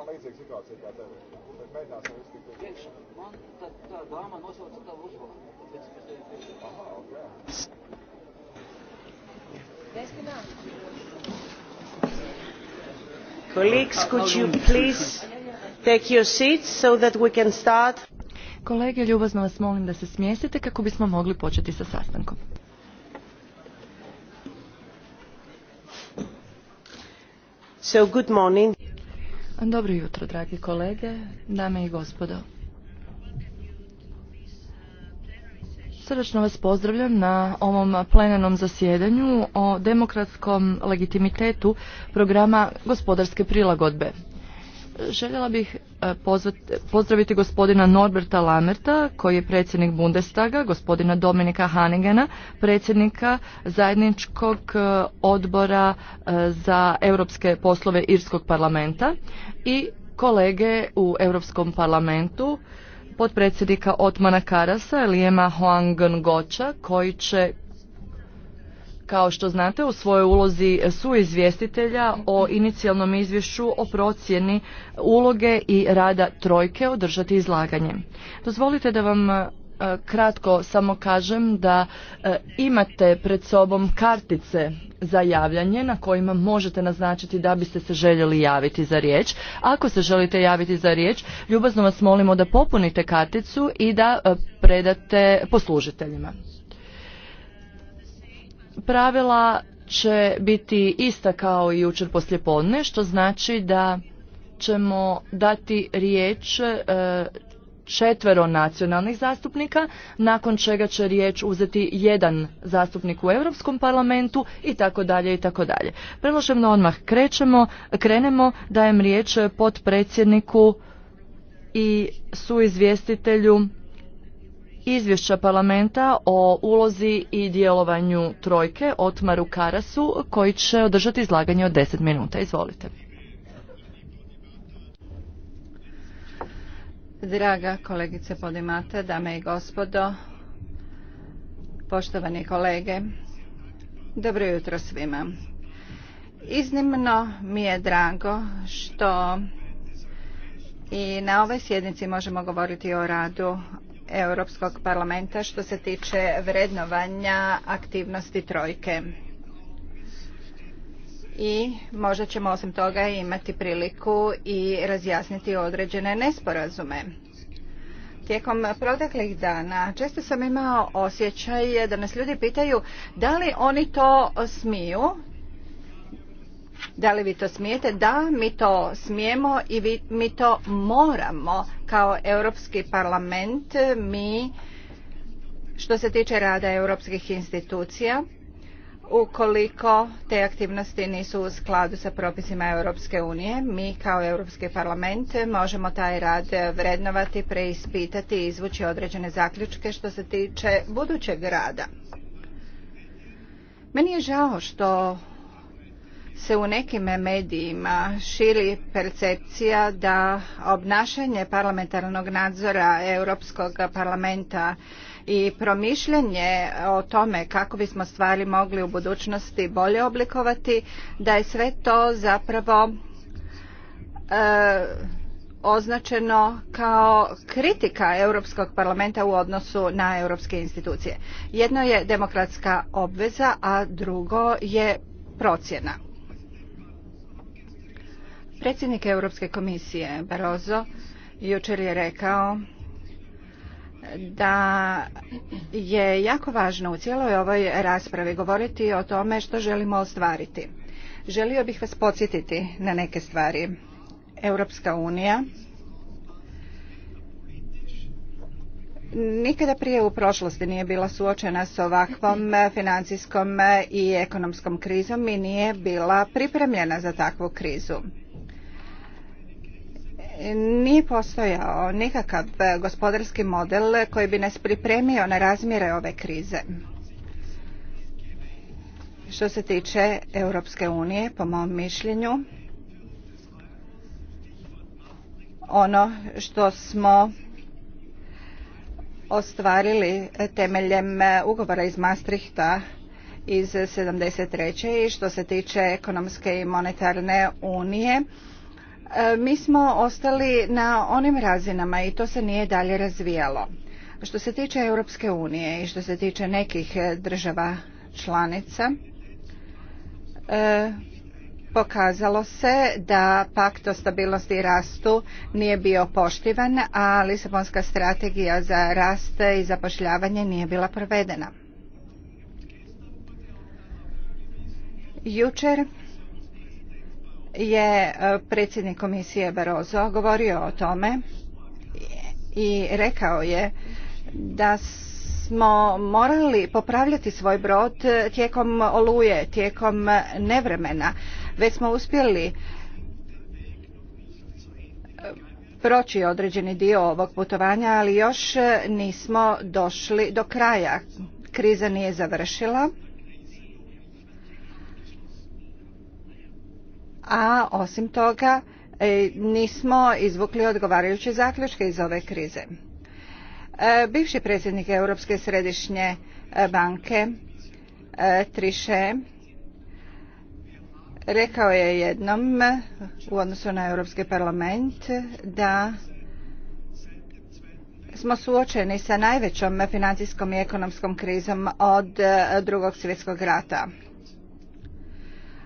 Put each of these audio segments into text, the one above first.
man līdzīga situācija kā tev. Bet mēģināsim tikt. Priekš, man tā, tā dāma nosauca tavu uzvārdu. Pēc, pēc, pēc. Aha, ok. Destinā. Colleagues, could you please take your seats so that we can start? Kolege, ljubazno vas molim da se smjestite kako bismo mogli početi sa sastankom. So, good morning. Dobro jutro, dragi kolege, dame i gospodo. Srdačno vas pozdravljam na ovom plenarnom zasjedanju o demokratskom legitimitetu programa gospodarske prilagodbe. Željela bih e, pozdraviti gospodina Norberta Lamerta, koji je predsjednik Bundestaga, gospodina Dominika Hanigena, predsjednika zajedničkog e, odbora e, za europske poslove Irskog parlamenta i kolege u Europskom parlamentu, potpredsjednika Otmana Karasa, Lijema Hoang Goča koji će kao što znate, u svojoj ulozi su izvjestitelja o inicijalnom izvješću o procjeni uloge i rada trojke održati izlaganje. Dozvolite da vam e, kratko samo kažem da e, imate pred sobom kartice za javljanje na kojima možete naznačiti da biste se željeli javiti za riječ. Ako se želite javiti za riječ, ljubazno vas molimo da popunite karticu i da e, predate poslužiteljima. Pravila će biti ista kao i jučer poslijepodne, što znači da ćemo dati riječ e, četvero nacionalnih zastupnika, nakon čega će riječ uzeti jedan zastupnik u Europskom parlamentu i tako dalje i tako dalje. Predlažem da odmah krećemo, krenemo, dajem riječ potpredsjedniku i suizvjestitelju izvješća parlamenta o ulozi i djelovanju trojke Otmaru Karasu koji će održati izlaganje od 10 minuta. Izvolite. Draga kolegice Podimata, dame i gospodo, poštovani kolege, dobro jutro svima. Iznimno mi je drago što i na ovoj sjednici možemo govoriti o radu Europskog parlamenta što se tiče vrednovanja aktivnosti trojke. I možda ćemo osim toga imati priliku i razjasniti određene nesporazume. Tijekom proteklih dana često sam imao osjećaj da nas ljudi pitaju da li oni to smiju da li vi to smijete? Da, mi to smijemo i mi to moramo kao Europski parlament. Mi, što se tiče rada europskih institucija, ukoliko te aktivnosti nisu u skladu sa propisima Europske unije, mi kao Europski parlament možemo taj rad vrednovati, preispitati i izvući određene zaključke što se tiče budućeg rada. Meni je žao što se u nekim medijima širi percepcija da obnašanje parlamentarnog nadzora Europskog parlamenta i promišljanje o tome kako bismo stvari mogli u budućnosti bolje oblikovati, da je sve to zapravo e, označeno kao kritika Europskog parlamenta u odnosu na europske institucije. Jedno je demokratska obveza, a drugo je procjena. Predsjednik Europske komisije Barroso jučer je rekao da je jako važno u cijeloj ovoj raspravi govoriti o tome što želimo ostvariti. Želio bih vas podsjetiti na neke stvari. Europska unija nikada prije u prošlosti nije bila suočena s ovakvom financijskom i ekonomskom krizom i nije bila pripremljena za takvu krizu nije postojao nikakav e, gospodarski model koji bi nas pripremio na razmjere ove krize. Što se tiče Europske unije, po mom mišljenju, ono što smo ostvarili temeljem e, ugovora iz Maastrichta iz 73. i što se tiče ekonomske i monetarne unije, E, mi smo ostali na onim razinama i to se nije dalje razvijalo. Što se tiče Europske unije i što se tiče nekih e, država članica, e, pokazalo se da pakt o stabilnosti i rastu nije bio poštivan, a Lisabonska strategija za rast i zapošljavanje nije bila provedena. Jučer je e, predsjednik komisije Barroso govorio o tome i rekao je da smo morali popravljati svoj brod tijekom oluje, tijekom nevremena. Već smo uspjeli e, proći određeni dio ovog putovanja, ali još nismo došli do kraja. Kriza nije završila a osim toga e, nismo izvukli odgovarajuće zaključke iz ove krize. E, bivši predsjednik Europske središnje e, banke Triše rekao je jednom u odnosu na Europski parlament da smo suočeni sa najvećom financijskom i ekonomskom krizom od drugog svjetskog rata.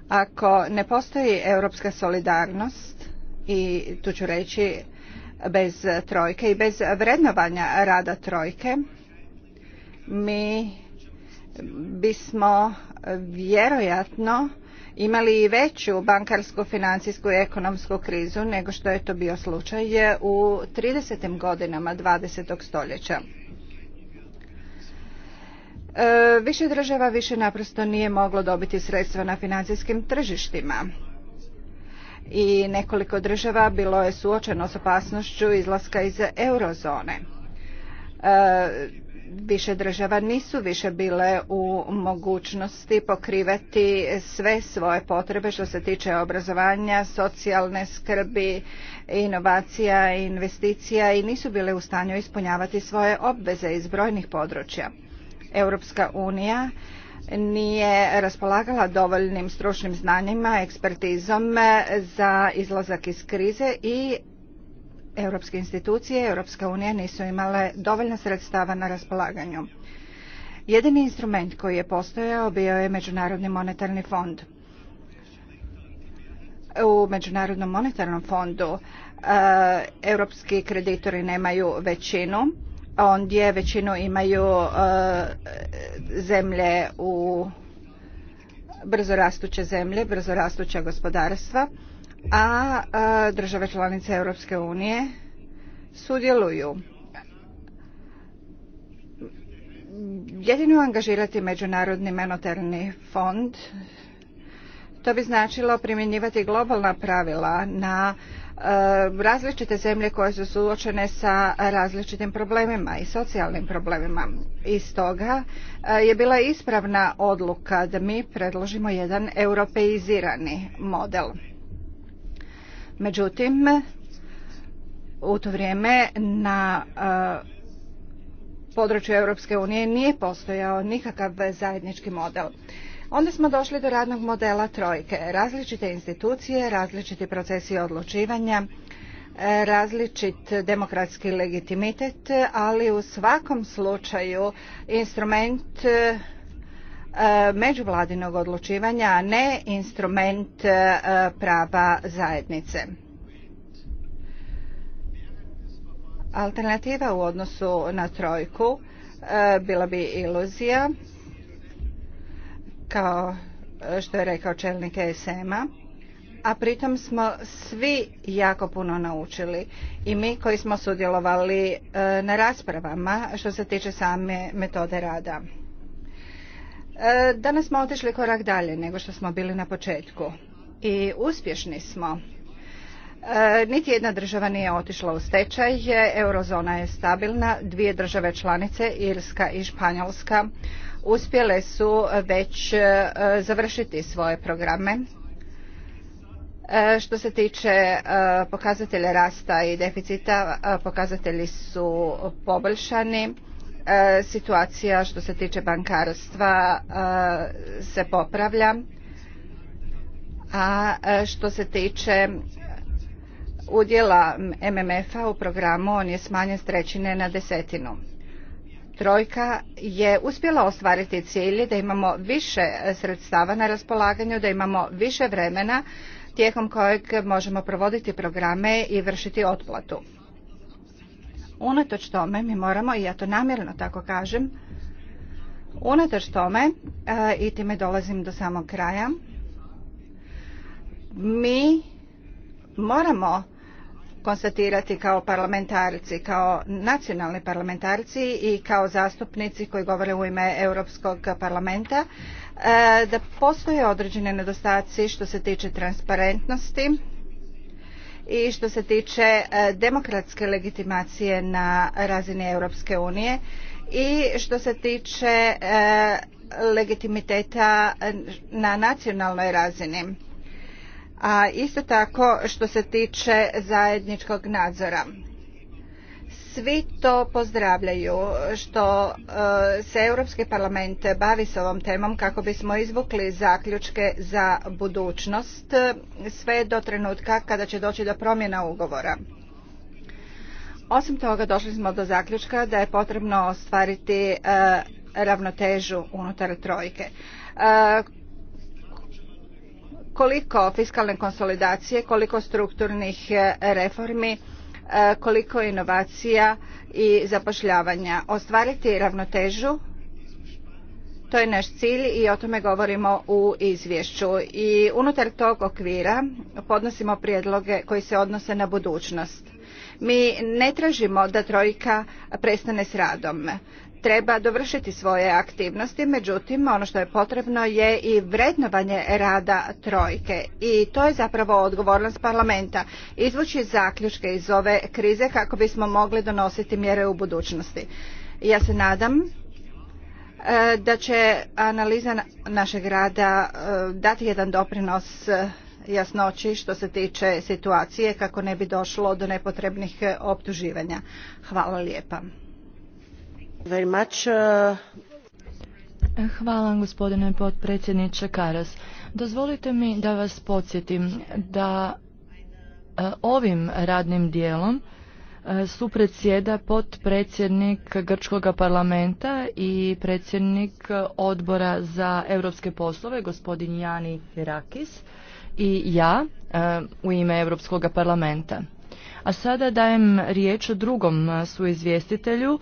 Ako ne postoji europska solidarnost, i tu ću reći bez trojke i bez vrednovanja rada trojke, mi bismo vjerojatno imali i veću bankarsku, financijsku i ekonomsku krizu nego što je to bio slučaj u 30. godinama 20. stoljeća. E, više država više naprosto nije moglo dobiti sredstva na financijskim tržištima i nekoliko država bilo je suočeno s opasnošću izlaska iz eurozone. E, više država nisu više bile u mogućnosti pokrivati sve svoje potrebe što se tiče obrazovanja, socijalne skrbi, inovacija, investicija i nisu bile u stanju ispunjavati svoje obveze iz brojnih područja. Europska unija nije raspolagala dovoljnim stručnim znanjima, ekspertizom eh, za izlazak iz krize i europske institucije, Europska unija nisu imale dovoljno sredstava na raspolaganju. Jedini instrument koji je postojao bio je Međunarodni monetarni fond. U Međunarodnom monetarnom fondu eh, europski kreditori nemaju većinu ondje većinu imaju e, zemlje u brzo rastuće zemlje, brzo rastuća gospodarstva, a e, države članice Europske unije sudjeluju. Jedino angažirati Međunarodni monetarni fond, to bi značilo primjenjivati globalna pravila na različite zemlje koje su suočene sa različitim problemima i socijalnim problemima. I stoga e, je bila ispravna odluka da mi predložimo jedan europeizirani model. Međutim, u to vrijeme na e, području Europske unije nije postojao nikakav zajednički model. Onda smo došli do radnog modela trojke. Različite institucije, različiti procesi odlučivanja, e, različit demokratski legitimitet, ali u svakom slučaju instrument e, međuvladinog odlučivanja, a ne instrument e, prava zajednice. Alternativa u odnosu na trojku bila bi iluzija kao e, što je rekao čelnik ESM-a, a pritom smo svi jako puno naučili i mi koji smo sudjelovali e, na raspravama što se tiče same metode rada. E, danas smo otišli korak dalje nego što smo bili na početku i uspješni smo E, niti jedna država nije otišla u stečaj, eurozona je stabilna, dvije države članice, Irska i Španjolska, uspjele su već e, završiti svoje programe. E, što se tiče pokazatelja rasta i deficita, pokazatelji su poboljšani. Situacija što se tiče bankarstva se popravlja. A što se tiče udjela MMF-a u programu on je smanjen s trećine na desetinu. Trojka je uspjela ostvariti cilje da imamo više sredstava na raspolaganju, da imamo više vremena tijekom kojeg možemo provoditi programe i vršiti otplatu. Unatoč tome mi moramo, i ja to namjerno tako kažem, unatoč tome, e, i time dolazim do samog kraja, mi moramo konstatirati kao parlamentarci, kao nacionalni parlamentarci i kao zastupnici koji govore u ime Europskog parlamenta e, da postoje određeni nedostaci što se tiče transparentnosti i što se tiče e, demokratske legitimacije na razini Europske unije i što se tiče e, legitimiteta na nacionalnoj razini a isto tako što se tiče zajedničkog nadzora svi to pozdravljaju što e, se Europski parlament bavi s ovom temom kako bismo izvukli zaključke za budućnost e, sve do trenutka kada će doći do promjena ugovora. Osim toga došli smo do zaključka da je potrebno ostvariti e, ravnotežu unutar trojke koliko fiskalne konsolidacije, koliko strukturnih e, reformi, e, koliko inovacija i zapošljavanja. Ostvariti ravnotežu to je naš cilj i o tome govorimo u izvješću. I unutar tog okvira podnosimo prijedloge koji se odnose na budućnost. Mi ne tražimo da trojka prestane s radom treba dovršiti svoje aktivnosti, međutim ono što je potrebno je i vrednovanje rada trojke i to je zapravo odgovornost parlamenta. Izvući zaključke iz ove krize kako bismo mogli donositi mjere u budućnosti. Ja se nadam e, da će analiza našeg rada e, dati jedan doprinos e, jasnoći što se tiče situacije kako ne bi došlo do nepotrebnih optuživanja. Hvala lijepa. Very uh, Hvala gospodine potpredsjedniče Karas. Dozvolite mi da vas podsjetim da uh, ovim radnim dijelom uh, supredsjeda potpredsjednik Grčkog parlamenta i predsjednik odbora za europske poslove, gospodin Jani Rakis i ja u ime Europskog parlamenta. A sada dajem riječ drugom suizvjestitelju,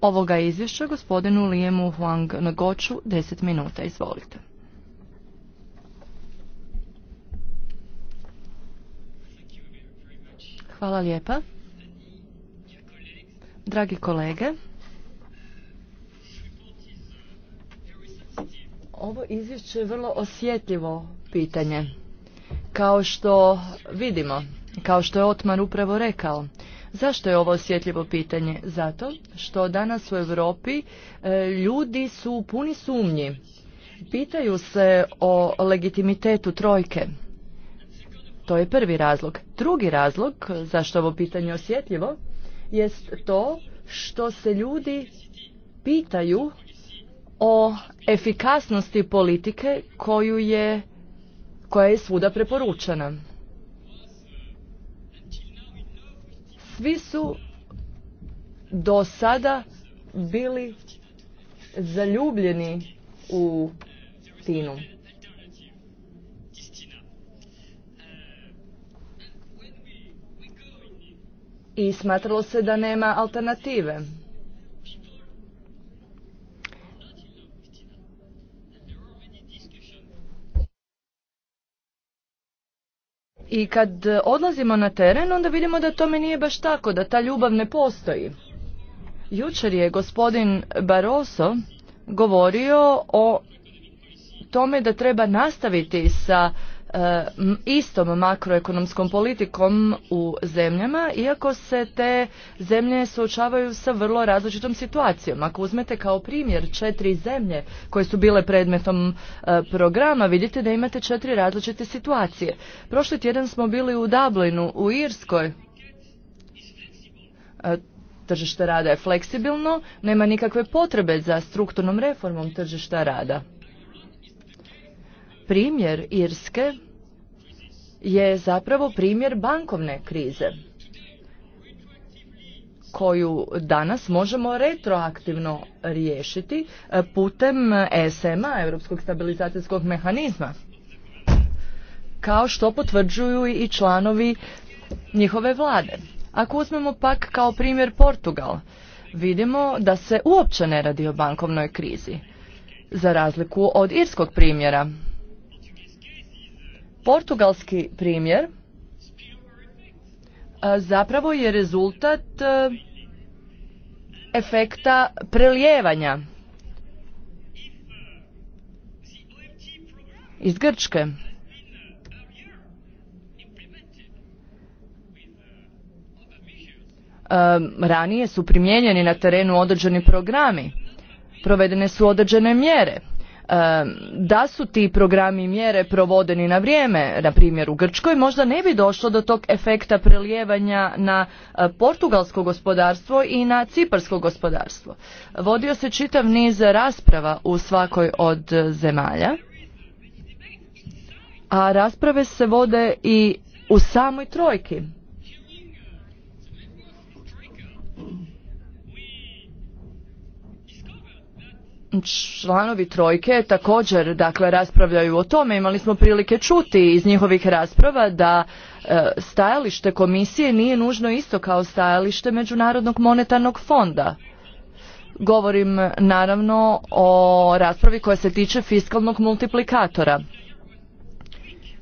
ovoga izvješća gospodinu Lijemu Huang Ngoću 10 minuta. Izvolite. Hvala lijepa. Dragi kolege, ovo izvješće je vrlo osjetljivo pitanje. Kao što vidimo, kao što je Otmar upravo rekao, Zašto je ovo osjetljivo pitanje? Zato što danas u Europi e, ljudi su puni sumnji. Pitaju se o legitimitetu trojke. To je prvi razlog. Drugi razlog zašto ovo pitanje osjetljivo jest to što se ljudi pitaju o efikasnosti politike koju je, koja je svuda preporučena. Svi su do sada bili zaljubljeni u Tinu. I smatralo se da nema alternative. I kad odlazimo na teren, onda vidimo da tome nije baš tako, da ta ljubav ne postoji. Jučer je gospodin Barroso govorio o tome da treba nastaviti sa E, istom makroekonomskom politikom u zemljama, iako se te zemlje suočavaju sa vrlo različitom situacijom. Ako uzmete kao primjer četiri zemlje koje su bile predmetom e, programa, vidite da imate četiri različite situacije. Prošli tjedan smo bili u Dublinu, u Irskoj. E, tržište rada je fleksibilno, nema nikakve potrebe za strukturnom reformom tržišta rada primjer Irske je zapravo primjer bankovne krize koju danas možemo retroaktivno riješiti e, putem SMA, Europskog stabilizacijskog mehanizma, kao što potvrđuju i članovi njihove vlade. Ako uzmemo pak kao primjer Portugal, vidimo da se uopće ne radi o bankovnoj krizi, za razliku od irskog primjera Portugalski primjer zapravo je rezultat efekta prelijevanja iz Grčke. Ranije su primijenjeni na terenu određeni programi, provedene su određene mjere da su ti programi i mjere provodeni na vrijeme, na primjer u Grčkoj, možda ne bi došlo do tog efekta prelijevanja na e, portugalsko gospodarstvo i na ciparsko gospodarstvo. Vodio se čitav niz rasprava u svakoj od zemalja, a rasprave se vode i u samoj trojki članovi trojke također dakle raspravljaju o tome imali smo prilike čuti iz njihovih rasprava da e, stajalište komisije nije nužno isto kao stajalište međunarodnog monetarnog fonda govorim naravno o raspravi koja se tiče fiskalnog multiplikatora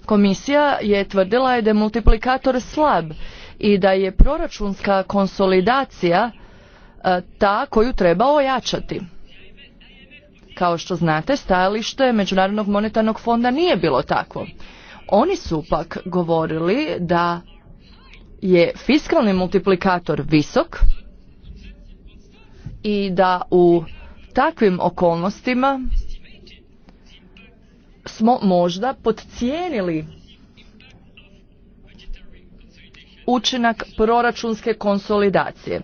komisija je tvrdila je da je multiplikator slab i da je proračunska konsolidacija e, ta koju treba ojačati kao što znate, stajalište Međunarodnog monetarnog fonda nije bilo takvo. Oni su pak govorili da je fiskalni multiplikator visok i da u takvim okolnostima smo možda podcijenili učinak proračunske konsolidacije.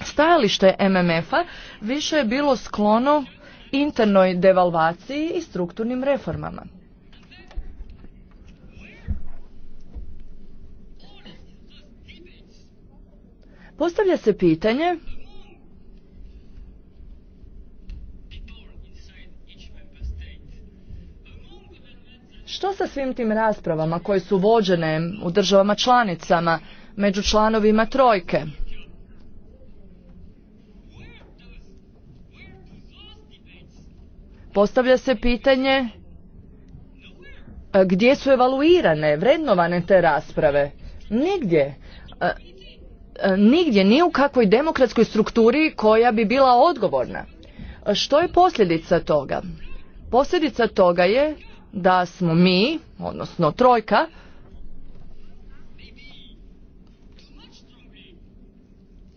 Stajalište MMF-a više je bilo sklono internoj devalvaciji i strukturnim reformama. Postavlja se pitanje Što sa svim tim raspravama koje su vođene u državama članicama među članovima trojke? Postavlja se pitanje e, gdje su evaluirane, vrednovane te rasprave. Nigdje. E, e, nigdje, ni u kakvoj demokratskoj strukturi koja bi bila odgovorna. Što je posljedica toga? Posljedica toga je da smo mi, odnosno trojka,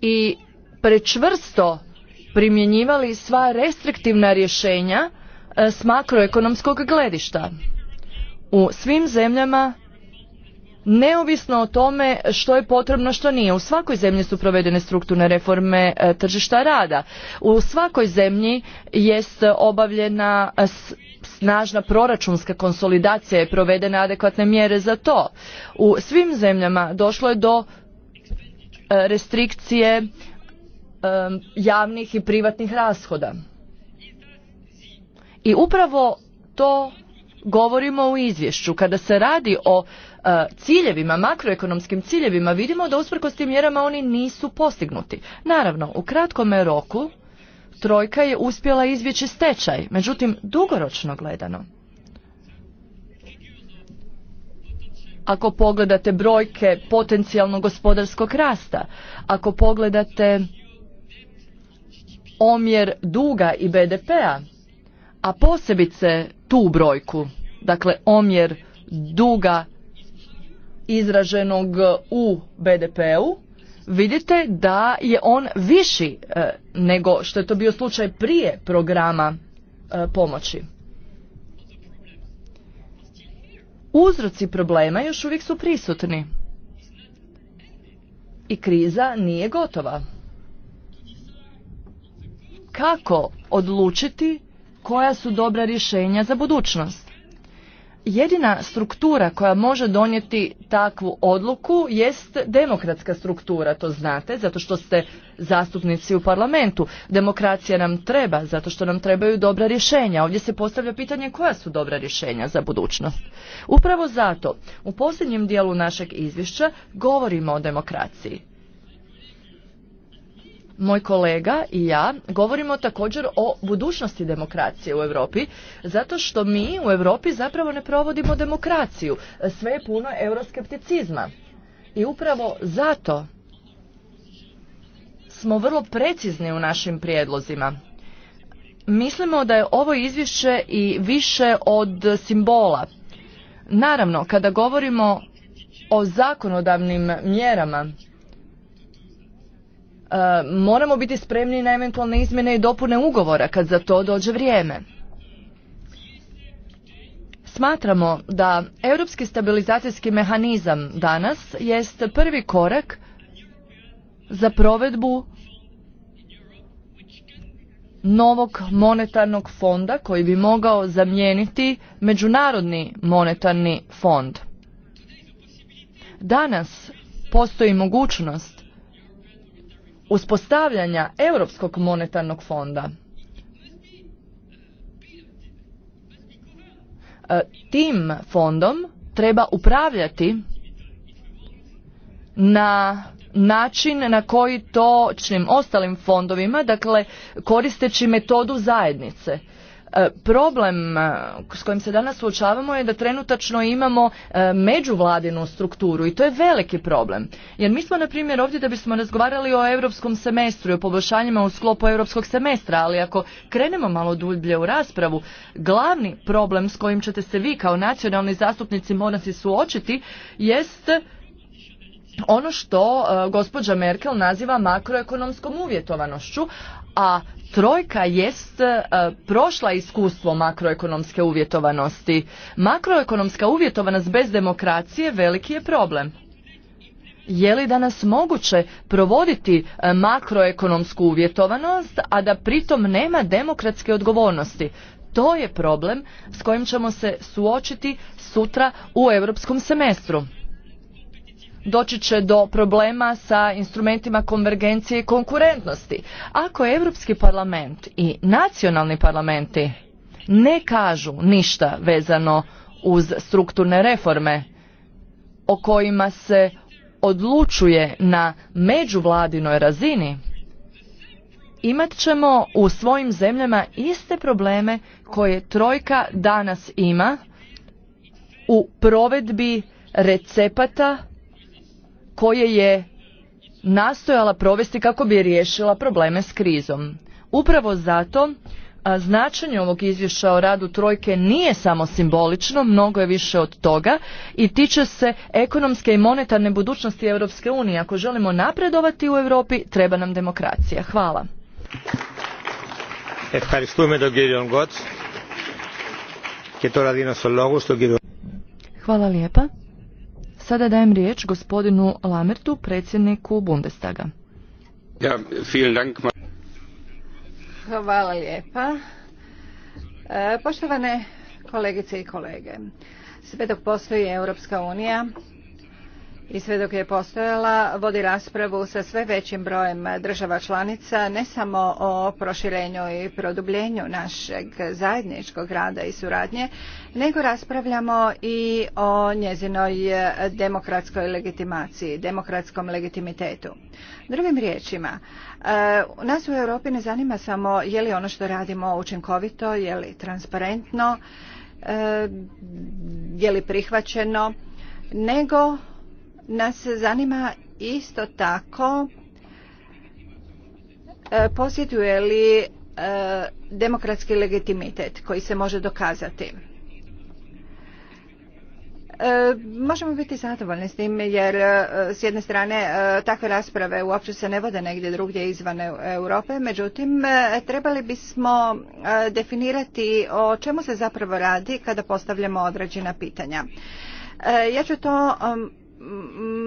i prečvrsto primjenjivali sva restriktivna rješenja E, s makroekonomskog gledišta. U svim zemljama neovisno o tome što je potrebno što nije. U svakoj zemlji su provedene strukturne reforme e, tržišta rada. U svakoj zemlji jest obavljena e, snažna proračunska konsolidacija i provedene adekvatne mjere za to. U svim zemljama došlo je do restrikcije javnih i privatnih rashoda. I upravo to govorimo u izvješću. Kada se radi o e, ciljevima, makroekonomskim ciljevima, vidimo da usprkos tim mjerama oni nisu postignuti. Naravno, u kratkom roku trojka je uspjela izvjeći stečaj, međutim dugoročno gledano. Ako pogledate brojke potencijalnog gospodarskog rasta, ako pogledate omjer duga i BDP-a, a posebice tu brojku, dakle omjer duga izraženog u BDP-u, vidite da je on viši e, nego što je to bio slučaj prije programa e, pomoći. Uzroci problema još uvijek su prisutni i kriza nije gotova. Kako odlučiti koja su dobra rješenja za budućnost. Jedina struktura koja može donijeti takvu odluku jest demokratska struktura, to znate, zato što ste zastupnici u parlamentu. Demokracija nam treba, zato što nam trebaju dobra rješenja. Ovdje se postavlja pitanje koja su dobra rješenja za budućnost. Upravo zato, u posljednjem dijelu našeg izvješća govorimo o demokraciji moj kolega i ja govorimo također o budućnosti demokracije u Europi zato što mi u Europi zapravo ne provodimo demokraciju. Sve je puno euroskepticizma. I upravo zato smo vrlo precizni u našim prijedlozima. Mislimo da je ovo izvješće i više od simbola. Naravno, kada govorimo o zakonodavnim mjerama E, moramo biti spremni na eventualne izmjene i dopune ugovora kad za to dođe vrijeme. Smatramo da europski stabilizacijski mehanizam danas jest prvi korak za provedbu novog monetarnog fonda koji bi mogao zamijeniti međunarodni monetarni fond. Danas postoji mogućnost uspostavljanja Europskog monetarnog fonda. E, tim fondom treba upravljati na način na koji to ostalim fondovima, dakle koristeći metodu zajednice. E, problem e, s kojim se danas suočavamo je da trenutačno imamo e, međuvladinu strukturu i to je veliki problem. Jer mi smo, na primjer, ovdje da bismo razgovarali o europskom semestru i o poboljšanjima u sklopu europskog semestra, ali ako krenemo malo dublje u raspravu, glavni problem s kojim ćete se vi kao nacionalni zastupnici morati suočiti jest ono što gospođa Merkel naziva makroekonomskom uvjetovanošću, a trojka jest e, prošla iskustvo makroekonomske uvjetovanosti. Makroekonomska uvjetovanost bez demokracije veliki je problem. Je li danas moguće provoditi e, makroekonomsku uvjetovanost, a da pritom nema demokratske odgovornosti? To je problem s kojim ćemo se suočiti sutra u europskom semestru doći će do problema sa instrumentima konvergencije i konkurentnosti. Ako Europski parlament i nacionalni parlamenti ne kažu ništa vezano uz strukturne reforme o kojima se odlučuje na međuvladinoj razini, imat ćemo u svojim zemljama iste probleme koje trojka danas ima u provedbi recepata koje je nastojala provesti kako bi riješila probleme s krizom. Upravo zato značenje ovog izvješća o radu trojke nije samo simbolično, mnogo je više od toga i tiče se ekonomske i monetarne budućnosti Europske unije. Ako želimo napredovati u Europi, treba nam demokracija. Hvala. Hvala lijepa. Sada dajem riječ gospodinu Lamertu, predsjedniku Bundestaga. Ja, vielen Dank. Hvala lijepa. E, poštovane kolegice i kolege, sve dok postoji Europska unija, i sve dok je postojala vodi raspravu sa sve većim brojem država članica ne samo o proširenju i produbljenju našeg zajedničkog rada i suradnje, nego raspravljamo i o njezinoj demokratskoj legitimaciji, demokratskom legitimitetu. Drugim riječima, e, nas u Europi ne zanima samo je li ono što radimo učinkovito, je li transparentno, e, je li prihvaćeno, nego nas zanima isto tako e, posjetuje li e, demokratski legitimitet koji se može dokazati. E, možemo biti zadovoljni s tim jer s jedne strane takve rasprave uopće se ne vode negdje drugdje izvan Europe, međutim trebali bismo definirati o čemu se zapravo radi kada postavljamo određena pitanja. Ja ću to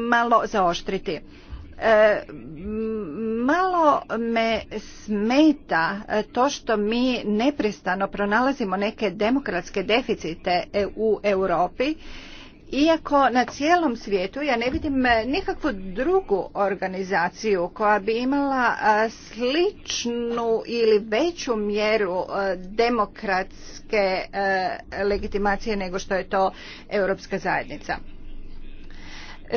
malo zaoštriti. E, malo me smeta to što mi neprestano pronalazimo neke demokratske deficite e, u Europi iako na cijelom svijetu ja ne vidim nikakvu drugu organizaciju koja bi imala sličnu ili veću mjeru demokratske e, legitimacije nego što je to Europska zajednica.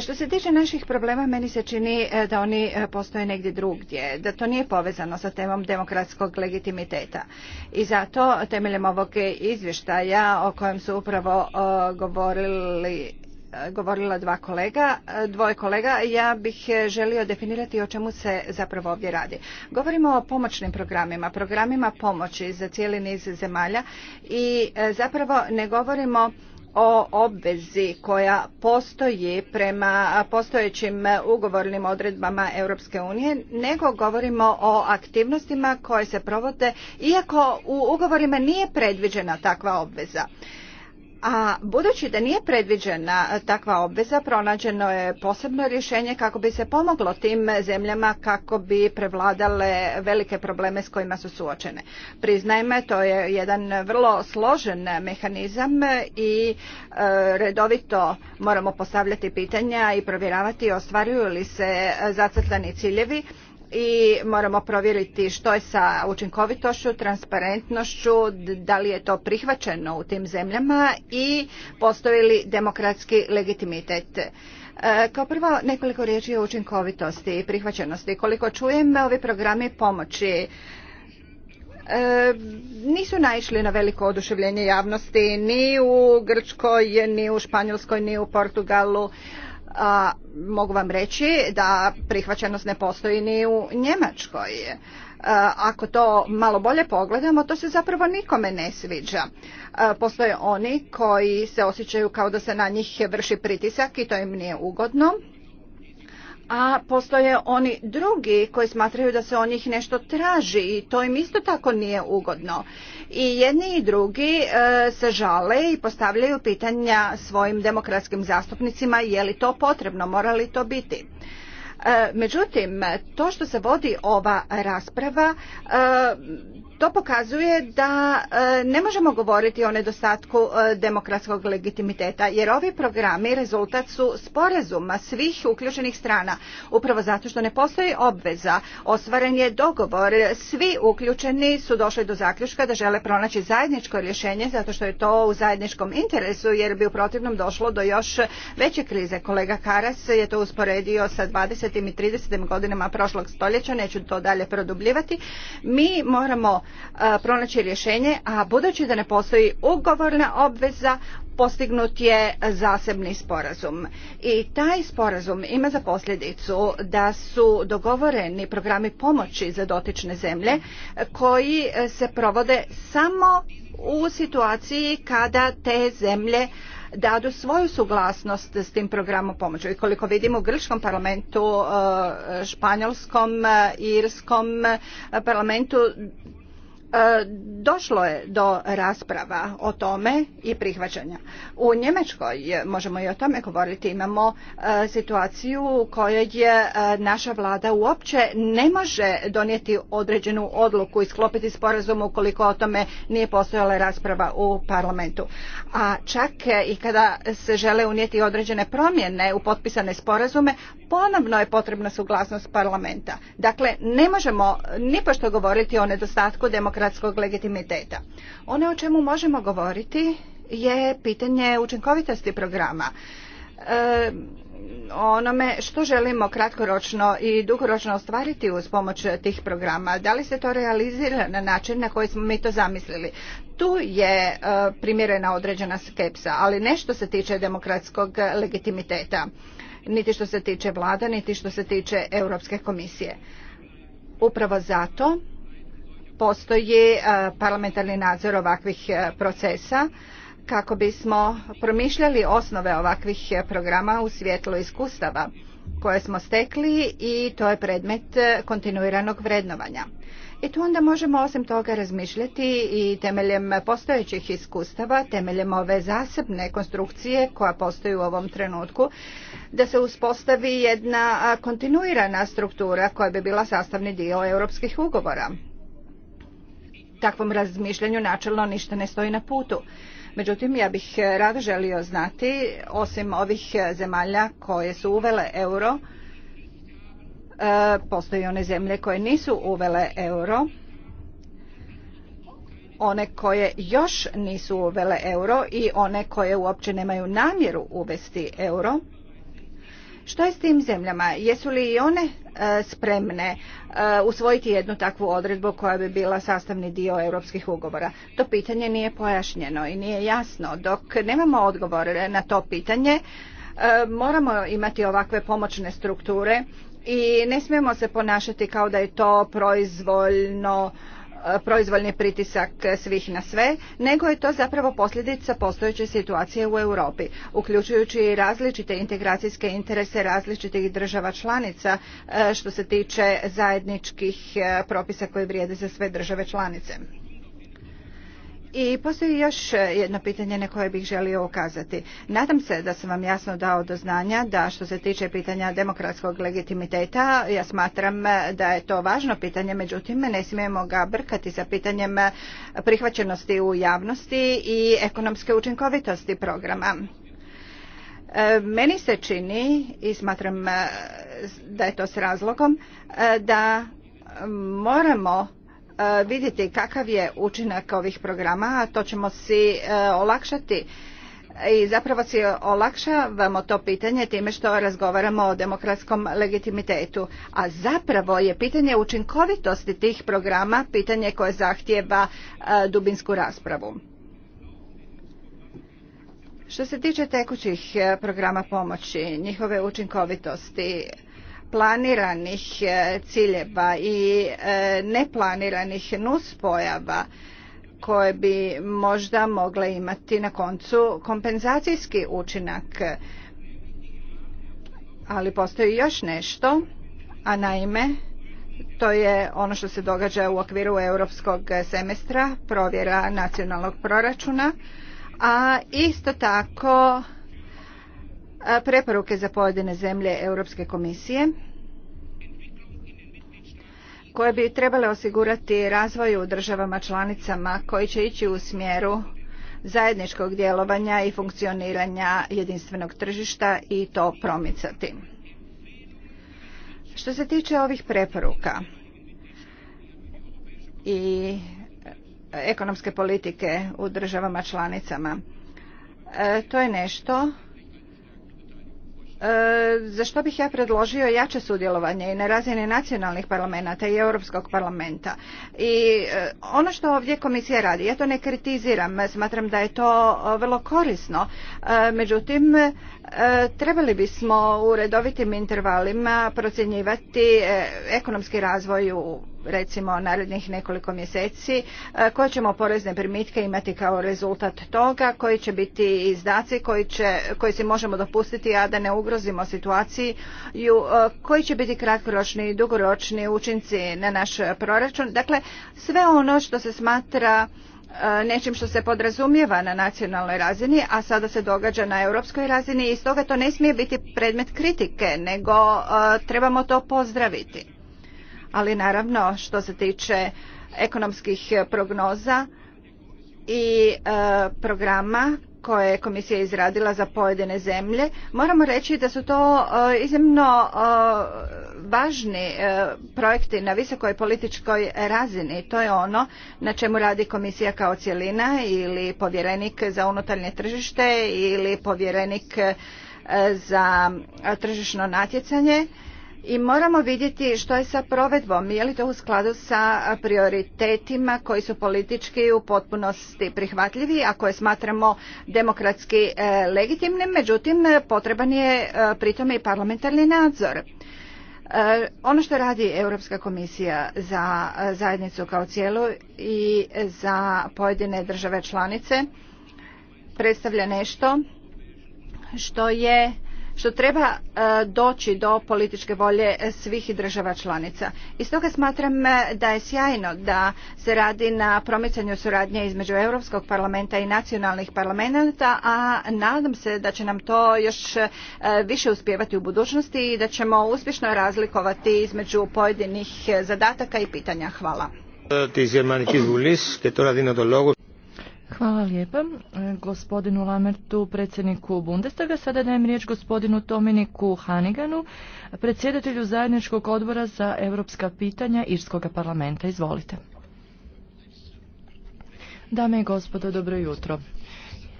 Što se tiče naših problema, meni se čini e, da oni e, postoje negdje drugdje, da to nije povezano sa temom demokratskog legitimiteta. I zato temeljem ovog izvještaja o kojem su upravo e, govorili govorila dva kolega, dvoje kolega, ja bih želio definirati o čemu se zapravo ovdje radi. Govorimo o pomoćnim programima, programima pomoći za cijeli niz zemalja i zapravo ne govorimo o obvezi koja postoji prema postojećim ugovornim odredbama Europske unije, nego govorimo o aktivnostima koje se provode iako u ugovorima nije predviđena takva obveza. A budući da nije predviđena e, takva obveza, pronađeno je posebno rješenje kako bi se pomoglo tim zemljama kako bi prevladale velike probleme s kojima su suočene. Priznajme, to je jedan vrlo složen mehanizam i e, redovito moramo postavljati pitanja i provjeravati ostvaruju li se zacrtani ciljevi i moramo provjeriti što je sa učinkovitošću, transparentnošću, da li je to prihvaćeno u tim zemljama i postoji li demokratski legitimitet. E, kao prvo nekoliko riječi o učinkovitosti i prihvaćenosti. Koliko čujem, ovi programi pomoći e, nisu naišli na veliko oduševljenje javnosti ni u Grčkoj, ni u Španjolskoj, ni u Portugalu a mogu vam reći da prihvaćenost ne postoji ni u Njemačkoj. E, ako to malo bolje pogledamo, to se zapravo nikome ne sviđa. E, postoje oni koji se osjećaju kao da se na njih vrši pritisak i to im nije ugodno a postoje oni drugi koji smatraju da se od njih nešto traži i to im isto tako nije ugodno. I jedni i drugi e, se žale i postavljaju pitanja svojim demokratskim zastupnicima je li to potrebno, mora li to biti. E, međutim, to što se vodi ova rasprava e, to pokazuje da e, ne možemo govoriti o nedostatku e, demokratskog legitimiteta, jer ovi programi rezultat su sporazuma svih uključenih strana. Upravo zato što ne postoji obveza, ostvaren je dogovor. Svi uključeni su došli do zaključka da žele pronaći zajedničko rješenje, zato što je to u zajedničkom interesu, jer bi u protivnom došlo do još veće krize. Kolega Karas je to usporedio sa 20. i 30. godinama prošlog stoljeća, neću to dalje produbljivati. Mi moramo E, pronaći rješenje, a budući da ne postoji ugovorna obveza, postignut je zasebni sporazum. I taj sporazum ima za posljedicu da su dogovoreni programi pomoći za dotične zemlje koji se provode samo u situaciji kada te zemlje dadu svoju suglasnost s tim programom pomoći. I koliko vidimo u grčkom parlamentu, e, španjolskom, e, irskom parlamentu E, došlo je do rasprava o tome i prihvaćanja. U Njemačkoj, možemo i o tome govoriti, imamo e, situaciju u kojoj je e, naša vlada uopće ne može donijeti određenu odluku i sklopiti sporazum ukoliko o tome nije postojala rasprava u parlamentu. A čak i kada se žele unijeti određene promjene u potpisane sporazume, ponovno je potrebna suglasnost parlamenta. Dakle, ne možemo nipošto govoriti o nedostatku demokracije demokratskog legitimiteta. Ono o čemu možemo govoriti je pitanje učinkovitosti programa. E, onome što želimo kratkoročno i dugoročno ostvariti uz pomoć tih programa. Da li se to realizira na način na koji smo mi to zamislili? Tu je e, primjerena određena skepsa, ali ne što se tiče demokratskog legitimiteta, niti što se tiče vlada, niti što se tiče Europske komisije. Upravo zato postoji e, parlamentarni nadzor ovakvih e, procesa kako bismo promišljali osnove ovakvih e, programa u svjetlo iskustava koje smo stekli i to je predmet kontinuiranog vrednovanja. I tu onda možemo osim toga razmišljati i temeljem postojećih iskustava, temeljem ove zasebne konstrukcije koja postoji u ovom trenutku, da se uspostavi jedna kontinuirana struktura koja bi bila sastavni dio europskih ugovora takvom razmišljanju načelno ništa ne stoji na putu. Međutim, ja bih eh, rado želio znati, osim ovih eh, zemalja koje su uvele euro, eh, postoje one zemlje koje nisu uvele euro, one koje još nisu uvele euro i one koje uopće nemaju namjeru uvesti euro. Što je s tim zemljama? Jesu li i one e, spremne e, usvojiti jednu takvu odredbu koja bi bila sastavni dio europskih ugovora? To pitanje nije pojašnjeno i nije jasno. Dok nemamo odgovore na to pitanje, e, moramo imati ovakve pomoćne strukture i ne smijemo se ponašati kao da je to proizvoljno proizvoljni pritisak svih na sve, nego je to zapravo posljedica postojeće situacije u Europi, uključujući i različite integracijske interese različitih država članica e, što se tiče zajedničkih e, propisa koji vrijede za sve države članice. I postoji još e, jedno pitanje na koje bih želio ukazati. Nadam se da sam vam jasno dao do znanja da što se tiče pitanja demokratskog legitimiteta, ja smatram e, da je to važno pitanje, međutim ne smijemo ga brkati sa pitanjem e, prihvaćenosti u javnosti i ekonomske učinkovitosti programa. Meni se čini, i smatram da je to s razlogom, da moramo E, vidjeti kakav je učinak ovih programa, a to ćemo si e, olakšati i zapravo si olakšavamo to pitanje time što razgovaramo o demokratskom legitimitetu. A zapravo je pitanje učinkovitosti tih programa pitanje koje zahtjeva e, dubinsku raspravu. Što se tiče tekućih programa pomoći, njihove učinkovitosti, planiranih e, ciljeva i e, neplaniranih nuspojava koje bi možda mogle imati na koncu kompenzacijski učinak. Ali postoji još nešto, a naime to je ono što se događa u okviru europskog semestra, provjera nacionalnog proračuna, a isto tako preporuke za pojedine zemlje Europske komisije koje bi trebale osigurati razvoj u državama članicama koji će ići u smjeru zajedničkog djelovanja i funkcioniranja jedinstvenog tržišta i to promicati. Što se tiče ovih preporuka i ekonomske politike u državama članicama, e, to je nešto E, za što bih ja predložio jače sudjelovanje i na razini nacionalnih parlamenta i Europskog parlamenta. I e, ono što ovdje komisija radi, ja to ne kritiziram, smatram da je to e, vrlo korisno, međutim trebali bismo u redovitim intervalima procjenjivati ekonomski razvoj u recimo narednih nekoliko mjeseci e, koje ćemo porezne primitke imati kao rezultat toga koji će biti izdaci koji, će, koji si možemo dopustiti a da ne ugrozimo situaciju e, koji će biti kratkoročni i dugoročni učinci na naš proračun dakle sve ono što se smatra e, nečim što se podrazumijeva na nacionalnoj razini, a sada se događa na europskoj razini i stoga to ne smije biti predmet kritike, nego trebamo to pozdraviti ali naravno što se tiče ekonomskih prognoza i e, programa koje je komisija izradila za pojedine zemlje. Moramo reći da su to e, iznimno e, važni projekti na visokoj političkoj razini. To je ono na čemu radi komisija kao cjelina ili povjerenik za unutarnje tržište ili povjerenik za tržišno natjecanje i moramo vidjeti što je sa provedbom. Je li to u skladu sa prioritetima koji su politički u potpunosti prihvatljivi, a koje smatramo demokratski e, legitimnim, međutim potreban je e, pritome i parlamentarni nadzor. E, ono što radi Europska komisija za zajednicu kao cijelu i za pojedine države članice predstavlja nešto što je što treba e, doći do političke volje svih država članica. I stoga smatram e, da je sjajno da se radi na promicanju suradnje između Europskog parlamenta i nacionalnih parlamenta, a nadam se da će nam to još e, više uspjevati u budućnosti i da ćemo uspješno razlikovati između pojedinih zadataka i pitanja. Hvala. Hvala lijepa e, gospodinu Lamertu, predsjedniku Bundestaga. Sada dajem riječ gospodinu Tominiku Haniganu, predsjedatelju zajedničkog odbora za europska pitanja Irskog parlamenta. Izvolite. Dame i gospodo, dobro jutro.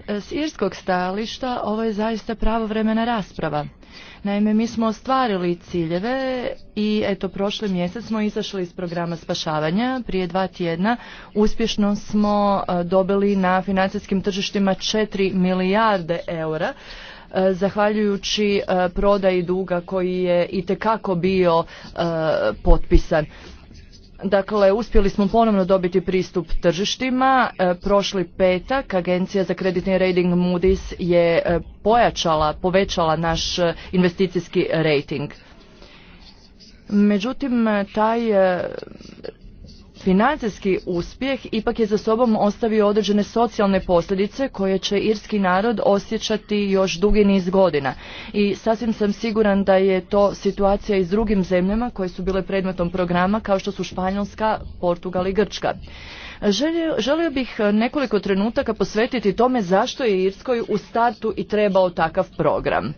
S irskog stajališta ovo je zaista pravovremena rasprava. Naime, mi smo ostvarili ciljeve i eto prošli mjesec smo izašli iz programa spašavanja. Prije dva tjedna uspješno smo e, dobili na financijskim tržištima 4 milijarde eura e, zahvaljujući e, prodaji duga koji je itekako bio potpisan. Dakle, uspjeli smo ponovno dobiti pristup tržištima. E, prošli petak Agencija za kreditni rating Moody's je e, pojačala, povećala naš e, investicijski rating. Međutim, taj financijski uspjeh ipak je za sobom ostavio određene socijalne posljedice koje će irski narod osjećati još dugi niz godina. I sasvim sam siguran da je to situacija i s drugim zemljama koje su bile predmetom programa kao što su Španjolska, Portugal i Grčka. Želio, želio bih nekoliko trenutaka posvetiti tome zašto je Irskoj u startu i trebao takav program.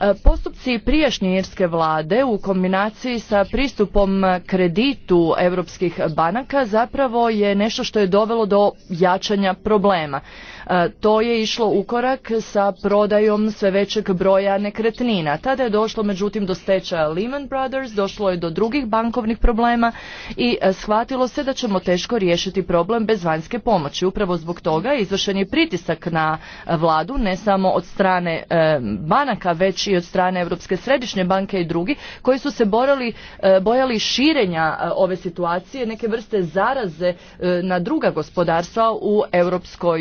E, postupci prijašnje irske vlade u kombinaciji sa pristupom kreditu europskih banaka zapravo je nešto što je dovelo do jačanja problema. E, to je išlo u korak sa prodajom sve većeg broja nekretnina. Tada je došlo međutim do stečaja Lehman Brothers, došlo je do drugih bankovnih problema i e, shvatilo se da ćemo teško riješiti problem bez vanjske pomoći. Upravo zbog toga izvršen je pritisak na e, vladu, ne samo od strane banaka, već i od strane Europske središnje banke i drugi, koji su se borali, bojali širenja ove situacije, neke vrste zaraze na druga gospodarstva u Europskoj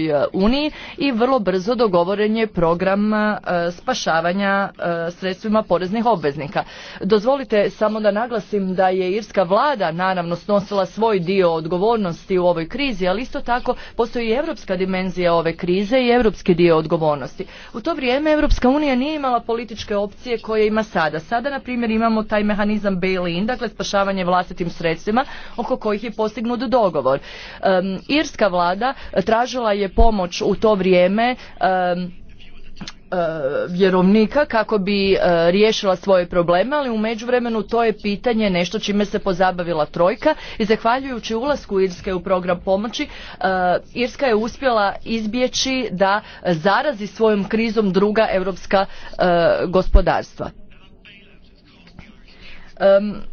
i vrlo brzo dogovoren je program e, spašavanja e, sredstvima poreznih obveznika. Dozvolite samo da naglasim da je irska vlada naravno snosila svoj dio odgovornosti u ovoj krizi, ali isto tako postoji i europska dimenzija ove krize i europski dio odgovornosti. U to vrijeme Europska unija nije imala političke opcije koje ima sada. Sada, na primjer, imamo taj mehanizam bail-in, dakle spašavanje vlastitim sredstvima oko kojih je postignut dogovor. irska vlada tražila je pomoć u to vrijeme e, vjerovnika kako bi e, riješila svoje probleme, ali u međuvremenu to je pitanje nešto čime se pozabavila trojka i zahvaljujući ulasku Irske u program pomoći, e, Irska je uspjela izbjeći da zarazi svojom krizom druga europska gospodarstva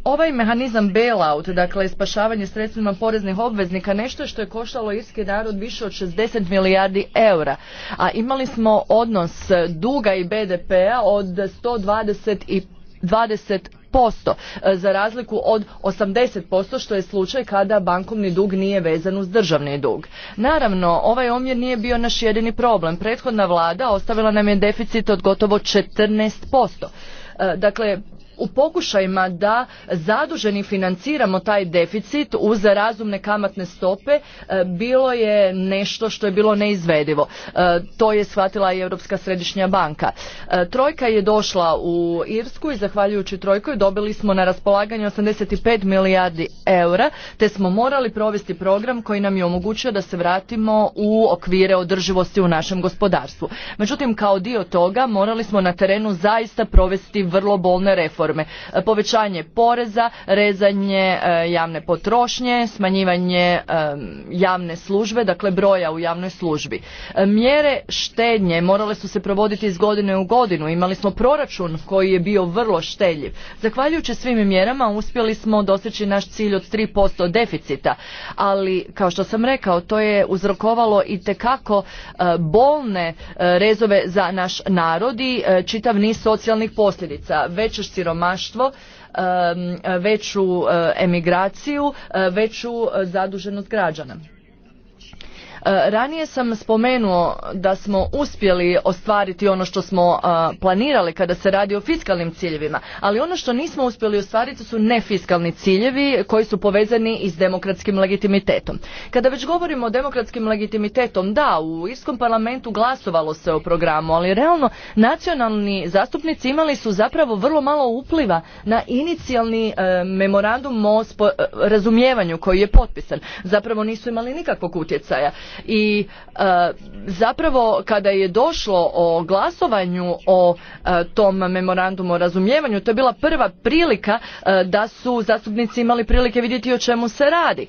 ovaj mehanizam bailout, dakle spašavanje sredstvima poreznih obveznika, nešto što je koštalo irski narod više od 60 milijardi eura. A imali smo odnos duga i BDP-a od 120 i posto e, za razliku od 80% što je slučaj kada bankovni dug nije vezan uz državni dug. Naravno, ovaj omjer nije bio naš jedini problem. Prethodna vlada ostavila nam je deficit od gotovo 14%. E, dakle, u pokušajima da zaduženi financiramo taj deficit uz razumne kamatne stope e, bilo je nešto što je bilo neizvedivo. E, to je shvatila i Europska središnja banka. E, trojka je došla u Irsku i zahvaljujući Trojkoj dobili smo na raspolaganje 85 milijardi eura te smo morali provesti program koji nam je omogućio da se vratimo u okvire održivosti u našem gospodarstvu. Međutim, kao dio toga morali smo na terenu zaista provesti vrlo bolne reforme reforme. Povećanje poreza, rezanje e, javne potrošnje, smanjivanje e, javne službe, dakle broja u javnoj službi. E, mjere štednje morale su se provoditi iz godine u godinu. Imali smo proračun koji je bio vrlo štedljiv. Zahvaljujući svim mjerama uspjeli smo doseći naš cilj od 3% deficita, ali kao što sam rekao, to je uzrokovalo i tekako bolne rezove za naš narod i čitav niz socijalnih posljedica. Veće siromaštvo siromaštvo, veću emigraciju, veću zaduženost građana. E, ranije sam spomenuo da smo uspjeli ostvariti ono što smo e, planirali kada se radi o fiskalnim ciljevima, ali ono što nismo uspjeli ostvariti su nefiskalni ciljevi koji su povezani i s demokratskim legitimitetom. Kada već govorimo o demokratskim legitimitetom, da, u Irskom parlamentu glasovalo se o programu, ali realno nacionalni zastupnici imali su zapravo vrlo malo upliva na inicijalni e, memorandum o razumijevanju koji je potpisan. Zapravo nisu imali nikakvog utjecaja i e, zapravo kada je došlo o glasovanju o e, tom memorandumu o razumijevanju to je bila prva prilika e, da su zastupnici imali prilike vidjeti o čemu se radi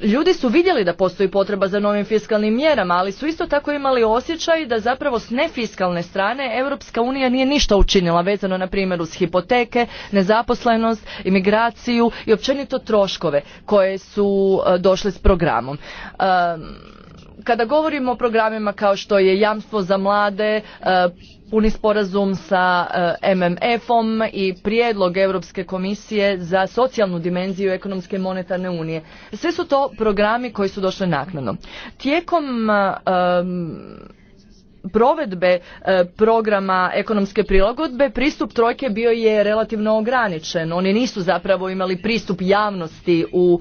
ljudi su vidjeli da postoji potreba za novim fiskalnim mjerama, ali su isto tako imali osjećaj da zapravo s nefiskalne strane Europska unija nije ništa učinila vezano na primjer uz hipoteke, nezaposlenost, imigraciju i općenito troškove koje su e, došle s programom. Kada govorimo o programima kao što je jamstvo za mlade, e, puni sporazum sa e, MMF-om i prijedlog Europske komisije za socijalnu dimenziju ekonomske monetarne unije. Sve su to programi koji su došli naknadno. Tijekom e, provedbe e, programa ekonomske prilagodbe pristup trojke bio je relativno ograničen. Oni nisu zapravo imali pristup javnosti u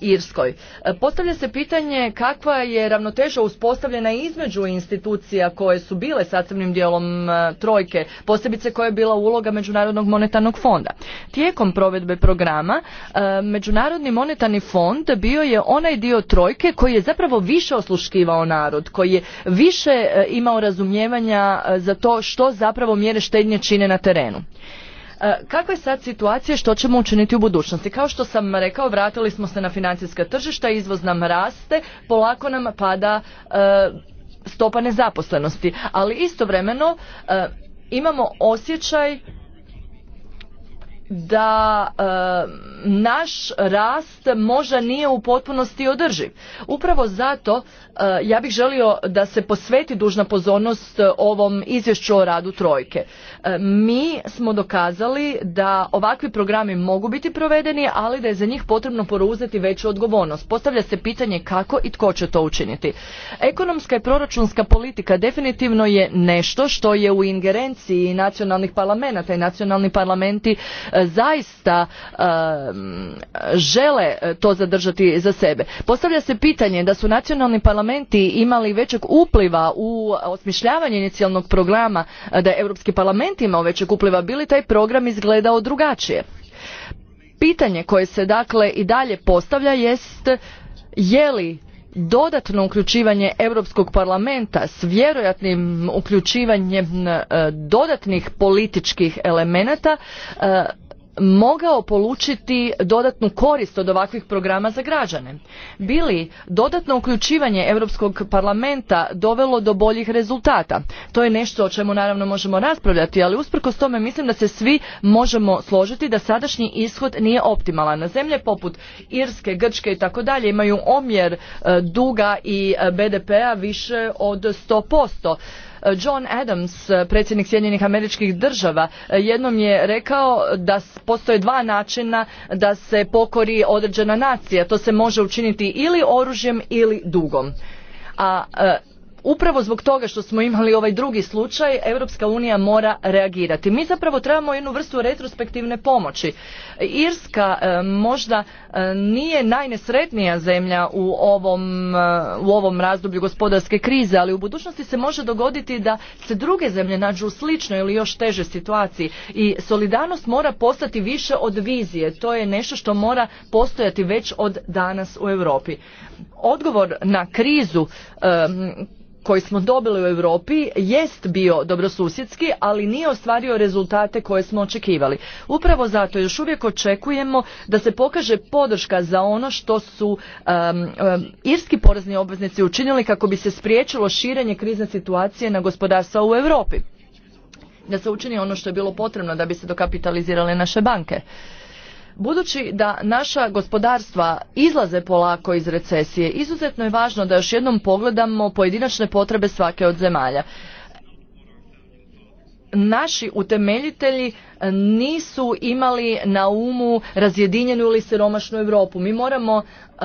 Irskoj. E, postavlja se pitanje kakva je ravnoteža uspostavljena između institucija koje su bile sastavnim dijelom e, trojke, posebice koja je bila uloga Međunarodnog monetarnog fonda. Tijekom provedbe programa Međunarodni monetarni fond bio je onaj dio trojke koji je zapravo više osluškivao narod, koji je više E, imao razumijevanja e, za to što zapravo mjere štednje čine na terenu. E, kakva je sad situacija što ćemo učiniti u budućnosti? Kao što sam rekao, vratili smo se na financijska tržišta, izvoz nam raste, polako nam pada stopa nezaposlenosti, ali istovremeno imamo osjećaj da e, naš rast možda nije u potpunosti održiv. Upravo zato e, ja bih želio da se posveti dužna pozornost ovom izvješću o radu trojke. E, mi smo dokazali da ovakvi programi mogu biti provedeni, ali da je za njih potrebno poruzeti veću odgovornost. Postavlja se pitanje kako i tko će to učiniti. Ekonomska i proračunska politika definitivno je nešto što je u ingerenciji nacionalnih parlamenta i nacionalni parlamenti zaista žele to zadržati za sebe. Postavlja se pitanje da su nacionalni parlamenti imali većeg upliva u osmišljavanje inicijalnog programa, da je Europski parlament imao većeg upliva, bili taj program izgledao drugačije. Pitanje koje se dakle i dalje postavlja jest je li dodatno uključivanje Europskog parlamenta s vjerojatnim uključivanjem eh, dodatnih političkih elemenata eh, mogao polučiti dodatnu korist od ovakvih programa za građane? Bili dodatno uključivanje Europskog parlamenta dovelo do boljih rezultata? To je nešto o čemu naravno možemo raspravljati, ali usprkos tome mislim da se svi možemo složiti da sadašnji ishod nije optimalan. Zemlje poput Irske, Grčke i tako dalje imaju omjer e, duga i e, BDP-a više od 100%. John Adams, predsjednik Sjedinjenih američkih država, jednom je rekao da postoje dva načina da se pokori određena nacija. To se može učiniti ili oružjem ili dugom. A e, upravo zbog toga što smo imali ovaj drugi slučaj, Europska unija mora reagirati. Mi zapravo trebamo jednu vrstu retrospektivne pomoći. Irska e, možda e, nije najnesretnija zemlja u ovom, e, u ovom razdoblju gospodarske krize, ali u budućnosti se može dogoditi da se druge zemlje nađu u sličnoj ili još teže situaciji i solidarnost mora postati više od vizije. To je nešto što mora postojati već od danas u Europi. Odgovor na krizu koji smo dobili u Europi jest bio dobrosusjedski, ali nije ostvario rezultate koje smo očekivali. Upravo zato još uvijek očekujemo da se pokaže podrška za ono što su irski porezni obveznici učinili kako bi se spriječilo širenje krizne situacije na gospodarstva u Europi. Da se učini ono što je bilo potrebno da bi se dokapitalizirale naše banke. Budući da naša gospodarstva izlaze polako iz recesije, izuzetno je važno da još jednom pogledamo pojedinačne potrebe svake od zemalja. Naši utemeljitelji e, nisu imali na umu razjedinjenu ili siromašnu Europu. Mi moramo e,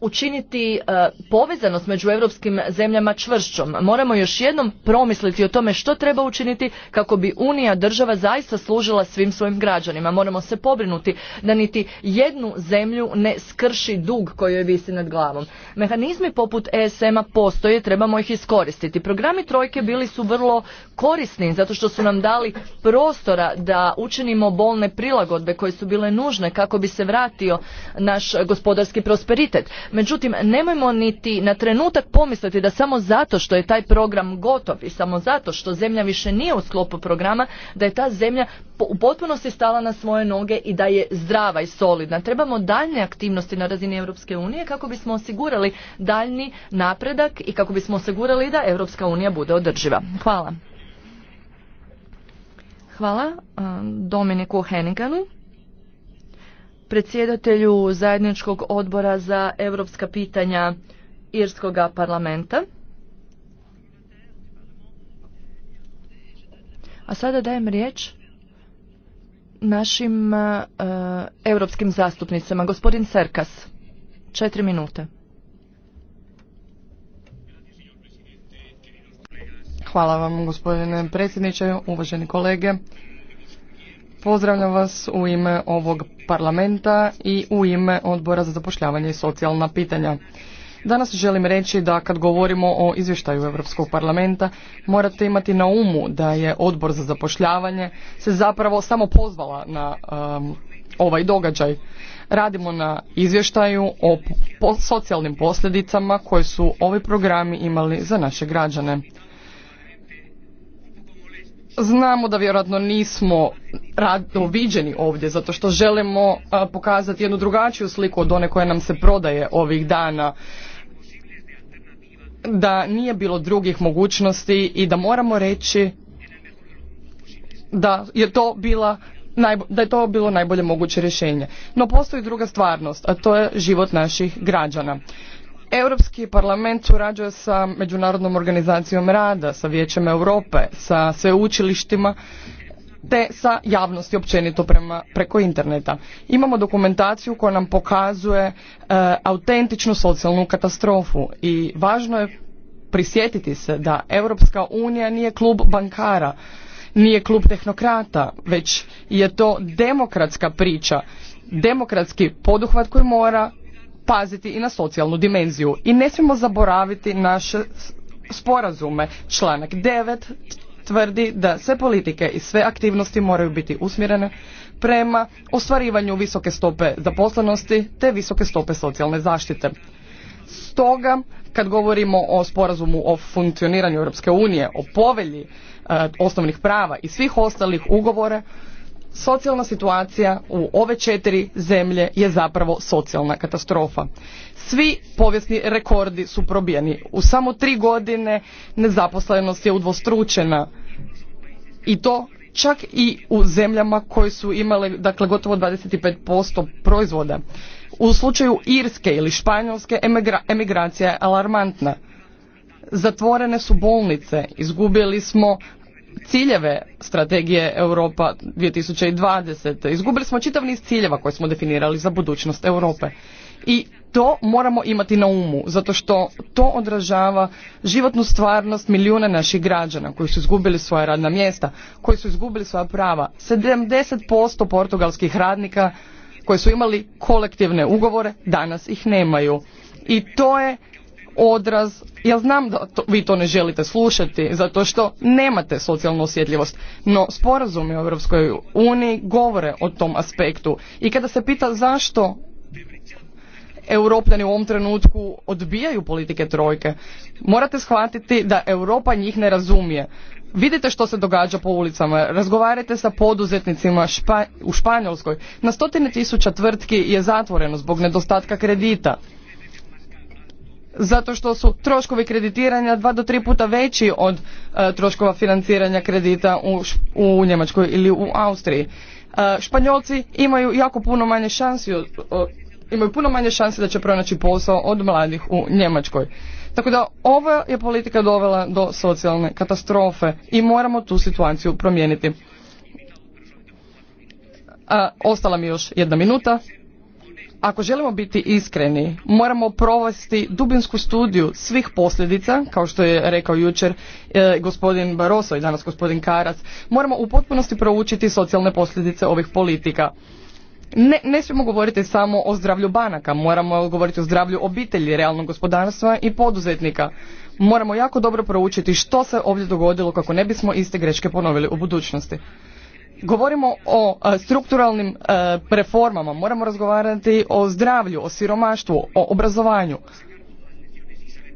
učiniti e, povezanost među europskim zemljama čvršćom. Moramo još jednom promisliti o tome što treba učiniti kako bi Unija država zaista služila svim svojim građanima. Moramo se pobrinuti da niti jednu zemlju ne skrši dug koji joj visi nad glavom. Mehanizmi poput ESM-a postoje, trebamo ih iskoristiti. Programi trojke bili su vrlo korisni zato što su nam dali prostora da učinimo bolne prilagodbe koje su bile nužne kako bi se vratio naš gospodarski prosperitet. Međutim, nemojmo niti na trenutak pomisliti da samo zato što je taj program gotov i samo zato što zemlja više nije u sklopu programa, da je ta zemlja u potpunosti stala na svoje noge i da je zdrava i solidna. Trebamo daljne aktivnosti na razini Europske unije kako bismo osigurali daljni napredak i kako bismo osigurali da Europska unija bude održiva. Hvala. Hvala e, Dominiku Heniganu predsjedatelju zajedničkog odbora za europska pitanja Irskog parlamenta. A sada dajem riječ našim uh, europskim zastupnicama. Gospodin Serkas, četiri minute. Hvala vam gospodine predsjedniče, uvaženi kolege. Pozdravljam vas u ime ovog parlamenta i u ime odbora za zapošljavanje i socijalna pitanja. Danas želim reći da kad govorimo o izvještaju Europskog parlamenta morate imati na umu da je odbor za zapošljavanje se zapravo samo pozvala na um, ovaj događaj. Radimo na izvještaju o socijalnim posljedicama koje su ovi programi imali za naše građane. Znamo da vjerojatno nismo radno viđeni ovdje zato što želimo pokazati jednu drugačiju sliku od one koja nam se prodaje ovih dana da nije bilo drugih mogućnosti i da moramo reći da je to bila da je to bilo najbolje moguće rješenje. No postoji druga stvarnost, a to je život naših građana. Europski parlament surađuje sa Međunarodnom organizacijom rada, sa Vijećem Europe, sa sveučilištima te sa javnosti općenito prema, preko interneta. Imamo dokumentaciju koja nam pokazuje e, autentičnu socijalnu katastrofu i važno je prisjetiti se da Europska unija nije klub bankara, nije klub tehnokrata, već je to demokratska priča, demokratski poduhvat koji mora paziti i na socijalnu dimenziju. I ne smijemo zaboraviti naše sporazume. Članak 9 tvrdi da sve politike i sve aktivnosti moraju biti usmjerene prema ostvarivanju visoke stope zaposlenosti te visoke stope socijalne zaštite. Stoga, kad govorimo o sporazumu o funkcioniranju Europske unije, o povelji e, osnovnih prava i svih ostalih ugovora, socijalna situacija u ove četiri zemlje je zapravo socijalna katastrofa. Svi povijesni rekordi su probijeni. U samo tri godine nezaposlenost je udvostručena i to čak i u zemljama koje su imale dakle, gotovo 25% proizvoda. U slučaju Irske ili Španjolske emigracija je alarmantna. Zatvorene su bolnice, izgubili smo ciljeve strategije Europa 2020. Izgubili smo čitav niz ciljeva koje smo definirali za budućnost Europe. I to moramo imati na umu, zato što to odražava životnu stvarnost milijuna naših građana koji su izgubili svoja radna mjesta, koji su izgubili svoja prava. 70% portugalskih radnika koji su imali kolektivne ugovore, danas ih nemaju. I to je odraz, ja znam da vi to ne želite slušati zato što nemate socijalnu osjetljivost, no sporazumi u Europskoj uniji govore o tom aspektu i kada se pita zašto Europljani u ovom trenutku odbijaju politike trojke, morate shvatiti da Europa njih ne razumije. Vidite što se događa po ulicama, razgovarajte sa poduzetnicima u Španjolskoj. Na stotine tisuća tvrtki je zatvoreno zbog nedostatka kredita zato što su troškovi kreditiranja dva do tri puta veći od e, troškova financiranja kredita u, Njemačkoj ili u Austriji. E, španjolci imaju jako puno manje šansi imaju puno manje šanse da će pronaći posao od mladih u Njemačkoj. Tako da ova je politika dovela do socijalne katastrofe i moramo tu situaciju promijeniti. E, ostala mi još jedna minuta ako želimo biti iskreni, moramo provesti dubinsku studiju svih posljedica, kao što je rekao jučer e, gospodin Barroso i danas gospodin Karas. Moramo u potpunosti proučiti socijalne posljedice ovih politika. Ne, ne smijemo govoriti samo o zdravlju banaka, moramo govoriti o zdravlju obitelji, realnog gospodarstva i poduzetnika. Moramo jako dobro proučiti što se ovdje dogodilo kako ne bismo iste greške ponovili u budućnosti govorimo o e, strukturalnim e, reformama, moramo razgovarati o zdravlju, o siromaštvu, o obrazovanju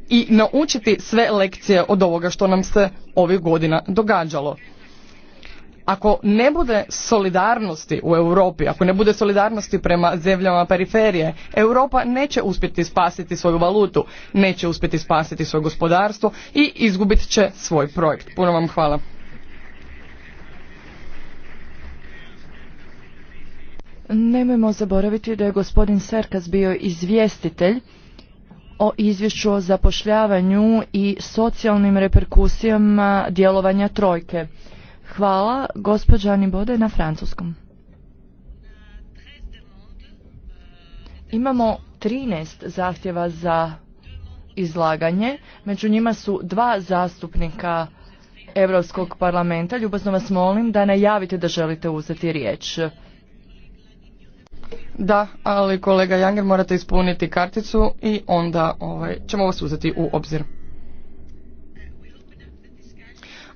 i naučiti sve lekcije od ovoga što nam se ovih godina događalo. Ako ne bude solidarnosti u Europi, ako ne bude solidarnosti prema zemljama periferije, Europa neće uspjeti spasiti svoju valutu, neće uspjeti spasiti svoje gospodarstvo i izgubit će svoj projekt. Puno vam hvala. Nemojmo zaboraviti da je gospodin Serkas bio izvjestitelj o izvješću o zapošljavanju i socijalnim reperkusijama djelovanja trojke. Hvala, gospođa Bode, na francuskom. Imamo 13 zahtjeva za izlaganje, među njima su dva zastupnika Europskog parlamenta. Ljubazno vas molim da najavite da želite uzeti riječ. Da, ali kolega Janger morate ispuniti karticu i onda ovaj, ćemo vas uzeti u obzir.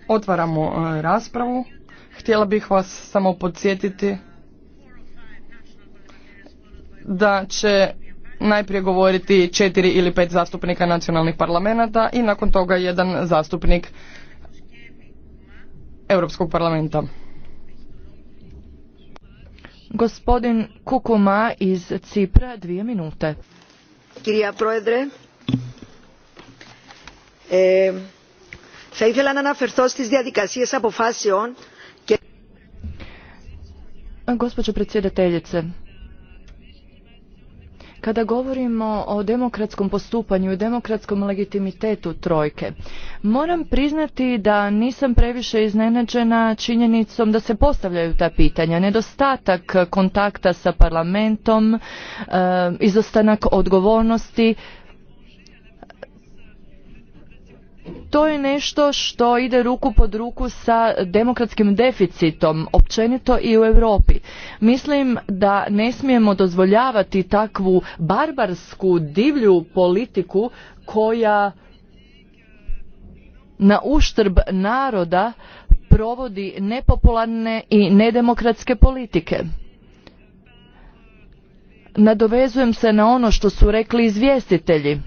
Otvaramo e, raspravu. Htjela bih vas samo podsjetiti da će najprije govoriti četiri ili pet zastupnika nacionalnih parlamenta i nakon toga jedan zastupnik Europskog parlamenta. Gospodin Kukuma iz Cipra, dvije minute. Kirija Proedre, e, na ήθελα να αναφερθώ sa διαδικασίες on Gospođo predsjedateljice, kada govorimo o demokratskom postupanju i demokratskom legitimitetu trojke, moram priznati da nisam previše iznenađena činjenicom da se postavljaju ta pitanja. Nedostatak kontakta sa parlamentom, e, izostanak odgovornosti, to je nešto što ide ruku pod ruku sa demokratskim deficitom općenito i u Europi. Mislim da ne smijemo dozvoljavati takvu barbarsku divlju politiku koja na uštrb naroda provodi nepopularne i nedemokratske politike. Nadovezujem se na ono što su rekli izvjestitelji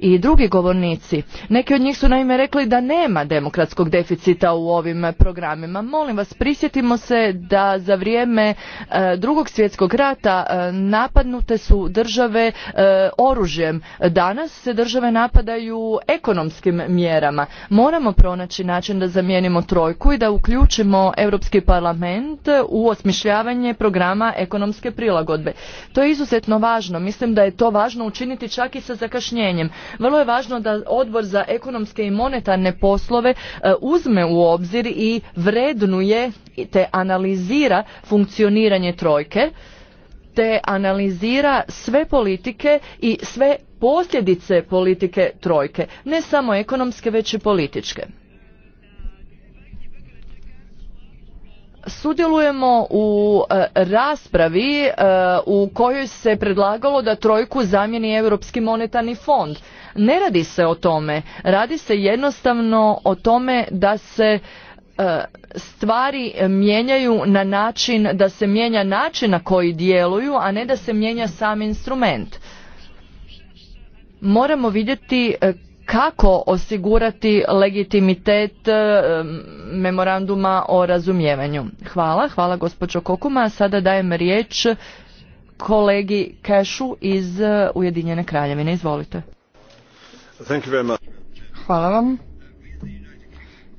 i drugi govornici. Neki od njih su naime rekli da nema demokratskog deficita u ovim programima. Molim vas, prisjetimo se da za vrijeme e, drugog svjetskog rata e, napadnute su države e, oružjem. Danas se države napadaju ekonomskim mjerama. Moramo pronaći način da zamijenimo trojku i da uključimo Europski parlament u osmišljavanje programa ekonomske prilagodbe. To je izuzetno važno. Mislim da je to važno učiniti čak i sa zakašnjenjem. Vrlo je važno da odbor za ekonomske i monetarne poslove e, uzme u obzir i vrednuje te analizira funkcioniranje trojke te analizira sve politike i sve posljedice politike trojke, ne samo ekonomske već i političke. sudjelujemo u e, raspravi e, u kojoj se predlagalo da trojku zamijeni Europski monetarni fond. Ne radi se o tome, radi se jednostavno o tome da se e, stvari mijenjaju na način da se mijenja način na koji djeluju, a ne da se mijenja sam instrument. Moramo vidjeti e, kako osigurati legitimitet e, memoranduma o razumijevanju. Hvala, hvala gospođo Kokuma. Sada dajem riječ kolegi Kešu iz Ujedinjene kraljevine. Izvolite. Hvala vam.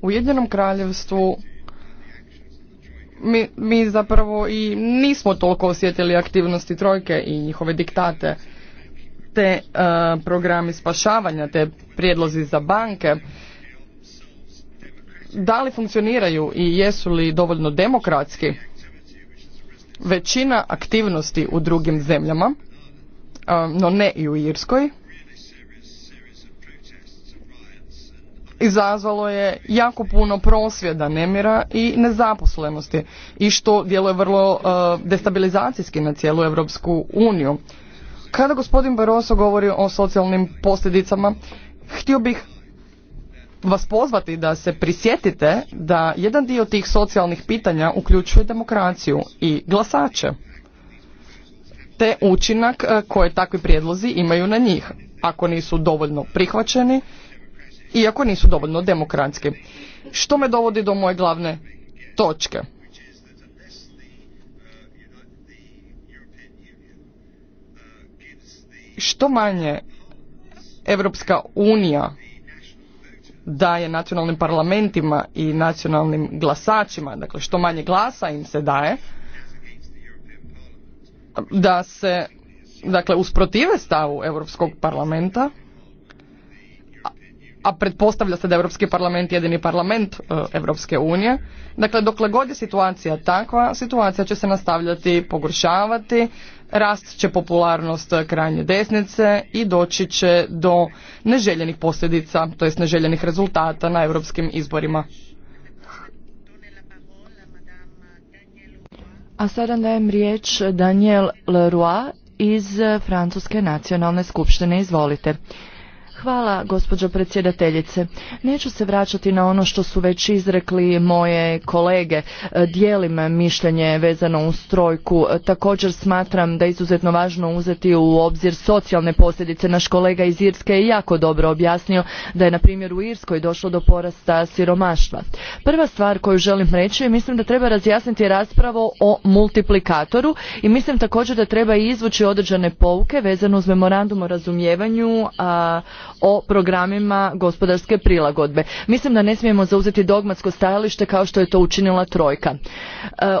U Jedinom kraljevstvu mi, mi zapravo i nismo toliko osjetili aktivnosti trojke i njihove diktate te e, programi spašavanja te prijedlozi za banke da li funkcioniraju i jesu li dovoljno demokratski većina aktivnosti u drugim zemljama e, no ne i u irskoj izazvalo je jako puno prosvjeda, nemira i nezaposlenosti i što djeluje vrlo e, destabilizacijski na cijelu Europsku uniju. Kada gospodin Barroso govori o socijalnim posljedicama, htio bih vas pozvati da se prisjetite da jedan dio tih socijalnih pitanja uključuje demokraciju i glasače, te učinak e, koje takvi prijedlozi imaju na njih. Ako nisu dovoljno prihvaćeni iako nisu dovoljno demokratski. Što me dovodi do moje glavne točke? Što manje Europska unija daje nacionalnim parlamentima i nacionalnim glasačima, dakle što manje glasa im se daje, da se dakle usprotive stavu Europskog parlamenta a pretpostavlja se da je Europski parlament jedini parlament e, Europske unije. Dakle, dokle god je situacija takva, situacija će se nastavljati pogoršavati, rast će popularnost krajnje desnice i doći će do neželjenih posljedica, to jest neželjenih rezultata na europskim izborima. A sada dajem riječ Daniel Leroy iz Francuske nacionalne skupštine. Izvolite. Hvala, gospođo predsjedateljice. Neću se vraćati na ono što su već izrekli moje kolege. E, dijelim mišljenje vezano uz strojku. E, također smatram da je izuzetno važno uzeti u obzir socijalne posljedice. Naš kolega iz Irske je jako dobro objasnio da je na primjer u Irskoj došlo do porasta siromaštva. Prva stvar koju želim reći je mislim da treba razjasniti raspravo o multiplikatoru i mislim također da treba izvući određene pouke vezano uz memorandum o razumijevanju a, o programima gospodarske prilagodbe. Mislim da ne smijemo zauzeti dogmatsko stajalište kao što je to učinila Trojka. E,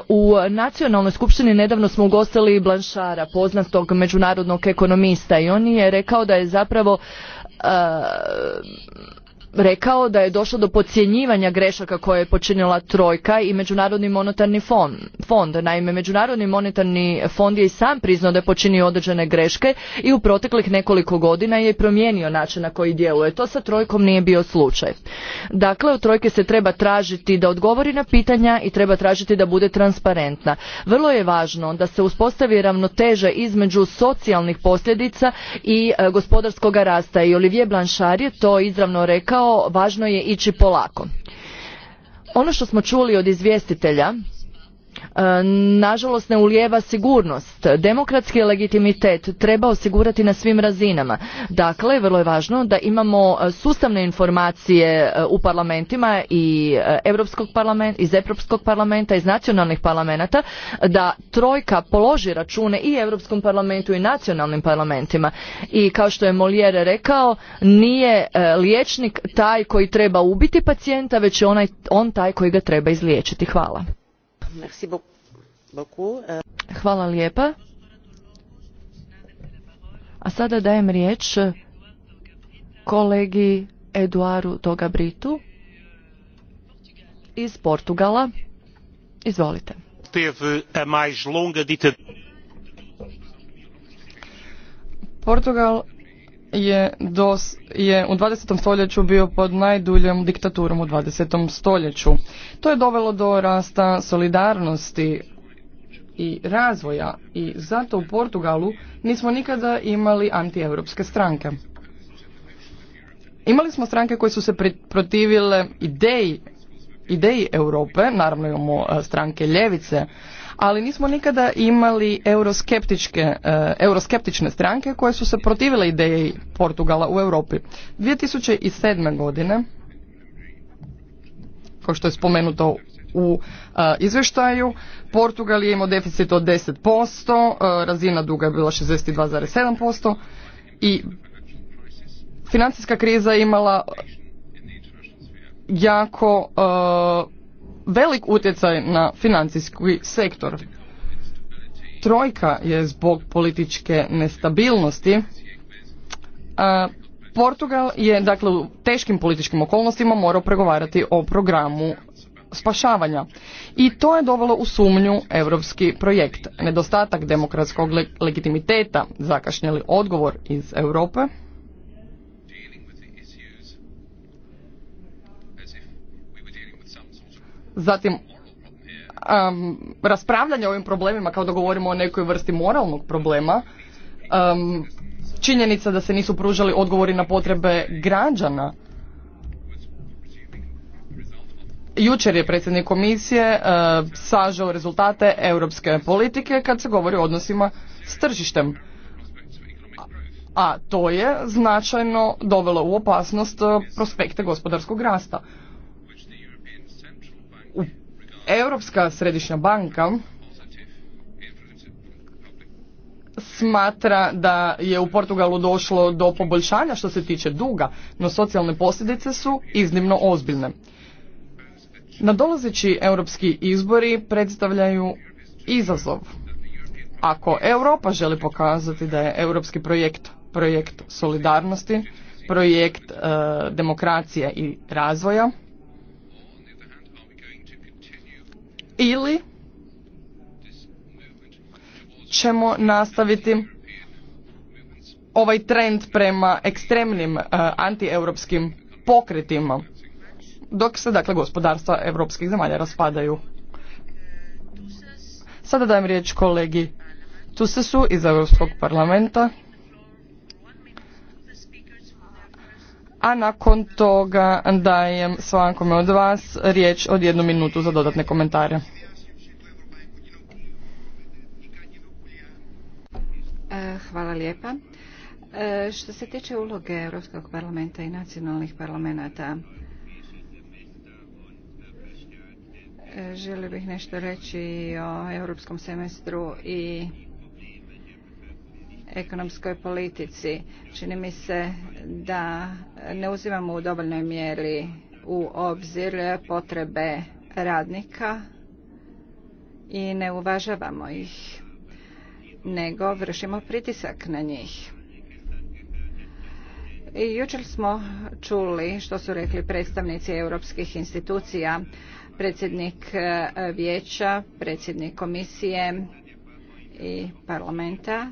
u Nacionalnoj skupštini nedavno smo ugostili Blanšara, poznatog međunarodnog ekonomista i on je rekao da je zapravo e, rekao da je došlo do podcjenjivanja grešaka koje je počinila trojka i međunarodni monetarni fond. naime međunarodni monetarni fond je i sam priznao da je počinio određene greške i u proteklih nekoliko godina je promijenio način na koji djeluje to sa trojkom nije bio slučaj dakle u trojke se treba tražiti da odgovori na pitanja i treba tražiti da bude transparentna vrlo je važno da se uspostavi ravnoteža između socijalnih posljedica i e, gospodarskog rasta i Olivier Blanchard je to izravno rekao važno je ići polako ono što smo čuli od izvjestitelja E, nažalost ne ulijeva sigurnost. Demokratski legitimitet treba osigurati na svim razinama. Dakle, vrlo je važno da imamo e, sustavne informacije e, u parlamentima i Europskog parlamenta, iz Europskog parlamenta, iz nacionalnih parlamenta, da trojka položi račune i Europskom parlamentu i nacionalnim parlamentima. I kao što je Molijer rekao, nije liječnik taj koji treba ubiti pacijenta, već je on taj koji ga treba izliječiti. Hvala. Euh. Hvala lijepa. A sada dajem riječ kolegi Eduaru Togabritu iz Portugala. Izvolite. Portugal je, dos, je u 20. stoljeću bio pod najduljom diktaturom u 20. stoljeću. To je dovelo do rasta solidarnosti i razvoja i zato u Portugalu nismo nikada imali antievropske stranke. Imali smo stranke koje su se protivile ideji, ideji Europe, naravno imamo e, stranke ljevice, ali nismo nikada imali euroskeptičke, e, euroskeptične stranke koje su se protivile ideji Portugala u Europi. 2007. godine, kao što je spomenuto u e, izvještaju. Portugal je imao deficit od 10%, a, e, razina duga je bila 62,7% i financijska kriza je imala jako velik utjecaj na financijski sektor. Trojka je zbog političke nestabilnosti. A e, Portugal je dakle u teškim političkim okolnostima morao pregovarati o programu spašavanja. I to je dovelo u sumnju europski projekt. Nedostatak demokratskog legitimiteta, zakašnjeli odgovor iz Europe, zatim um, raspravljanje o ovim problemima kao da govorimo o nekoj vrsti moralnog problema, činjenica da se nisu pružali odgovori na potrebe građana. Jučer je predsjednik komisije uh, eh, sažao rezultate europske politike kad se govori o odnosima s tržištem a to je značajno dovelo u opasnost eh, prospekte gospodarskog rasta. Europska središnja banka smatra da je u Portugalu došlo do poboljšanja što se tiče duga, no socijalne posljedice su iznimno ozbiljne. Nadolazeći europski izbori predstavljaju izazov. Ako Europa želi pokazati da je europski projekt projekt solidarnosti, projekt e, demokracije i razvoja, ili ćemo nastaviti ovaj trend prema ekstremnim e, antieuropskim pokretima dok se dakle gospodarstva europskih zemalja raspadaju. Sada dajem riječ kolegi Tusesu iz Europskog parlamenta. a nakon toga dajem svakome od vas riječ od jednu minutu za dodatne komentare. E, hvala lijepa. E, što se tiče uloge Europskog parlamenta i nacionalnih parlamenta, e, želio bih nešto reći o europskom semestru i ekonomskoj politici. Čini mi se da ne uzimamo u dovoljnoj mjeri u obzir potrebe radnika i ne uvažavamo ih, nego vršimo pritisak na njih. I jučer smo čuli što su rekli predstavnici europskih institucija, predsjednik e, vijeća, predsjednik komisije i parlamenta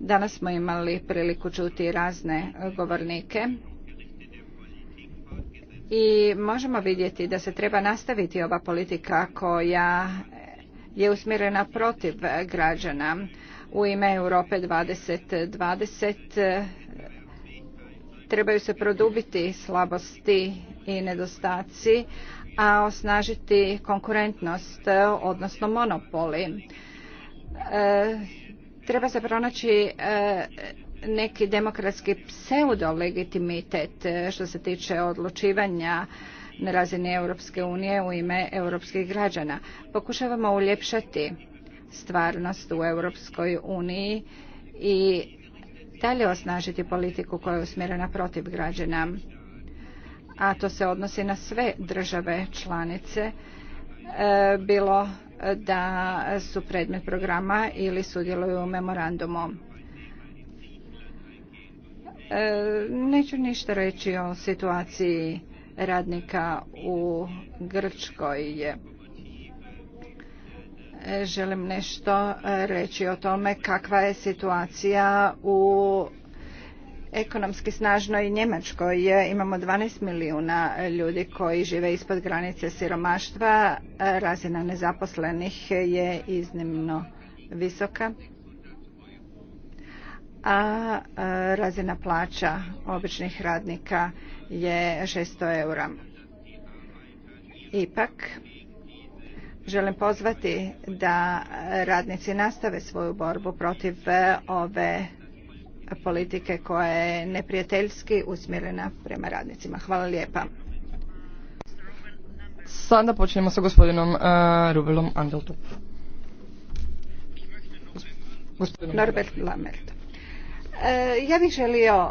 Danas smo imali priliku čuti razne govornike i možemo vidjeti da se treba nastaviti ova politika koja je usmjerena protiv građana u ime Europe 2020 trebaju se produbiti slabosti i nedostaci a osnažiti konkurentnost odnosno monopoli e, treba se pronaći e, neki demokratski pseudo-legitimitet e, što se tiče odlučivanja na razini Europske unije u ime europskih građana. Pokušavamo uljepšati stvarnost u Europskoj uniji i dalje osnažiti politiku koja je usmjerena protiv građana, a to se odnosi na sve države članice, e, bilo da su predmet programa ili sudjeluju u memorandumu. E, neću ništa reći o situaciji radnika u Grčkoj. E, želim nešto reći o tome kakva je situacija u ekonomski snažnoj Njemačkoj imamo 12 milijuna ljudi koji žive ispod granice siromaštva. Razina nezaposlenih je iznimno visoka, a razina plaća običnih radnika je 600 eura. Ipak, želim pozvati da radnici nastave svoju borbu protiv e, ove politike koja je neprijateljski usmjerena prema radnicima. Hvala lijepa. Sada počnemo sa gospodinom uh, Rubelom Norbert Lamert. E, ja bih želio e,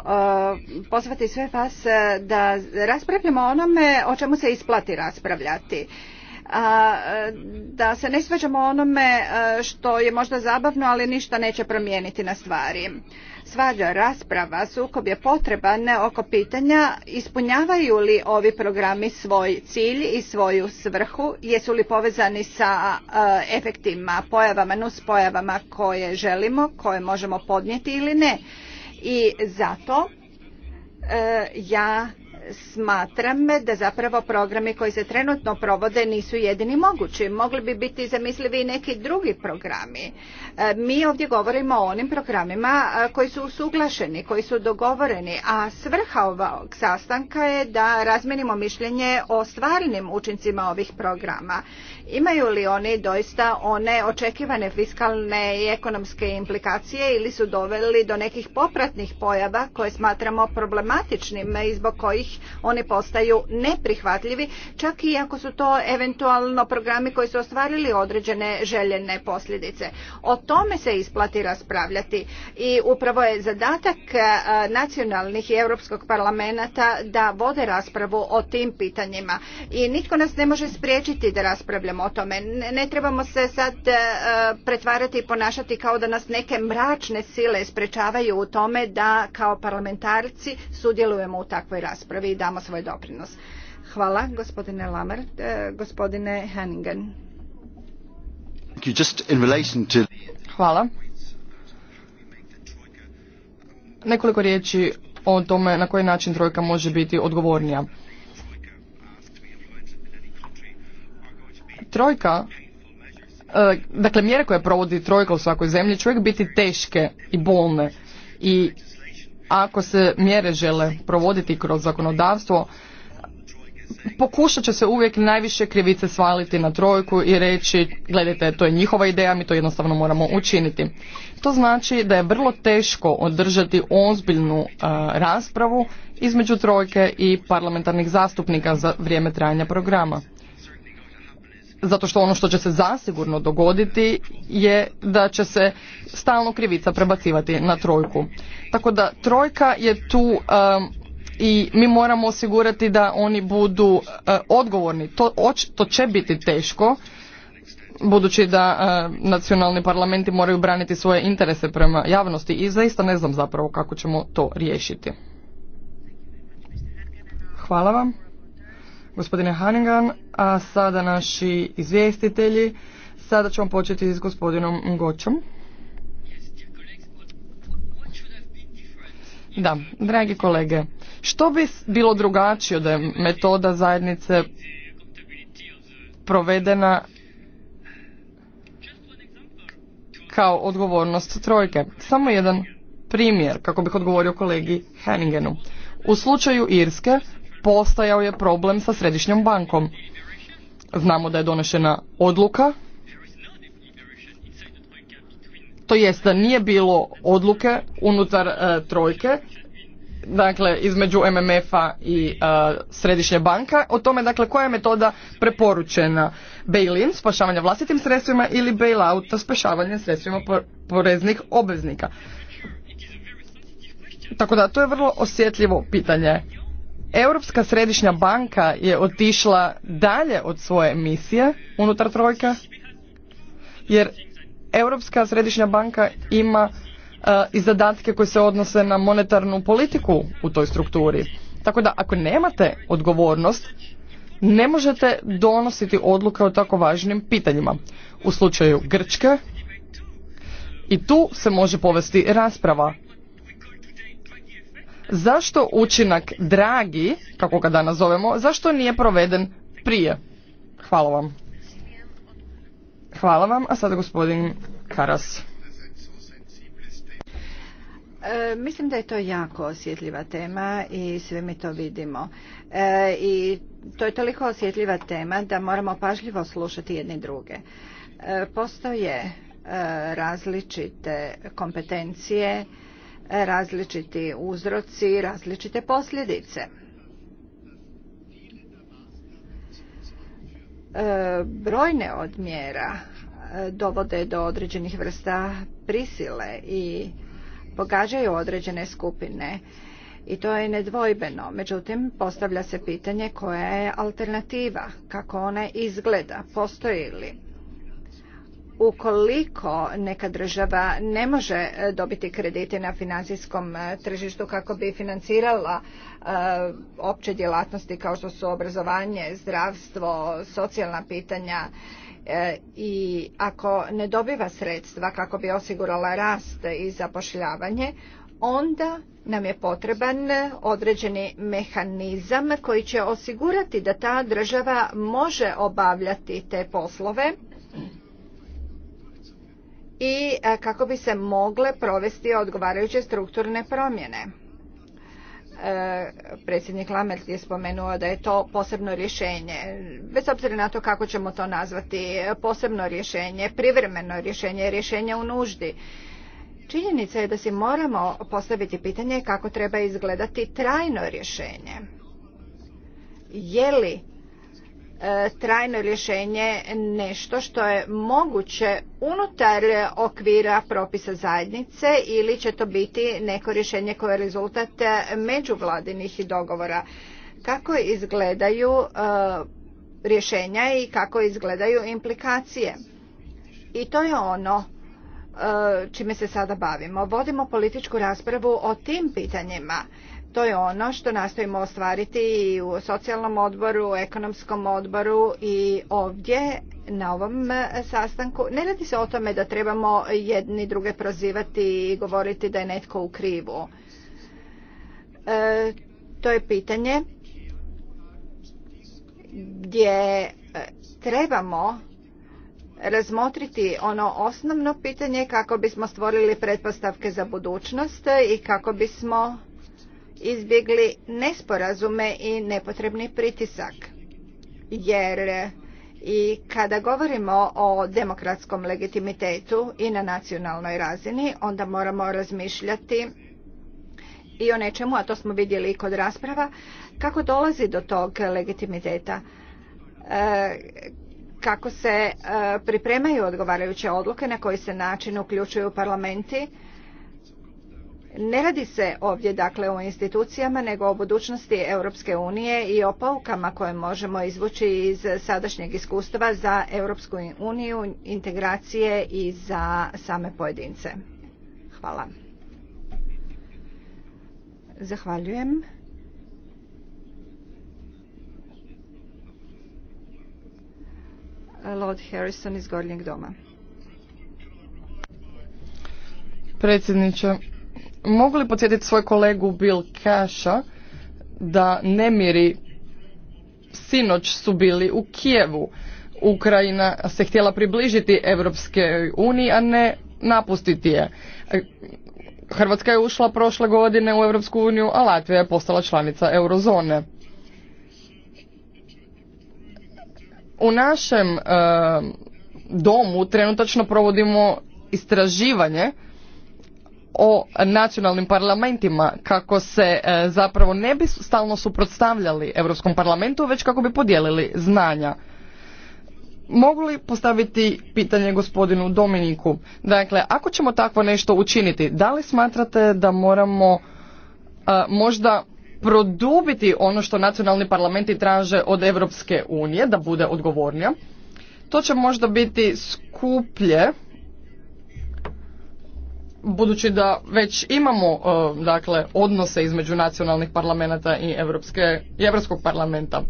pozvati sve vas da raspravljamo o onome o čemu se isplati raspravljati. da se ne svađamo onome što je možda zabavno, ali ništa neće promijeniti na stvari svađa, rasprava, sukob je potreban oko pitanja ispunjavaju li ovi programi svoj cilj i svoju svrhu, jesu li povezani sa e, efektima, pojavama, nuspojavama koje želimo, koje možemo podnijeti ili ne. I zato e, ja smatram da zapravo programi koji se trenutno provode nisu jedini mogući. Mogli bi biti zamislivi i neki drugi programi. E, mi ovdje govorimo o onim programima e, koji su usuglašeni, koji su dogovoreni, a svrha ovog sastanka je da razmenimo mišljenje o stvarnim učincima ovih programa Imaju li oni doista one očekivane fiskalne i ekonomske implikacije ili su doveli do nekih popratnih pojava koje smatramo problematičnim i zbog kojih oni postaju neprihvatljivi, čak i ako su to eventualno programi koji su ostvarili određene željene posljedice. O tome se isplati raspravljati i upravo je zadatak e, nacionalnih i Europskog parlamenta da vode raspravu o tim pitanjima i nitko nas ne može spriječiti da raspravljamo o tome. Ne trebamo se sad e, pretvarati i ponašati kao da nas neke mračne sile sprečavaju u tome da kao parlamentarci sudjelujemo u takvoj raspravi i damo svoj doprinos. Hvala gospodine Lamer, e, gospodine Henningen. Hvala. Nekoliko riječi o tome na koji način trojka može biti odgovornija. trojka, e, dakle mjere koje provodi trojka u svakoj zemlji će uvijek biti teške i bolne i ako se mjere žele provoditi kroz zakonodavstvo, pokušat će se uvijek najviše krivice svaliti na trojku i reći gledajte to je njihova ideja mi to jednostavno moramo učiniti to znači da je vrlo teško održati ozbiljnu e, raspravu između trojke i parlamentarnih zastupnika za vrijeme trajanja programa zato što ono što će se zasigurno dogoditi je da će se stalno krivica prebacivati na trojku. Tako da trojka je tu um, i mi moramo osigurati da oni budu uh, odgovorni. To to će biti teško budući da uh, nacionalni parlamenti moraju braniti svoje interese prema javnosti i zaista ne znam zapravo kako ćemo to riješiti. Hvala vam gospodine Hanigan, a sada naši izvjestitelji. Sada ćemo početi s gospodinom Goćom. Da, dragi kolege, što bi bilo drugačije da je metoda zajednice provedena kao odgovornost trojke? Samo jedan primjer kako bih odgovorio kolegi Henningenu. U slučaju Irske postojao je problem sa središnjom bankom. Znamo da je donošena odluka, to jest da nije bilo odluke unutar e, trojke, dakle između MMF-a i e, središnje banka, o tome dakle koja je metoda preporučena bail-in, spašavanje vlastitim sredstvima ili bail-out, spašavanje sredstvima poreznih obveznika. Tako da to je vrlo osjetljivo pitanje Europska središnja banka je otišla dalje od svoje misije unutar trojka, jer Europska središnja banka ima eh, i zadatke koji se odnose na monetarnu politiku u toj strukturi. Tako da ako nemate odgovornost, ne možete donositi odluke o tako važnim pitanjima. U slučaju Grčke i tu se može povesti rasprava zašto učinak dragi, kako ga danas zovemo, zašto nije proveden prije? Hvala vam. Hvala vam, a sada gospodin Karas. E, mislim da je to jako osjetljiva tema i sve mi to vidimo. E, I to je toliko osjetljiva tema da moramo pažljivo slušati jedni druge. E, postoje različite kompetencije, različiti uzroci, različite posljedice. E, brojne od mjera e, dovode do određenih vrsta prisile i pogađaju određene skupine i to je nedvojbeno. Međutim, postavlja se pitanje koja je alternativa, kako ona izgleda, postoji li ukoliko neka država ne može e, dobiti kredite na financijskom e, tržištu kako bi financirala e, opće djelatnosti kao što su obrazovanje, zdravstvo, socijalna pitanja i ako ne dobiva sredstva kako bi osigurala rast i zapošljavanje, onda nam je potreban određeni mehanizam koji će osigurati da ta država može obavljati te poslove i e, kako bi se mogle provesti odgovarajuće strukturne promjene. E, predsjednik Lamert je spomenuo da je to posebno rješenje, bez obzira na to kako ćemo to nazvati, posebno rješenje, privremeno rješenje, rješenje u nuždi. Činjenica je da si moramo postaviti pitanje kako treba izgledati trajno rješenje. Je li E, trajno rješenje nešto što je moguće unutar okvira propisa zajednice ili će to biti neko rješenje koje je rezultat međuvladinih dogovora. Kako izgledaju e, rješenja i kako izgledaju implikacije? I to je ono e, čime se sada bavimo. Vodimo političku raspravu o tim pitanjima to je ono što nastojimo ostvariti i u socijalnom odboru, u ekonomskom odboru i ovdje na ovom sastanku. Ne radi se o tome da trebamo jedni druge prozivati i govoriti da je netko u krivu. E, to je pitanje gdje e, trebamo razmotriti ono osnovno pitanje kako bismo stvorili pretpostavke za budućnost i kako bismo izbjegli nesporazume i nepotrebni pritisak. Jer i kada govorimo o demokratskom legitimitetu i na nacionalnoj razini, onda moramo razmišljati i o nečemu, a to smo vidjeli i kod rasprava, kako dolazi do tog legitimiteta, e, kako se e, pripremaju odgovarajuće odluke, na koji se način uključuju parlamenti, ne radi se ovdje dakle o institucijama nego o budućnosti Europske unije i o poukama koje možemo izvući iz sadašnjeg iskustva za Europsku uniju, integracije i za same pojedince. Hvala. Zahvaljujem. Lord Harrison iz Gornjeg doma. Predsjedniče, Mogu li podsjetiti svoj kolegu Bill Casha da nemiri sinoć su bili u Kijevu. Ukrajina se htjela približiti Evropske uniji, a ne napustiti je. Hrvatska je ušla prošle godine u Europsku uniju, a Latvija je postala članica eurozone. U našem eh, domu trenutačno provodimo istraživanje o nacionalnim parlamentima kako se e, zapravo ne bi stalno suprotstavljali Europskom parlamentu, već kako bi podijelili znanja. Mogu li postaviti pitanje gospodinu Dominiku? Dakle, ako ćemo takvo nešto učiniti, da li smatrate da moramo e, možda produbiti ono što nacionalni parlamenti traže od Europske unije da bude odgovornija? To će možda biti skuplje budući da već imamo e, dakle odnose između nacionalnih parlamenta i, Evropske, Evropskog parlamenta.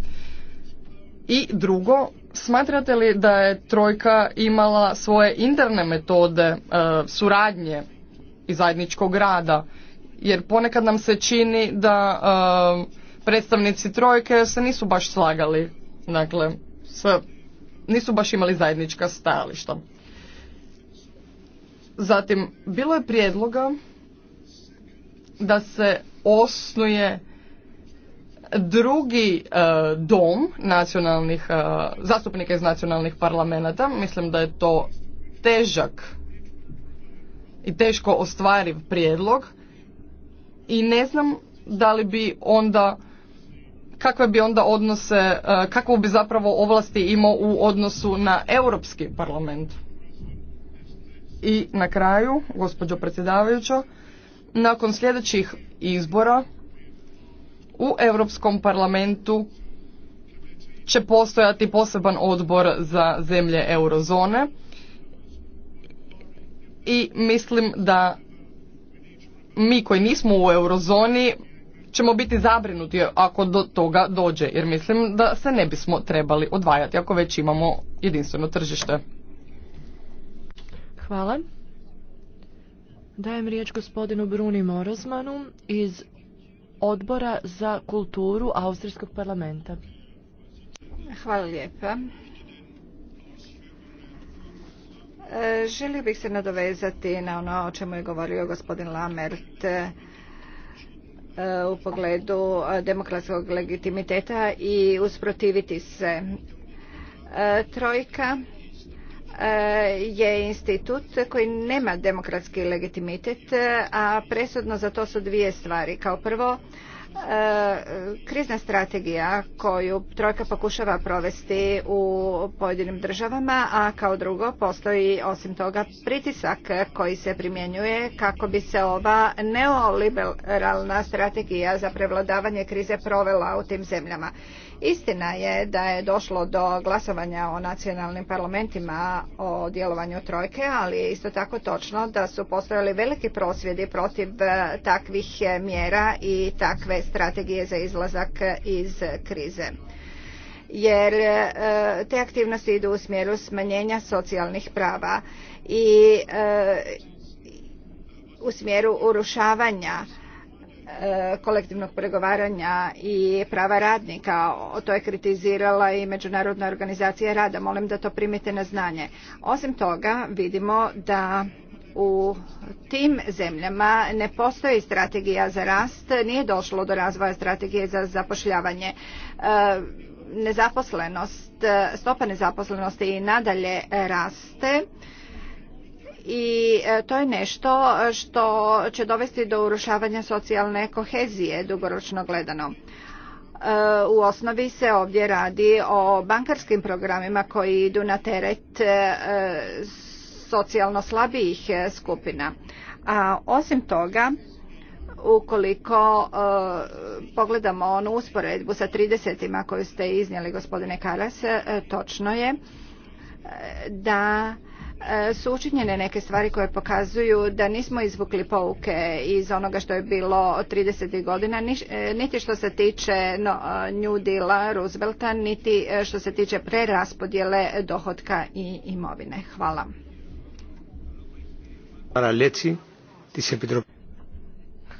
I drugo, smatrate li da je Trojka imala svoje interne metode e, suradnje i zajedničkog rada? Jer ponekad nam se čini da e, predstavnici Trojke se nisu baš slagali, dakle, nisu baš imali zajednička stajališta. Zatim, bilo je prijedloga da se osnuje drugi e, dom nacionalnih e, zastupnika iz nacionalnih parlamenta. Mislim da je to težak i teško ostvariv prijedlog i ne znam da li bi onda kakve bi onda odnose, e, kakvu bi zapravo ovlasti imao u odnosu na Europski parlament. I na kraju, gospođo predsjedavajuća, nakon sljedećih izbora u Europskom parlamentu će postojati poseban odbor za zemlje eurozone i mislim da mi koji nismo u eurozoni ćemo biti zabrinuti ako do toga dođe jer mislim da se ne bismo trebali odvajati ako već imamo jedinstveno tržište. Hvala. Dajem riječ gospodinu Bruni Morozmanu iz Odbora za kulturu Austrijskog parlamenta. Hvala lijepa. E, želio bih se nadovezati na ono o čemu je govorio gospodin Lamert e, u pogledu demokratskog legitimiteta i usprotiviti se. E, trojka Eh, je institut koji nema demokratski legitimitet, eh, a presudno za to su dvije stvari. Kao prvo, eh, krizna strategija koju trojka pokušava provesti u pojedinim državama, a kao drugo postoji osim toga pritisak koji se primjenjuje kako bi se ova neoliberalna strategija za prevladavanje krize provela u tim zemljama. Istina je da je došlo do glasovanja o nacionalnim parlamentima o djelovanju trojke, ali je isto tako točno da su postojali veliki prosvjedi protiv e, takvih e, mjera i takve strategije za izlazak iz krize jer e, te aktivnosti idu u smjeru smanjenja socijalnih prava i u smjeru urušavanja E, kolektivnog pregovaranja i prava radnika. To je kritizirala i Međunarodna organizacija rada. Molim da to primite na znanje. Osim toga vidimo da u tim zemljama ne postoji strategija za rast, nije došlo do razvoja strategije za zapošljavanje. E, nezaposlenost, stopa nezaposlenosti i nadalje raste i e, to je nešto što će dovesti do urušavanja socijalne kohezije dugoročno gledano. E, u osnovi se ovdje radi o bankarskim programima koji idu na teret e, socijalno slabijih skupina. A osim toga, ukoliko pogledamo onu usporedbu sa 30 koju ste iznijeli gospodine Karas, točno je da E, su učinjene neke stvari koje pokazuju da nismo izvukli pouke iz onoga što je bilo 30. godina, e, niti što se tiče no, e, New Deala, Roosevelta, niti što se tiče preraspodjele dohotka i imovine. Hvala.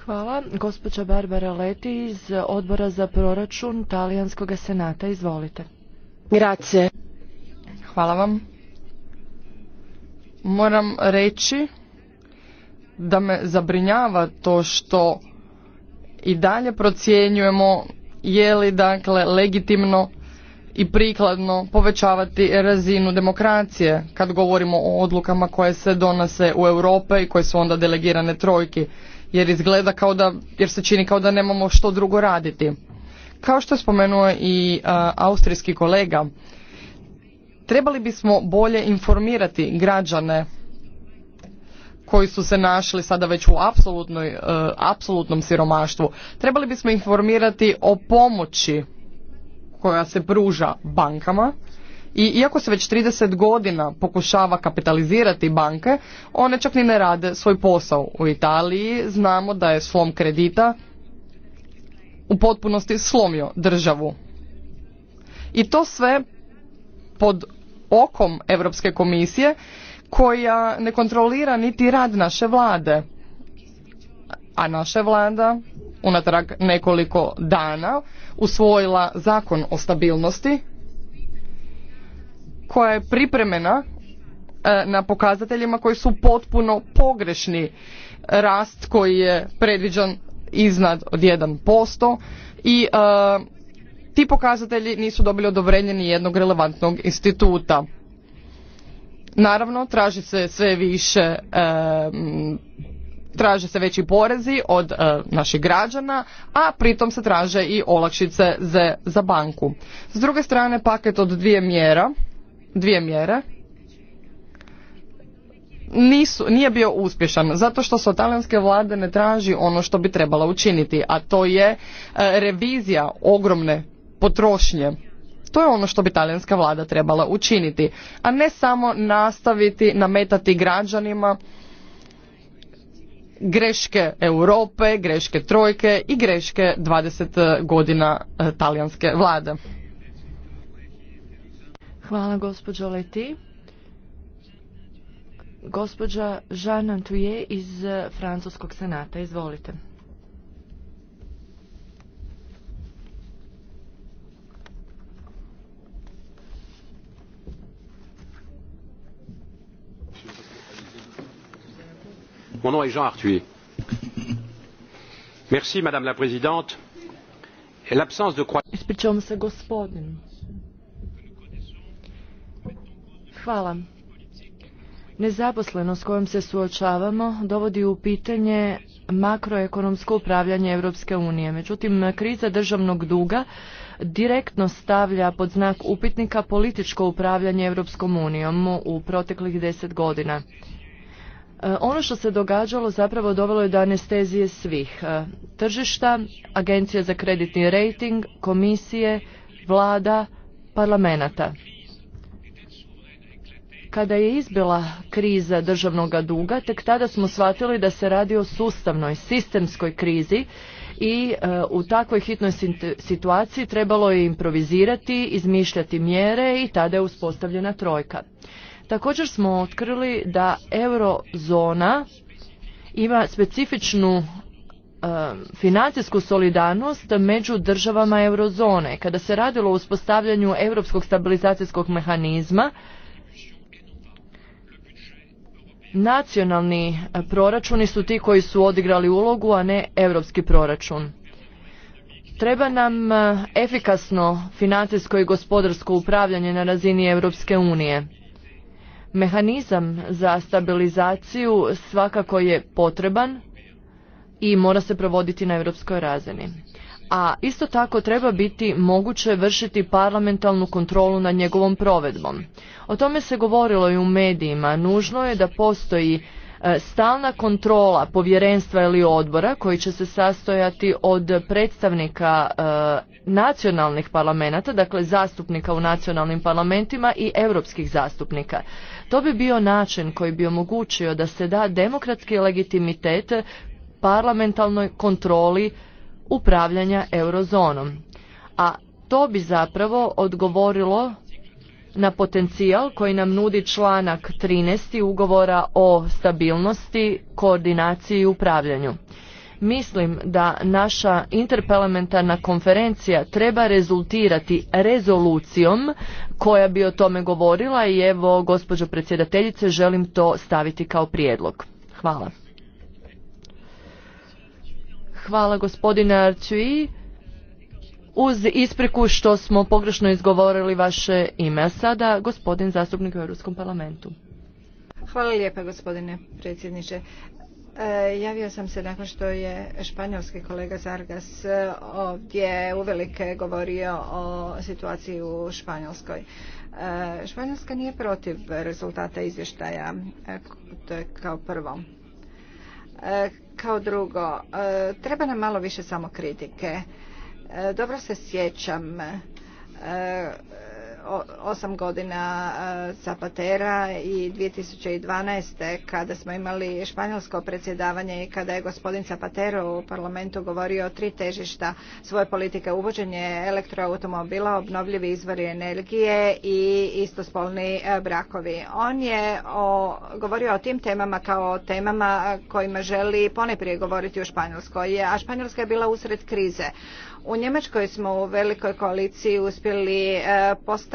Hvala. Gospođa Barbara Leti iz odbora za proračun Talijanskog senata. Izvolite. Grazie. Hvala vam. Moram reći da me zabrinjava to što i dalje procjenjujemo je li dakle legitimno i prikladno povećavati razinu demokracije kad govorimo o odlukama koje se donose u Europe i koje su onda delegirane trojki jer izgleda kao da, jer se čini kao da nemamo što drugo raditi. Kao što je spomenuo i austrijski kolega, trebali bismo bolje informirati građane koji su se našli sada već u apsolutnoj, e, apsolutnom siromaštvu. Trebali bismo informirati o pomoći koja se pruža bankama i iako se već 30 godina pokušava kapitalizirati banke, one čak ni ne rade svoj posao. U Italiji znamo da je slom kredita u potpunosti slomio državu. I to sve pod okom Europske komisije koja ne kontrolira niti rad naše vlade. A naša vlada unatrag nekoliko dana usvojila zakon o stabilnosti koja je pripremena e, na pokazateljima koji su potpuno pogrešni. Rast koji je predviđan iznad od 1% i e, ti pokazatelji nisu dobili odobrenje nijednog jednog relevantnog instituta. Naravno, traži se sve više, traže se veći porezi od e, naših građana, a pritom se traže i olakšice za, za banku. S druge strane, paket od dvije mjera, dvije mjere, nisu, nije bio uspješan zato što se talijanske vlade ne traži ono što bi trebala učiniti, a to je e, revizija ogromne potrošnje. To je ono što bi talijanska vlada trebala učiniti, a ne samo nastaviti nametati građanima greške Europe, greške trojke i greške 20 eh, godina eh, talijanske vlade. Hvala gospođo Leti. Gospođa Jean iz eh, Francuskog senata, izvolite. Mon nom Nezaposlenost s kojom se suočavamo dovodi u pitanje makroekonomsko upravljanje Europske unije. Međutim, kriza državnog duga direktno stavlja pod znak upitnika političko upravljanje Europskom unijom u proteklih deset godina. E, ono što se događalo zapravo dovelo je do anestezije svih. E, tržišta, agencija za kreditni rating, komisije, vlada, parlamenta. Kada je izbila kriza državnog duga, tek tada smo shvatili da se radi o sustavnoj, sistemskoj krizi i e, u takvoj hitnoj situaciji trebalo je improvizirati, izmišljati mjere i tada je uspostavljena trojka. Također smo otkrili da eurozona ima specifičnu e, financijsku solidarnost među državama eurozone. Kada se radilo o uspostavljanju europskog stabilizacijskog mehanizma, nacionalni proračuni su ti koji su odigrali ulogu, a ne europski proračun. Treba nam e, efikasno financijsko i gospodarsko upravljanje na razini Europske unije. Mehanizam za stabilizaciju svakako je potreban i mora se provoditi na europskoj razini. A isto tako treba biti moguće vršiti parlamentalnu kontrolu nad njegovom provedbom. O tome se govorilo i u medijima. Nužno je da postoji E, stalna kontrola povjerenstva ili odbora koji će se sastojati od predstavnika e, nacionalnih parlamenta, dakle zastupnika u nacionalnim parlamentima i europskih zastupnika. To bi bio način koji bi omogućio da se da demokratski legitimitet parlamentalnoj kontroli upravljanja eurozonom. A to bi zapravo odgovorilo na potencijal koji nam nudi članak 13. ugovora o stabilnosti, koordinaciji i upravljanju. Mislim da naša interparlamentarna konferencija treba rezultirati rezolucijom koja bi o tome govorila i evo, gospođo predsjedateljice, želim to staviti kao prijedlog. Hvala. Hvala gospodine Arčuji uz ispriku što smo pogrešno izgovorili vaše ime. sada gospodin zastupnik u Europskom parlamentu. Hvala lijepa gospodine predsjedniče. E, javio sam se nakon što je španjolski kolega Zargas e, ovdje uvelike govorio o situaciji u Španjolskoj. E, Španjolska nije protiv rezultata izvještaja, to je kao prvo. Kao drugo, treba nam malo više samo kritike. E, dobro se sjećam e, osam godina e, Zapatera i 2012. kada smo imali španjolsko predsjedavanje i kada je gospodin Zapatero u parlamentu govorio o tri težišta svoje politike uvođenje elektroautomobila, obnovljivi izvori energije i istospolni e, brakovi. On je govorio o tim temama kao o temama e, kojima želi poneprije govoriti u Španjolskoj, a Španjolska je bila usred krize. U Njemačkoj smo u velikoj koaliciji uspjeli postaviti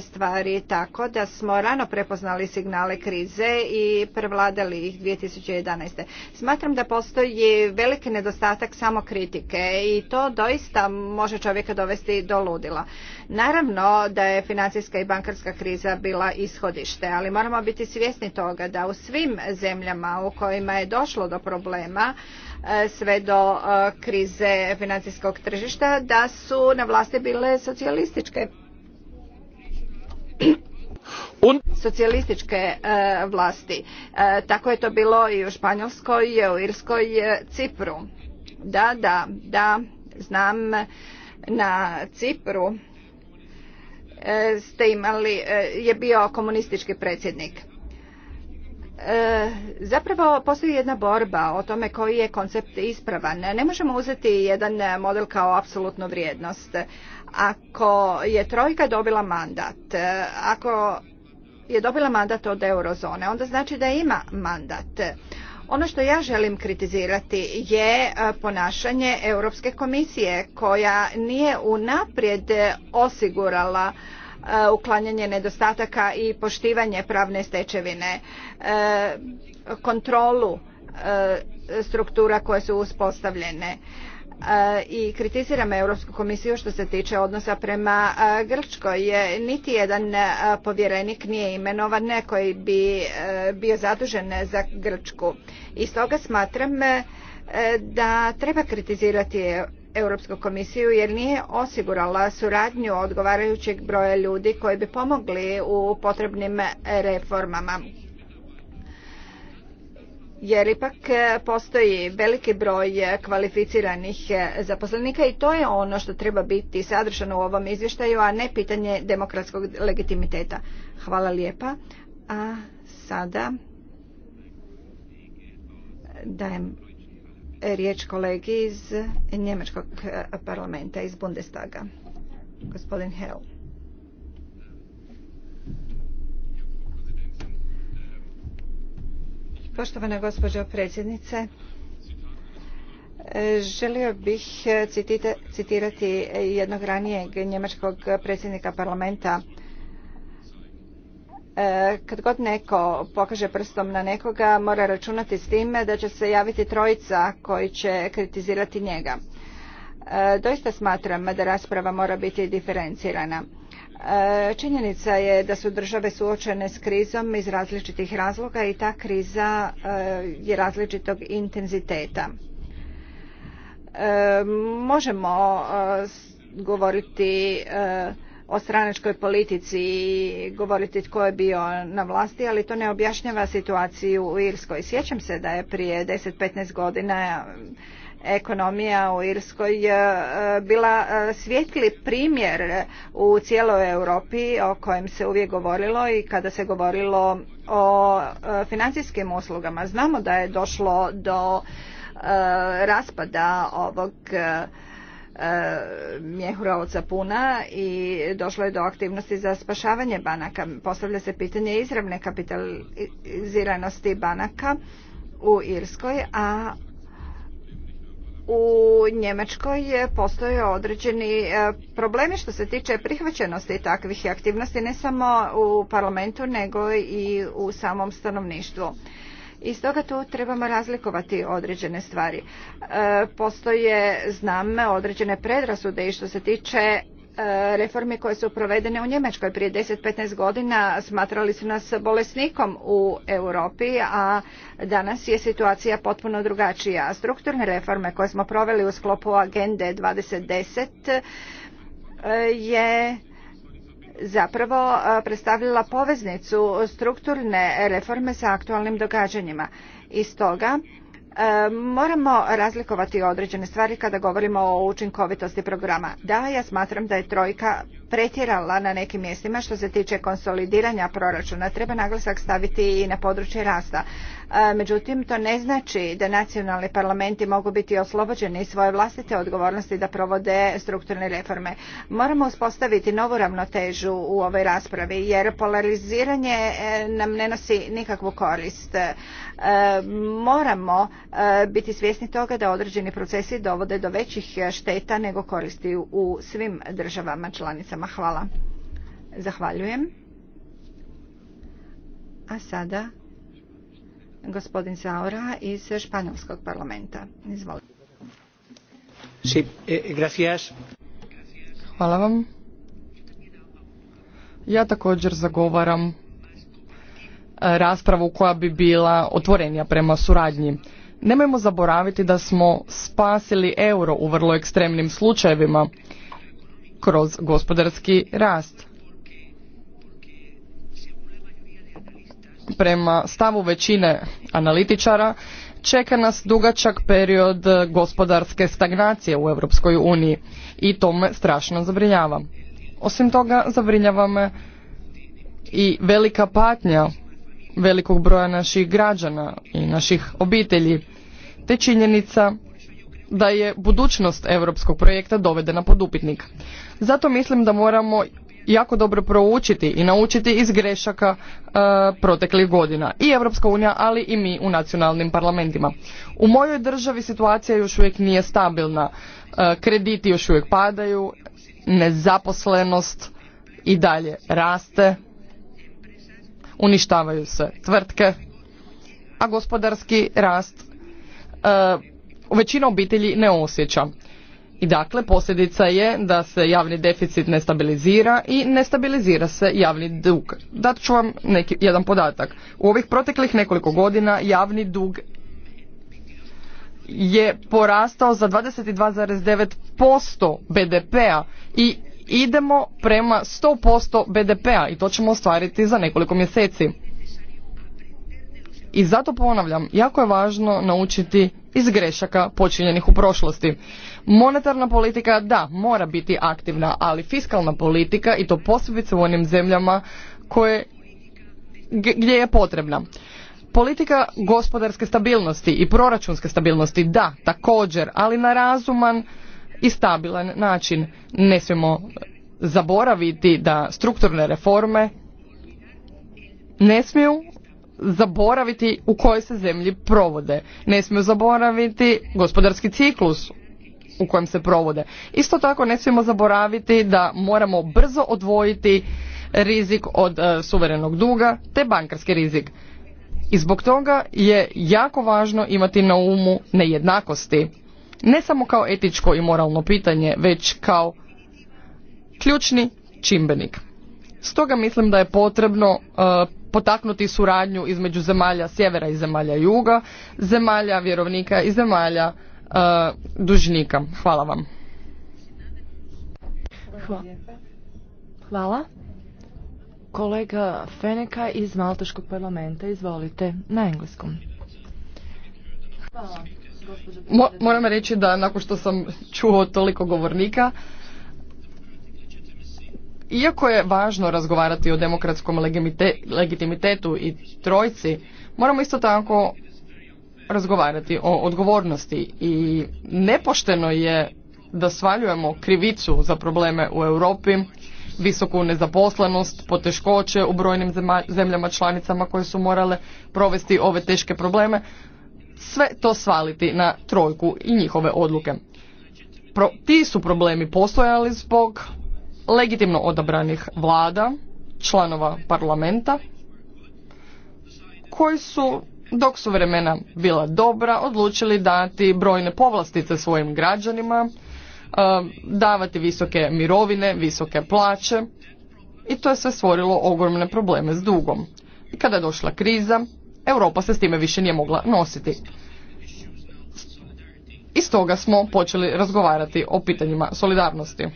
stvari tako da smo rano prepoznali signale krize i prevladali ih 2011. Smatram da postoji veliki nedostatak kritike i to doista može čovjeka dovesti do ludila. Naravno da je financijska i bankarska kriza bila ishodište, ali moramo biti svjesni toga da u svim zemljama u kojima je došlo do problema e, sve do e, krize financijskog tržišta da su na vlasti bile socijalističke socijalističke e, vlasti. E, tako je to bilo i u Španjolskoj, u Irskoj, Cipru. Da, da, da, znam na Cipru e, ste imali, je bio komunistički predsjednik. Zapravo postoji jedna borba o tome koji je koncept ispravan. Ne možemo uzeti jedan model kao apsolutnu vrijednost. Ako je trojka dobila mandat, e, ako je dobila mandat od eurozone, onda znači da ima mandat. Ono što ja želim kritizirati je e, ponašanje Europske komisije koja nije unaprijed osigurala e, uklanjanje nedostataka i poštivanje pravne stečevine, kontrolu struktura koje su uspostavljene. E, i kritiziram Europsku komisiju što se tiče odnosa prema e, Grčkoj. Niti jedan e, povjerenik nije imenovan koji bi bio zadužen za Grčku. I stoga smatram da treba kritizirati Europsku komisiju jer nije osigurala suradnju odgovarajućeg broja ljudi koji bi pomogli u potrebnim reformama jer ipak e, postoji veliki broj e, kvalificiranih e, zaposlenika i to je ono što treba biti sadržano u ovom izvještaju, a ne pitanje demokratskog legitimiteta. Hvala lijepa. A sada dajem riječ kolegi iz Njemačkog parlamenta, iz Bundestaga, gospodin Hell. Poštovana gospođo predsjednice, e, želio bih e, citirati jednog ranijeg njemačkog predsjednika parlamenta e, kad god neko pokaže prstom na nekoga mora računati s time da će se javiti trojica koji će kritizirati njega. Doista smatram da rasprava mora biti diferencirana. E, činjenica je da su države suočene s krizom iz različitih razloga i ta kriza e, je različitog intenziteta. E, možemo govoriti o stranačkoj politici i govoriti tko je bio na vlasti, ali to ne objašnjava situaciju u Irskoj. Sjećam se da je prije 10-15 godina ekonomija u Irskoj e, bila e, svijetli primjer u cijeloj Europi o kojem se uvijek govorilo i kada se govorilo o e, financijskim uslugama. Znamo da je došlo do raspada ovog mjehura puna i došlo je do aktivnosti za spašavanje banaka. Postavlja se pitanje izravne kapitaliziranosti banaka u Irskoj, a u Njemačkoj postoje određeni e, problemi što se tiče prihvaćenosti takvih aktivnosti ne samo u parlamentu nego i u samom stanovništvu. I stoga tu trebamo razlikovati određene stvari. E, postoje, znam, određene predrasude i što se tiče E, reforme koje su provedene u Njemačkoj prije 10-15 godina smatrali su nas bolesnikom u Europi, a danas je situacija potpuno drugačija. Strukturne reforme koje smo proveli u sklopu Agende 2010 e, je zapravo e, predstavljala poveznicu strukturne reforme sa aktualnim događanjima. I stoga E, moramo razlikovati određene stvari kada govorimo o učinkovitosti programa. Da, ja smatram da je trojka pretjerala na nekim mjestima što se tiče konsolidiranja proračuna. Treba naglasak staviti i na područje rasta. E, međutim, to ne znači da nacionalni parlamenti mogu biti oslobođeni svoje vlastite odgovornosti da provode strukturne reforme. Moramo uspostaviti novu ravnotežu u ovoj raspravi jer polariziranje e, nam ne nosi nikakvu korist. E, moramo e, biti svjesni toga da određeni procesi dovode do većih šteta nego koristi u svim državama članicama. Hvala. Zahvaljujem. A sada gospodin Zaura iz Španjolskog parlamenta. Izvolite. Eh, Hvala vam. Ja također zagovaram raspravu koja bi bila otvorenija prema suradnji. Nemojmo zaboraviti da smo spasili euro u vrlo ekstremnim slučajevima kroz gospodarski rast. Prema stavu većine analitičara čeka nas dugačak period gospodarske stagnacije u Europskoj uniji i to me strašno zabrinjava. Osim toga zabrinjava me i velika patnja velikog broja naših građana i naših obitelji, te činjenica da je budućnost europskog projekta dovedena pod upitnik. Zato mislim da moramo jako dobro proučiti i naučiti iz grešaka e, proteklih godina i Europska unija, ali i mi u nacionalnim parlamentima. U mojoj državi situacija još uvijek nije stabilna, e, krediti još uvijek padaju, nezaposlenost i dalje raste uništavaju se tvrtke, a gospodarski rast e, većina obitelji ne osjeća. I dakle, posljedica je da se javni deficit ne stabilizira i ne stabilizira se javni dug. Dat ću vam neki, jedan podatak. U ovih proteklih nekoliko godina javni dug je porastao za 22,9% BDP-a i idemo prema 100% BDP-a i to ćemo ostvariti za nekoliko mjeseci. I zato ponavljam, jako je važno naučiti iz grešaka počinjenih u prošlosti. Monetarna politika, da, mora biti aktivna, ali fiskalna politika i to posebice u onim zemljama koje, gdje je potrebna. Politika gospodarske stabilnosti i proračunske stabilnosti, da, također, ali na razuman i stabilan način. Ne smijemo zaboraviti da strukturne reforme ne smiju zaboraviti u kojoj se zemlji provode. Ne smiju zaboraviti gospodarski ciklus u kojem se provode. Isto tako ne smijemo zaboraviti da moramo brzo odvojiti rizik od e, suverenog duga te bankarski rizik. I zbog toga je jako važno imati na umu nejednakosti ne samo kao etičko i moralno pitanje, već kao ključni čimbenik. Stoga mislim da je potrebno e, potaknuti suradnju između zemalja sjevera i zemalja juga, zemalja vjerovnika i zemalja e, dužnika. Hvala vam. Hvala. Kolega Feneka iz Maltaškog parlamenta, izvolite, na engleskom. Hvala moram reći da nakon što sam čuo toliko govornika, iako je važno razgovarati o demokratskom legitimitetu i trojci, moramo isto tako razgovarati o odgovornosti i nepošteno je da svaljujemo krivicu za probleme u Europi, visoku nezaposlenost, poteškoće u brojnim zemljama članicama koje su morale provesti ove teške probleme sve to svaliti na trojku i njihove odluke. Pro, ti su problemi postojali zbog legitimno odabranih vlada, članova parlamenta, koji su, dok su vremena bila dobra, odlučili dati brojne povlastice svojim građanima, eh, davati visoke mirovine, visoke plaće i to je sve stvorilo ogromne probleme s dugom. I kada je došla kriza, Europa se s time više nije mogla nositi. I stoga smo počeli razgovarati o pitanjima solidarnosti.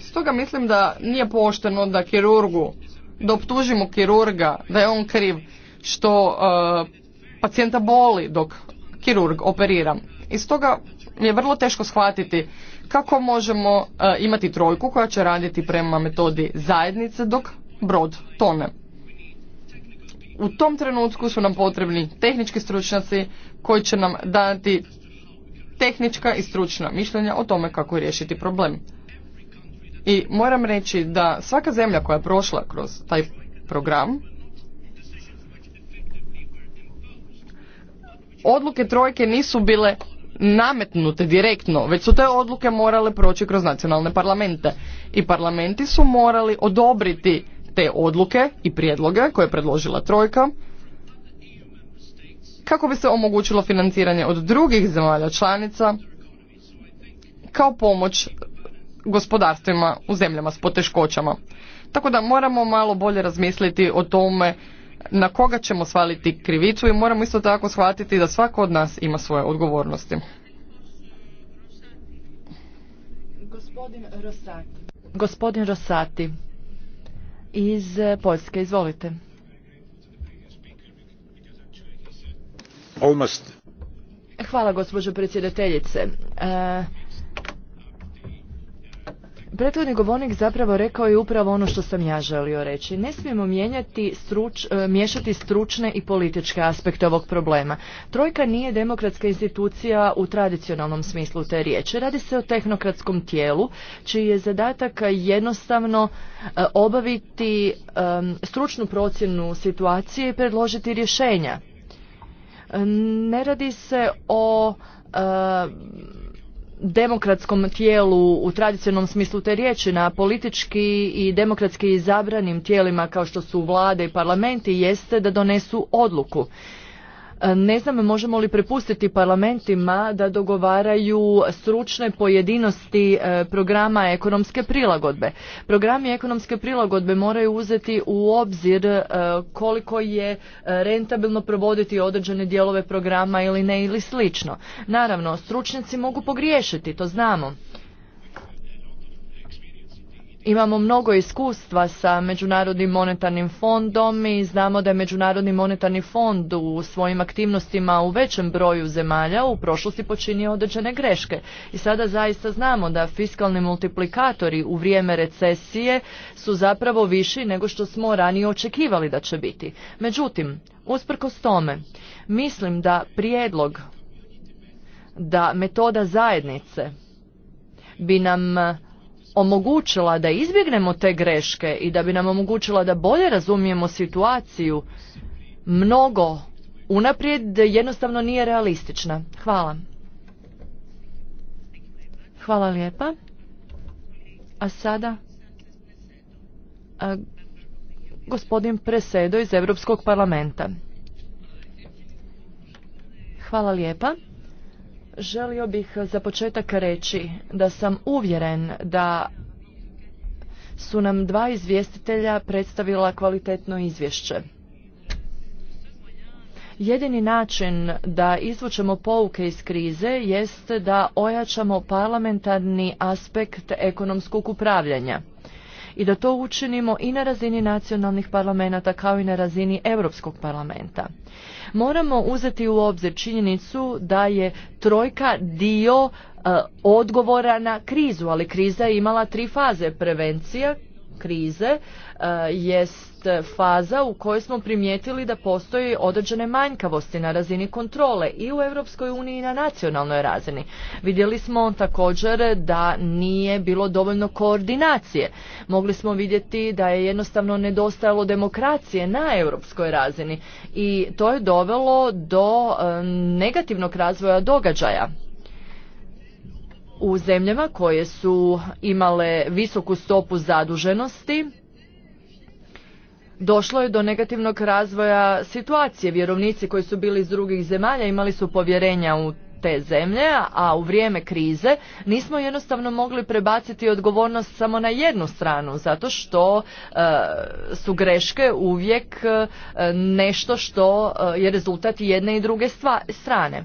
Stoga mislim da nije pošteno da kirurgu, da optužimo kirurga da je on kriv što e, pacijenta boli dok kirurg operira. I stoga je vrlo teško shvatiti kako možemo e, imati trojku koja će raditi prema metodi zajednice dok brod tone u tom trenutku su nam potrebni tehnički stručnjaci koji će nam dati tehnička i stručna mišljenja o tome kako riješiti problem. I moram reći da svaka zemlja koja je prošla kroz taj program odluke trojke nisu bile nametnute direktno, već su te odluke morale proći kroz nacionalne parlamente. I parlamenti su morali odobriti te odluke i prijedloge koje je predložila trojka kako bi se omogućilo financiranje od drugih zemalja članica kao pomoć gospodarstvima u zemljama s poteškoćama. Tako da moramo malo bolje razmisliti o tome na koga ćemo svaliti krivicu i moramo isto tako shvatiti da svako od nas ima svoje odgovornosti. Gospodin Rosati. Gospodin Rosati iz Poljske. Izvolite. Hvala gospođo predsjedateljice. E, Prethodni govornik zapravo rekao je upravo ono što sam ja želio reći. Ne smijemo mijenjati e, miješati stručne i političke aspekte ovog problema. Trojka nije demokratska institucija u tradicionalnom smislu te riječi. Radi se o tehnokratskom tijelu, čiji je zadatak jednostavno e, obaviti e, stručnu procjenu situacije i predložiti rješenja. Ne radi se o demokratskom tijelu u tradicionalnom smislu te riječi na politički i demokratski izabranim tijelima kao što su vlade i parlamenti jeste da donesu odluku E, ne znam možemo li prepustiti parlamentima da dogovaraju stručne pojedinosti e, programa ekonomske prilagodbe. Programi ekonomske prilagodbe moraju uzeti u obzir e, koliko je rentabilno provoditi određene dijelove programa ili ne ili slično. Naravno, stručnjaci mogu pogriješiti, to znamo Imamo mnogo iskustva sa Međunarodnim monetarnim fondom i znamo da je Međunarodni monetarni fond u svojim aktivnostima u većem broju zemalja u prošlosti počinio određene greške. I sada zaista znamo da fiskalni multiplikatori u vrijeme recesije su zapravo viši nego što smo ranije očekivali da će biti. Međutim, usprkos tome, mislim da prijedlog da metoda zajednice bi nam omogućila da izbjegnemo te greške i da bi nam omogućila da bolje razumijemo situaciju, mnogo unaprijed jednostavno nije realistična. Hvala. Hvala lijepa. A sada gospodin Presedo iz Europskog parlamenta. Hvala lijepa. Želio bih za početak reći da sam uvjeren da su nam dva izvjestitelja predstavila kvalitetno izvješće. Jedini način da izvučemo pouke iz krize jeste da ojačamo parlamentarni aspekt ekonomskog upravljanja i da to učinimo i na razini nacionalnih parlamenta kao i na razini Europskog parlamenta. Moramo uzeti u obzir činjenicu da je trojka dio e, odgovora na krizu, ali kriza je imala tri faze. Prevencija, krize e, jest faza u kojoj smo primijetili da postoji određene manjkavosti na razini kontrole i u Europskoj uniji i na nacionalnoj razini. Vidjeli smo također da nije bilo dovoljno koordinacije. Mogli smo vidjeti da je jednostavno nedostajalo demokracije na europskoj razini i to je dovelo do e, negativnog razvoja događaja u zemljama koje su imale visoku stopu zaduženosti došlo je do negativnog razvoja situacije. Vjerovnici koji su bili iz drugih zemalja imali su povjerenja u te zemlje, a u vrijeme krize nismo jednostavno mogli prebaciti odgovornost samo na jednu stranu, zato što e, su greške uvijek e, nešto što e, je rezultat jedne i druge strane.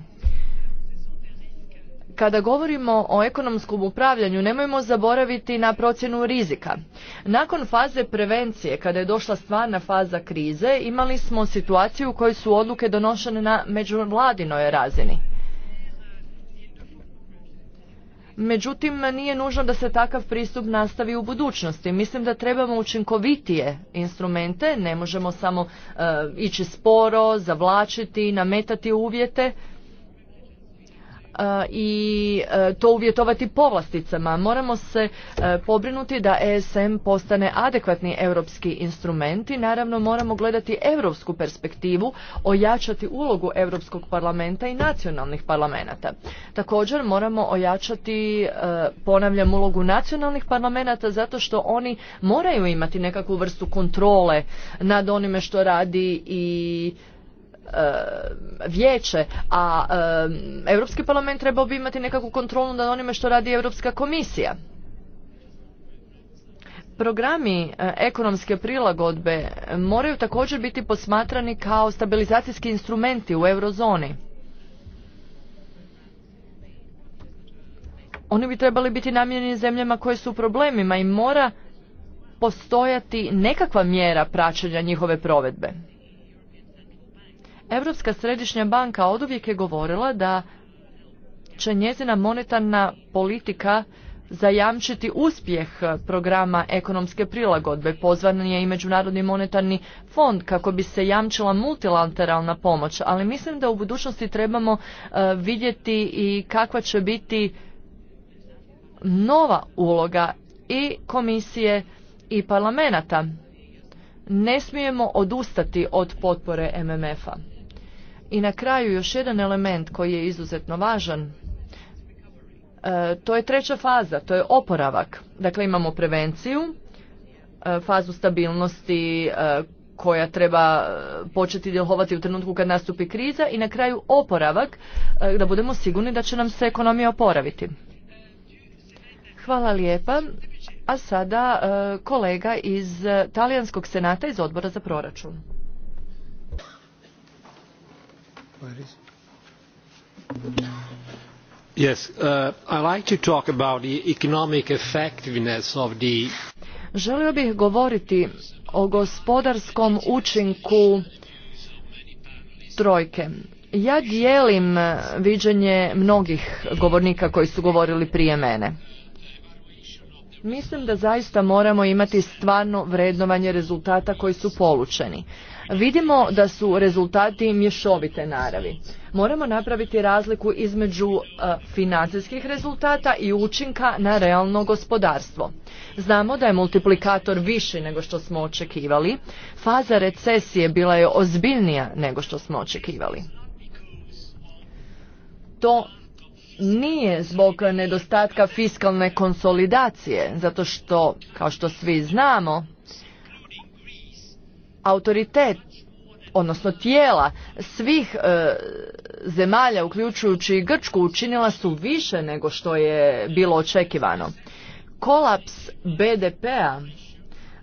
Kada govorimo o ekonomskom upravljanju, nemojmo zaboraviti na procjenu rizika. Nakon faze prevencije, kada je došla stvarna faza krize, imali smo situaciju u kojoj su odluke donošene na međuvladinoj razini. Međutim, nije nužno da se takav pristup nastavi u budućnosti. Mislim da trebamo učinkovitije instrumente, ne možemo samo e, ići sporo, zavlačiti, nametati uvjete. E, i e, to uvjetovati povlasticama. Moramo se e, pobrinuti da ESM postane adekvatni europski instrument i naravno moramo gledati europsku perspektivu, ojačati ulogu Europskog parlamenta i nacionalnih parlamenta. Također moramo ojačati, ponavljam, ulogu nacionalnih parlamenta zato što oni moraju imati nekakvu vrstu kontrole nad onime što radi i E, vijeće, a e, Europski parlament trebao bi imati nekakvu kontrolu nad onime što radi Europska komisija. Programi e, ekonomske prilagodbe moraju također biti posmatrani kao stabilizacijski instrumenti u eurozoni. Oni bi trebali biti namijenjeni zemljama koje su u problemima i mora postojati nekakva mjera praćenja njihove provedbe. Europska središnja banka oduvijek je govorila da će njezina monetarna politika zajamčiti uspjeh programa ekonomske prilagodbe. Pozvan je i Međunarodni monetarni fond kako bi se jamčila multilateralna pomoć, ali mislim da u budućnosti trebamo e, vidjeti i kakva će biti nova uloga i komisije i parlamenta. Ne smijemo odustati od potpore MMF-a. I na kraju još jedan element koji je izuzetno važan. E, to je treća faza, to je oporavak. Dakle, imamo prevenciju, e, fazu stabilnosti e, koja treba početi djelovati u trenutku kad nastupi kriza i na kraju oporavak, da budemo sigurni da će nam se ekonomija oporaviti. Hvala lijepa. A sada kolega iz Talijanskog senata iz odbora za proračun. Želio bih govoriti o gospodarskom učinku trojke. Ja dijelim viđenje mnogih govornika koji su govorili prije mene. Mislim da zaista moramo imati stvarno vrednovanje rezultata koji su polučeni. Vidimo da su rezultati mješovite naravi. Moramo napraviti razliku između e, financijskih rezultata i učinka na realno gospodarstvo. Znamo da je multiplikator viši nego što smo očekivali. Faza recesije bila je ozbiljnija nego što smo očekivali. To nije zbog nedostatka fiskalne konsolidacije, zato što, kao što svi znamo, autoritet odnosno tijela svih e, zemalja uključujući i Grčku učinila su više nego što je bilo očekivano. Kolaps BDP-a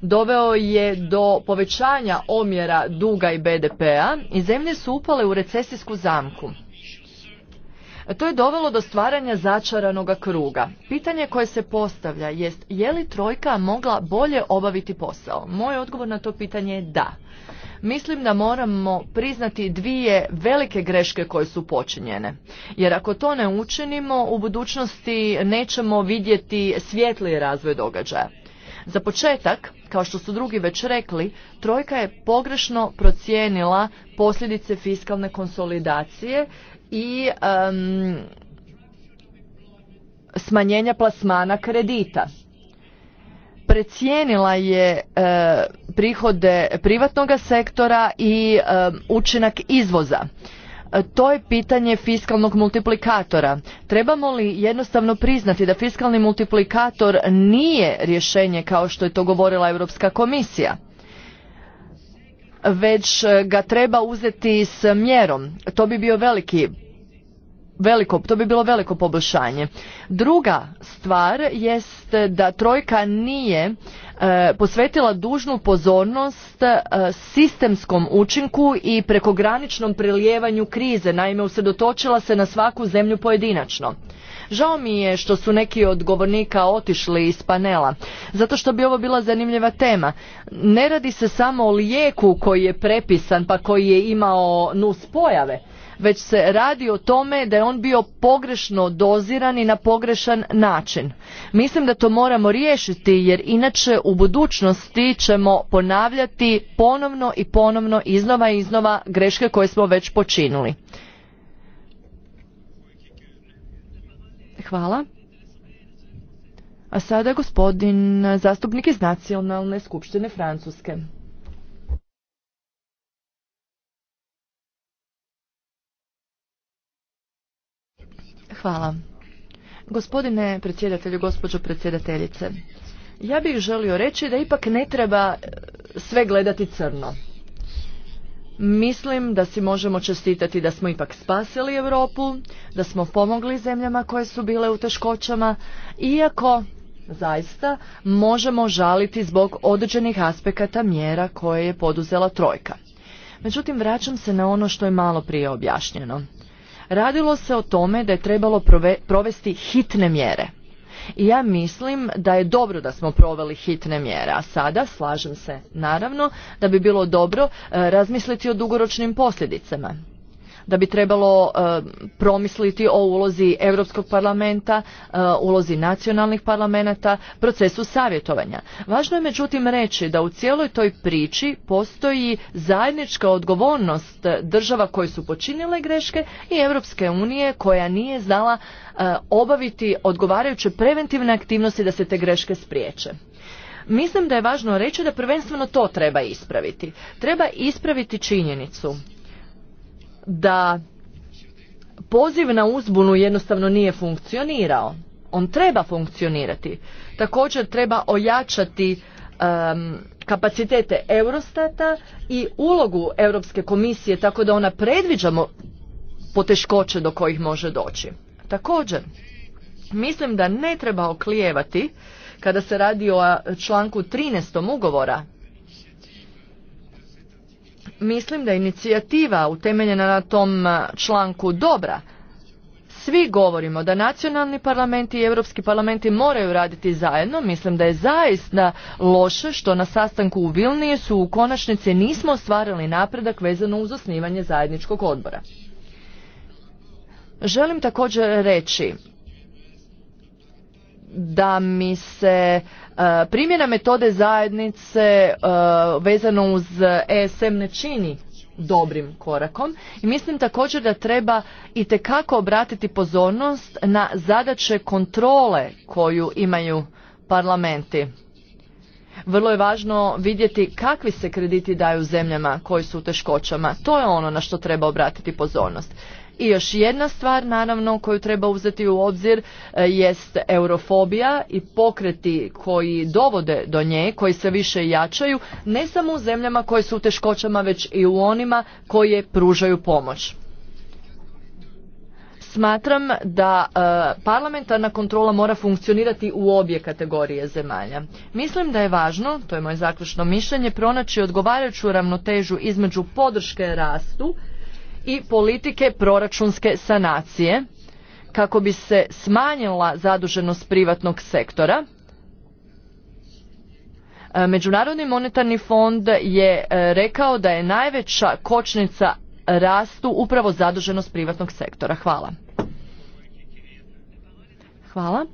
doveo je do povećanja omjera duga i BDP-a i zemlje su upale u recesijsku zamku. To je dovelo do stvaranja začaranoga kruga. Pitanje koje se postavlja jest je li trojka mogla bolje obaviti posao? Moj odgovor na to pitanje je da. Mislim da moramo priznati dvije velike greške koje su počinjene. Jer ako to ne učinimo, u budućnosti nećemo vidjeti svjetli razvoj događaja. Za početak, kao što su drugi već rekli, Trojka je pogrešno procijenila posljedice fiskalne konsolidacije i smanjenja plasmana kredita precijenila je e, prihode privatnog sektora i učinak izvoza. E, to je pitanje fiskalnog multiplikatora. Trebamo li jednostavno priznati da fiskalni multiplikator nije rješenje kao što je to govorila Europska komisija? već ga treba uzeti s mjerom. To bi bio veliki veliko, to bi bilo veliko poboljšanje. Druga stvar jest da trojka nije e, posvetila dužnu pozornost e, sistemskom učinku i prekograničnom prelijevanju krize, naime usredotočila se na svaku zemlju pojedinačno. Žao mi je što su neki od govornika otišli iz panela, zato što bi ovo bila zanimljiva tema. Ne radi se samo o lijeku koji je prepisan pa koji je imao nus pojave, već se radi o tome da je on bio pogrešno doziran i na pogrešan način. Mislim da to moramo riješiti jer inače u budućnosti ćemo ponavljati ponovno i ponovno iznova i iznova greške koje smo već počinili. Hvala. A sada gospodin zastupnik iz Nacionalne skupštine Francuske. Hvala. Gospodine predsjedatelju, gospođo predsjedateljice, ja bih želio reći da ipak ne treba e, sve gledati crno. Mislim da si možemo čestitati da smo ipak spasili Europu, da smo pomogli zemljama koje su bile u teškoćama, iako zaista možemo žaliti zbog određenih aspekata mjera koje je poduzela trojka. Međutim, vraćam se na ono što je malo prije objašnjeno. Radilo se o tome da je trebalo provesti hitne mjere. I ja mislim da je dobro da smo proveli hitne mjere, a sada slažem se naravno da bi bilo dobro e, razmisliti o dugoročnim posljedicama da bi trebalo e, promisliti o ulozi Europskog parlamenta, e, ulozi nacionalnih parlamenta, procesu savjetovanja. Važno je međutim reći da u cijeloj toj priči postoji zajednička odgovornost država koje su počinile greške i Europske unije koja nije znala e, obaviti odgovarajuće preventivne aktivnosti da se te greške spriječe. Mislim da je važno reći da prvenstveno to treba ispraviti. Treba ispraviti činjenicu da poziv na uzbunu jednostavno nije funkcionirao. On treba funkcionirati. Također treba ojačati kapacitete Eurostata i ulogu Europske komisije tako da ona predviđamo poteškoće do kojih može doći. Također, mislim da ne treba oklijevati kada se radi o članku 13. ugovora mislim da je inicijativa utemeljena na tom članku dobra. Svi govorimo da nacionalni parlamenti i europski parlamenti moraju raditi zajedno. Mislim da je zaista loše što na sastanku u Vilnije su u konačnici nismo ostvarili napredak vezano uz osnivanje zajedničkog odbora. Želim također reći da mi se E, primjena metode zajednice e, vezano uz ESM ne čini dobrim korakom i mislim također da treba i tekako obratiti pozornost na zadaće kontrole koju imaju parlamenti. Vrlo je važno vidjeti kakvi se krediti daju zemljama koji su u teškoćama. To je ono na što treba obratiti pozornost. I još jedna stvar naravno koju treba uzeti u obzir e, jest eurofobija i pokreti koji dovode do nje, koji se više jačaju, ne samo u zemljama koje su u teškoćama, već i u onima koje pružaju pomoć. Smatram da e, parlamentarna kontrola mora funkcionirati u obje kategorije zemalja. Mislim da je važno, to je moje zaključno mišljenje, pronaći odgovarajuću ravnotežu između podrške rastu i politike proračunske sanacije kako bi se smanjila zaduženost privatnog sektora. E, Međunarodni monetarni fond je e, rekao da je najveća kočnica rastu upravo zaduženost privatnog sektora. Hvala. Hvala.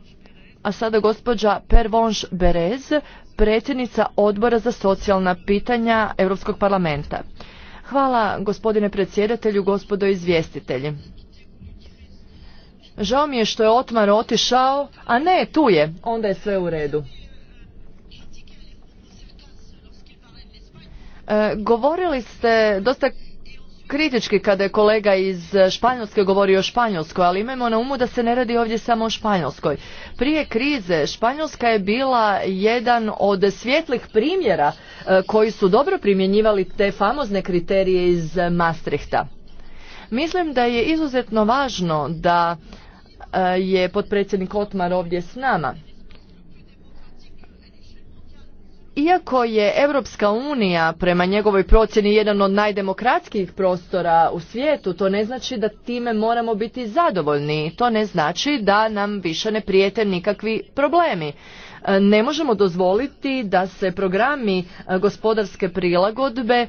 A sada gospođa Pervonš Berez, predsjednica odbora za socijalna pitanja Europskog parlamenta. Hvala gospodine predsjedatelju, gospodo izvjestitelji. Žao mi je što je Otmar otišao, a ne, tu je, onda je sve u redu. E, govorili ste dosta kritički kada je kolega iz Španjolske govorio o Španjolskoj, ali imajmo na umu da se ne radi ovdje samo o Španjolskoj. Prije krize Španjolska je bila jedan od svjetlih primjera e, koji su dobro primjenjivali te famozne kriterije iz Maastrichta. Mislim da je izuzetno važno da e, je potpredsjednik Otmar ovdje s nama iako je Europska unija prema njegovoj procjeni jedan od najdemokratskijih prostora u svijetu, to ne znači da time moramo biti zadovoljni. To ne znači da nam više ne prijete nikakvi problemi. E, ne možemo dozvoliti da se programi e, gospodarske prilagodbe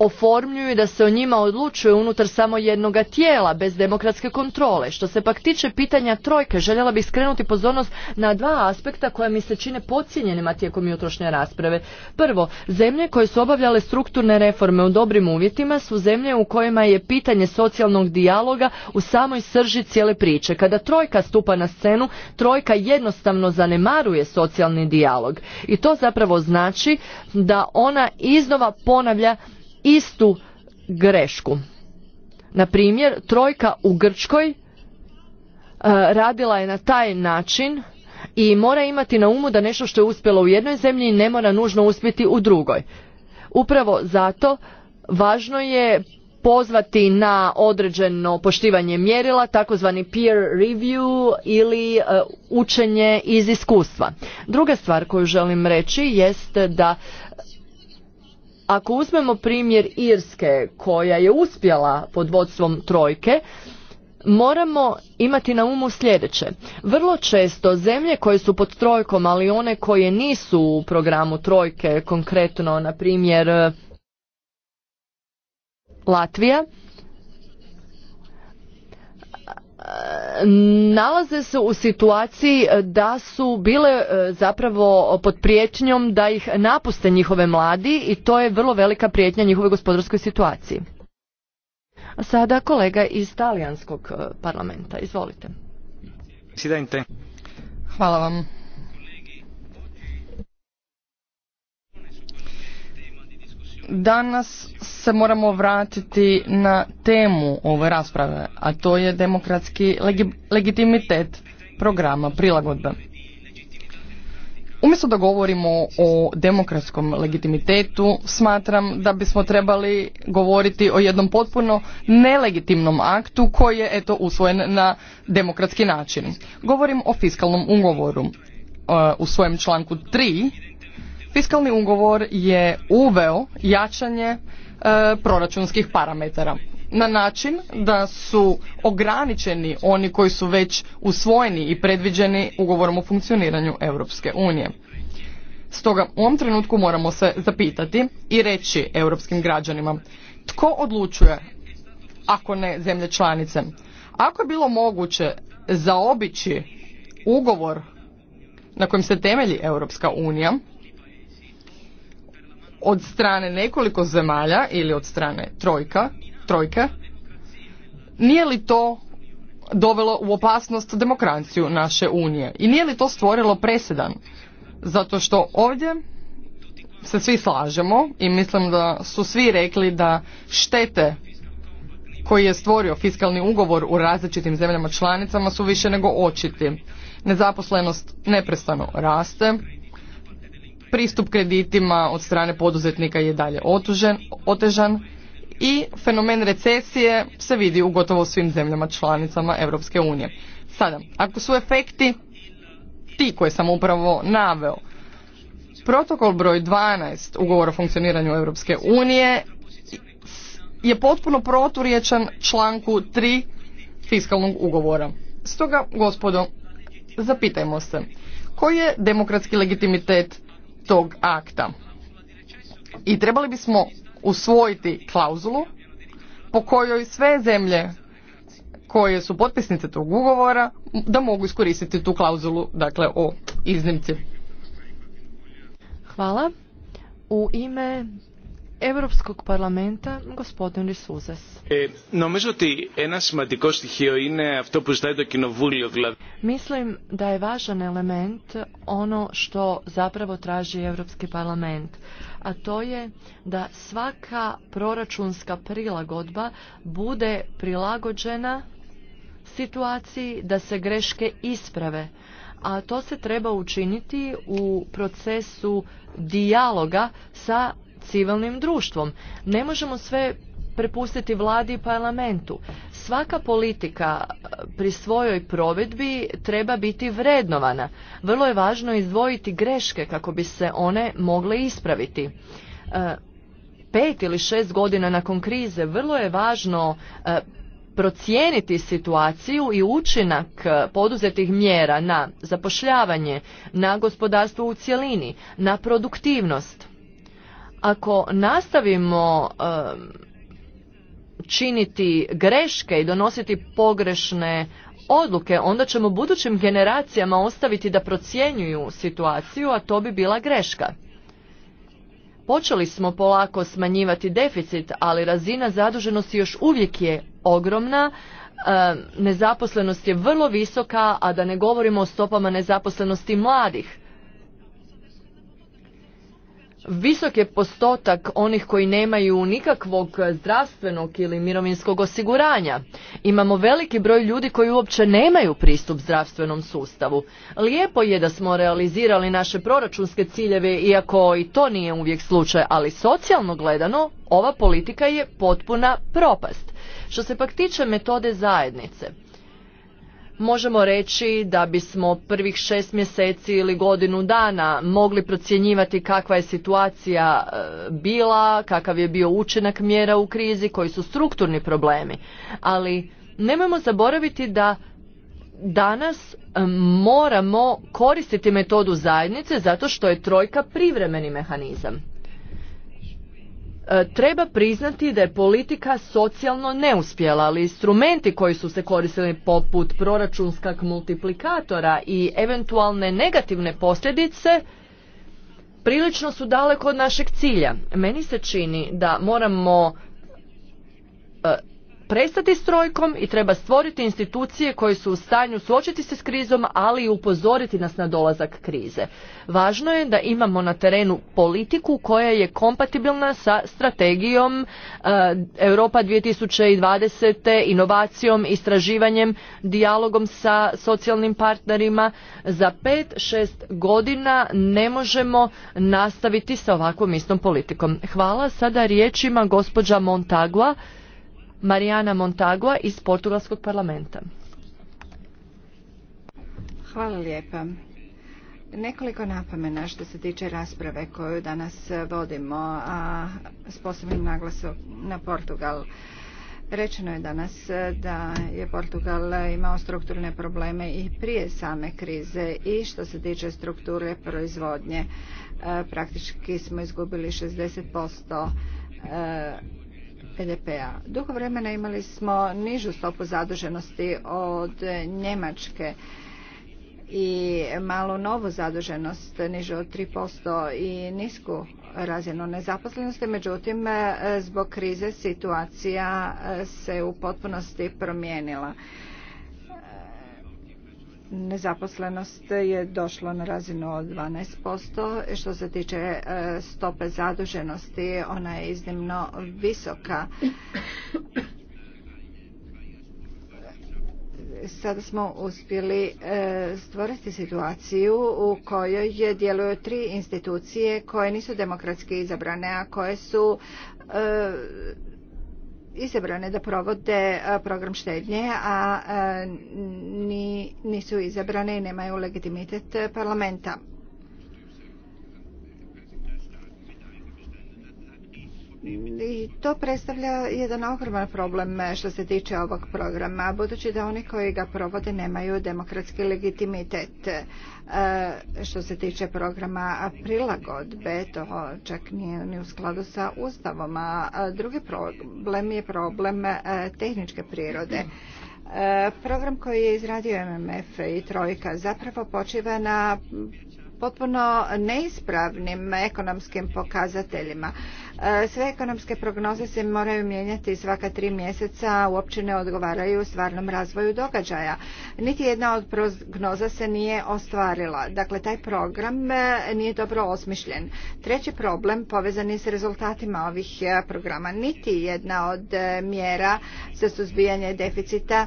oformljuju i da se o njima odlučuje unutar samo jednog tijela bez demokratske kontrole. Što se pak tiče pitanja trojke, željela bih skrenuti pozornost na dva aspekta koja mi se čine podcijenjenima tijekom jutrošnje rasprave. Prvo, zemlje koje su obavljale strukturne reforme u dobrim uvjetima su zemlje u kojima je pitanje socijalnog dijaloga u samoj srži cijele priče. Kada trojka stupa na scenu, trojka jednostavno zanemaruje socijalni dijalog. I to zapravo znači da ona iznova ponavlja istu grešku. Na primjer, trojka u Grčkoj e, radila je na taj način i mora imati na umu da nešto što je uspjelo u jednoj zemlji ne mora nužno uspjeti u drugoj. Upravo zato važno je pozvati na određeno poštivanje mjerila, takozvani peer review ili e, učenje iz iskustva. Druga stvar koju želim reći jest da ako uzmemo primjer Irske koja je uspjela pod vodstvom trojke, moramo imati na umu sljedeće. Vrlo često zemlje koje su pod trojkom, ali one koje nisu u programu trojke, konkretno na primjer Latvija, nalaze se u situaciji e, da su bile e, zapravo pod prijetnjom da ih napuste njihove mladi i to je vrlo velika prijetnja njihovoj gospodarskoj situaciji. A sada kolega iz talijanskog e, parlamenta, izvolite. Hvala vam. Danas se moramo vratiti na temu ove rasprave, a to je demokratski legitimitet programa prilagodbe. Umjesto da govorimo o demokratskom legitimitetu, smatram da bismo trebali govoriti o jednom potpuno nelegitimnom aktu koji je eto usvojen na demokratski način. Govorim o fiskalnom ugovoru. E, u svojem članku 3 Fiskalni ugovor je uveo jačanje e, proračunskih parametara na način da su ograničeni oni koji su već usvojeni i predviđeni ugovorom o funkcioniranju Europske unije. Stoga u ovom trenutku moramo se zapitati i reći europskim građanima tko odlučuje ako ne zemlje članice. Ako je bilo moguće zaobići ugovor na kojem se temelji Europska unija, od strane nekoliko zemalja ili od strane trojka, trojke, nije li to dovelo u opasnost demokraciju naše unije i nije li to stvorilo presedan zato što ovdje se svi slažemo i mislim da su svi rekli da štete koji je stvorio fiskalni ugovor u različitim zemljama članicama su više nego očiti. Nezaposlenost neprestano raste, pristup kreditima od strane poduzetnika je dalje otužen, otežan i fenomen recesije se vidi u gotovo svim zemljama članicama Europske unije. Sada, ako su efekti ti koje sam upravo naveo, protokol broj 12 ugovora o funkcioniranju Europske unije je potpuno proturječan članku 3 fiskalnog ugovora. Stoga, gospodo, zapitajmo se, koji je demokratski legitimitet tog akta. I trebali bismo usvojiti klauzulu po kojoj sve zemlje koje su potpisnice tog ugovora da mogu iskoristiti tu klauzulu dakle o iznimci. Hvala. U ime Europskog parlamenta, gospodin Risuzas. E, Mislim da je važan element ono što zapravo traži Europski parlament, a to je da svaka proračunska prilagodba bude prilagođena situaciji da se greške isprave a to se treba učiniti u procesu dijaloga sa civilnim društvom. Ne možemo sve prepustiti vladi i parlamentu. Svaka politika e, pri svojoj provedbi treba biti vrednovana. Vrlo je važno izdvojiti greške kako bi se one mogle ispraviti. E, pet ili šest godina nakon krize vrlo je važno e, procijeniti situaciju i učinak poduzetih mjera na zapošljavanje, na gospodarstvo u cjelini, na produktivnost. Ako nastavimo činiti greške i donositi pogrešne odluke, onda ćemo budućim generacijama ostaviti da procjenjuju situaciju, a to bi bila greška. Počeli smo polako smanjivati deficit, ali razina zaduženosti još uvijek je ogromna, nezaposlenost je vrlo visoka, a da ne govorimo o stopama nezaposlenosti mladih. Visok je postotak onih koji nemaju nikakvog zdravstvenog ili mirovinskog osiguranja. Imamo veliki broj ljudi koji uopće nemaju pristup zdravstvenom sustavu. Lijepo je da smo realizirali naše proračunske ciljeve, iako i to nije uvijek slučaj, ali socijalno gledano ova politika je potpuna propast. Što se pak tiče metode zajednice, možemo reći da bismo prvih šest mjeseci ili godinu dana mogli procjenjivati kakva je situacija e, bila, kakav je bio učinak mjera u krizi, koji su strukturni problemi. Ali nemojmo zaboraviti da danas e, moramo koristiti metodu zajednice zato što je trojka privremeni mehanizam. E, treba priznati da je politika socijalno neuspjela, ali instrumenti koji su se koristili poput proračunskog multiplikatora i eventualne negativne posljedice prilično su daleko od našeg cilja. Meni se čini da moramo e, prestati s trojkom i treba stvoriti institucije koje su u stanju suočiti se s krizom, ali i upozoriti nas na dolazak krize. Važno je da imamo na terenu politiku koja je kompatibilna sa strategijom e, Europa 2020, inovacijom, istraživanjem, dijalogom sa socijalnim partnerima. Za 5-6 godina ne možemo nastaviti sa ovakvom istom politikom. Hvala. Sada riječima gospođa Montagua. Marijana Montagua iz Portugalskog parlamenta. Hvala lijepa. Nekoliko napomena što se tiče rasprave koju danas vodimo, a s posebnim naglasom na Portugal. Rečeno je danas da je Portugal imao strukturne probleme i prije same krize i što se tiče strukture proizvodnje. E, praktički smo izgubili 60% BDP-a. Dugo vremena imali smo nižu stopu zaduženosti od Njemačke i malu novu zaduženost nižu od 3% i nisku razinu nezaposlenosti. Međutim, zbog krize situacija se u potpunosti promijenila nezaposlenost je došla na razinu od 12%. E, što se tiče e, stope zaduženosti, ona je iznimno visoka. Sada smo uspjeli e, stvoriti situaciju u kojoj djeluju tri institucije koje nisu demokratski izabrane, a koje su izabrane da provode e, program štednje, a e, nisu izabrane i nemaju legitimitet e, parlamenta. i to predstavlja jedan ogroman problem eh, što se tiče ovog programa, budući da oni koji ga provode nemaju demokratski legitimitet. Eh, što se tiče programa prilagodbe, to čak nije ni u skladu sa ustavom, a drugi problem je problem eh, tehničke prirode. Program koji je izradio MMF i Trojka zapravo počiva na potpuno neispravnim ekonomskim pokazateljima. E, sve ekonomske prognoze se moraju mijenjati svaka tri mjeseca, uopće ne odgovaraju stvarnom razvoju događaja. Niti jedna od prognoza se nije ostvarila. Dakle, taj program e, nije dobro osmišljen. Treći problem povezan je s rezultatima ovih e, programa. Niti jedna od mjera za suzbijanje deficita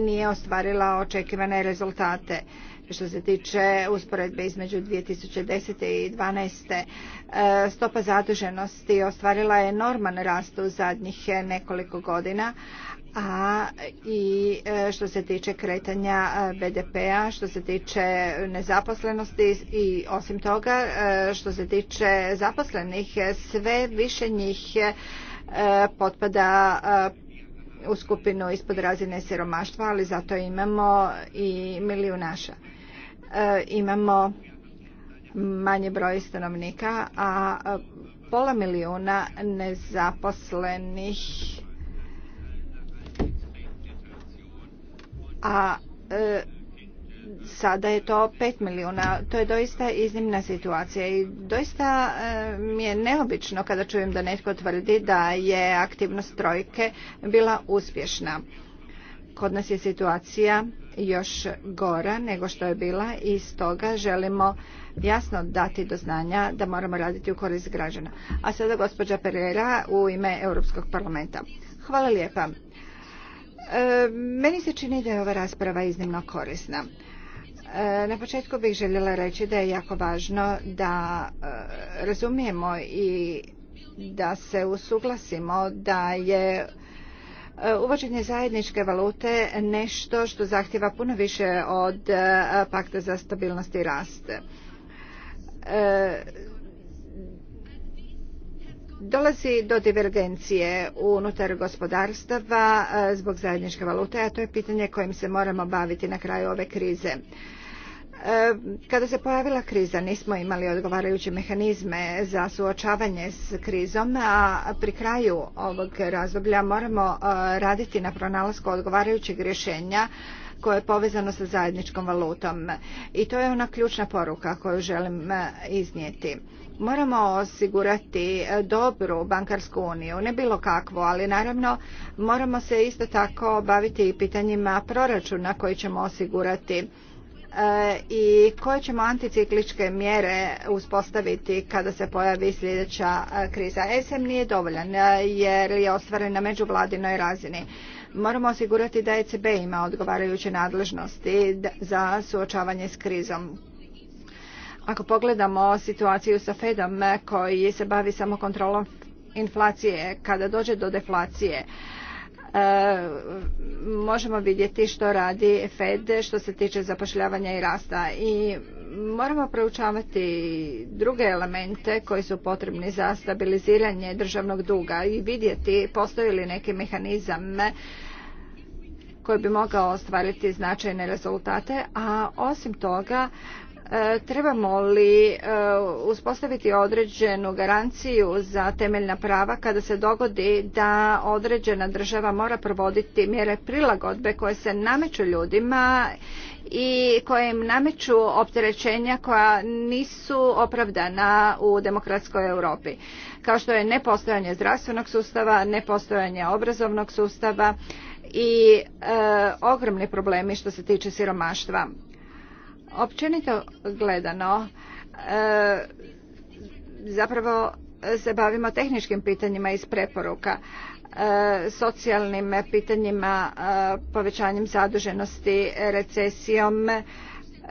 nije ostvarila očekivane rezultate. Što se tiče usporedbe između 2010. i 2012. E, stopa zaduženosti ostvarila je enorman rast u zadnjih nekoliko godina, a i e, što se tiče kretanja e, BDP-a, što se tiče nezaposlenosti i osim toga što se tiče zaposlenih, sve više njih potpada u skupinu ispod razine siromaštva, ali zato imamo i milijunaša. E, imamo manji broj stanovnika, a pola milijuna nezaposlenih a e, sada je to 5 milijuna. To je doista iznimna situacija i doista e, mi je neobično kada čujem da netko tvrdi da je aktivnost trojke bila uspješna. Kod nas je situacija još gora nego što je bila i stoga želimo jasno dati do znanja da moramo raditi u korist građana. A sada gospođa Pereira u ime Europskog parlamenta. Hvala lijepa. E, meni se čini da je ova rasprava iznimno korisna. E, na početku bih željela reći da je jako važno da e, razumijemo i da se usuglasimo da je e, uvođenje zajedničke valute nešto što zahtjeva puno više od pakta za stabilnost i rast. Dolazi do divergencije unutar gospodarstava zbog zajedničke valute, a to je pitanje kojim se moramo baviti na kraju ove krize. Kada se pojavila kriza nismo imali odgovarajuće mehanizme za suočavanje s krizom, a pri kraju ovog razdoblja moramo e, raditi na pronalasku odgovarajućeg rješenja koje je povezano sa zajedničkom valutom. I to je ona ključna poruka koju želim e, iznijeti. Moramo osigurati e, dobru bankarsku uniju, ne bilo kakvu, ali naravno moramo se isto tako baviti i pitanjima proračuna koji ćemo osigurati i koje ćemo anticikličke mjere uspostaviti kada se pojavi sljedeća kriza. E SM nije dovoljan jer je ostvaren na međuvladinoj razini. Moramo osigurati da ECB ima odgovarajuće nadležnosti za suočavanje s krizom. Ako pogledamo situaciju sa Fedom koji se bavi samo kontrolom inflacije, kada dođe do deflacije, E, možemo vidjeti što radi Fed što se tiče zapošljavanja i rasta i moramo proučavati druge elemente koji su potrebni za stabiliziranje državnog duga i vidjeti postoji li neki mehanizam koji bi mogao ostvariti značajne rezultate, a osim toga E, trebamo li e, uspostaviti određenu garanciju za temeljna prava kada se dogodi da određena država mora provoditi mjere prilagodbe koje se nameću ljudima i koje im nameću opterećenja koja nisu opravdana u demokratskoj Europi, kao što je nepostojanje zdravstvenog sustava, nepostojanje obrazovnog sustava i e, ogromni problemi što se tiče siromaštva. Općenito gledano, e, zapravo se bavimo tehničkim pitanjima iz preporuka e, socijalnim pitanjima, e, povećanjem zaduženosti, recesijom,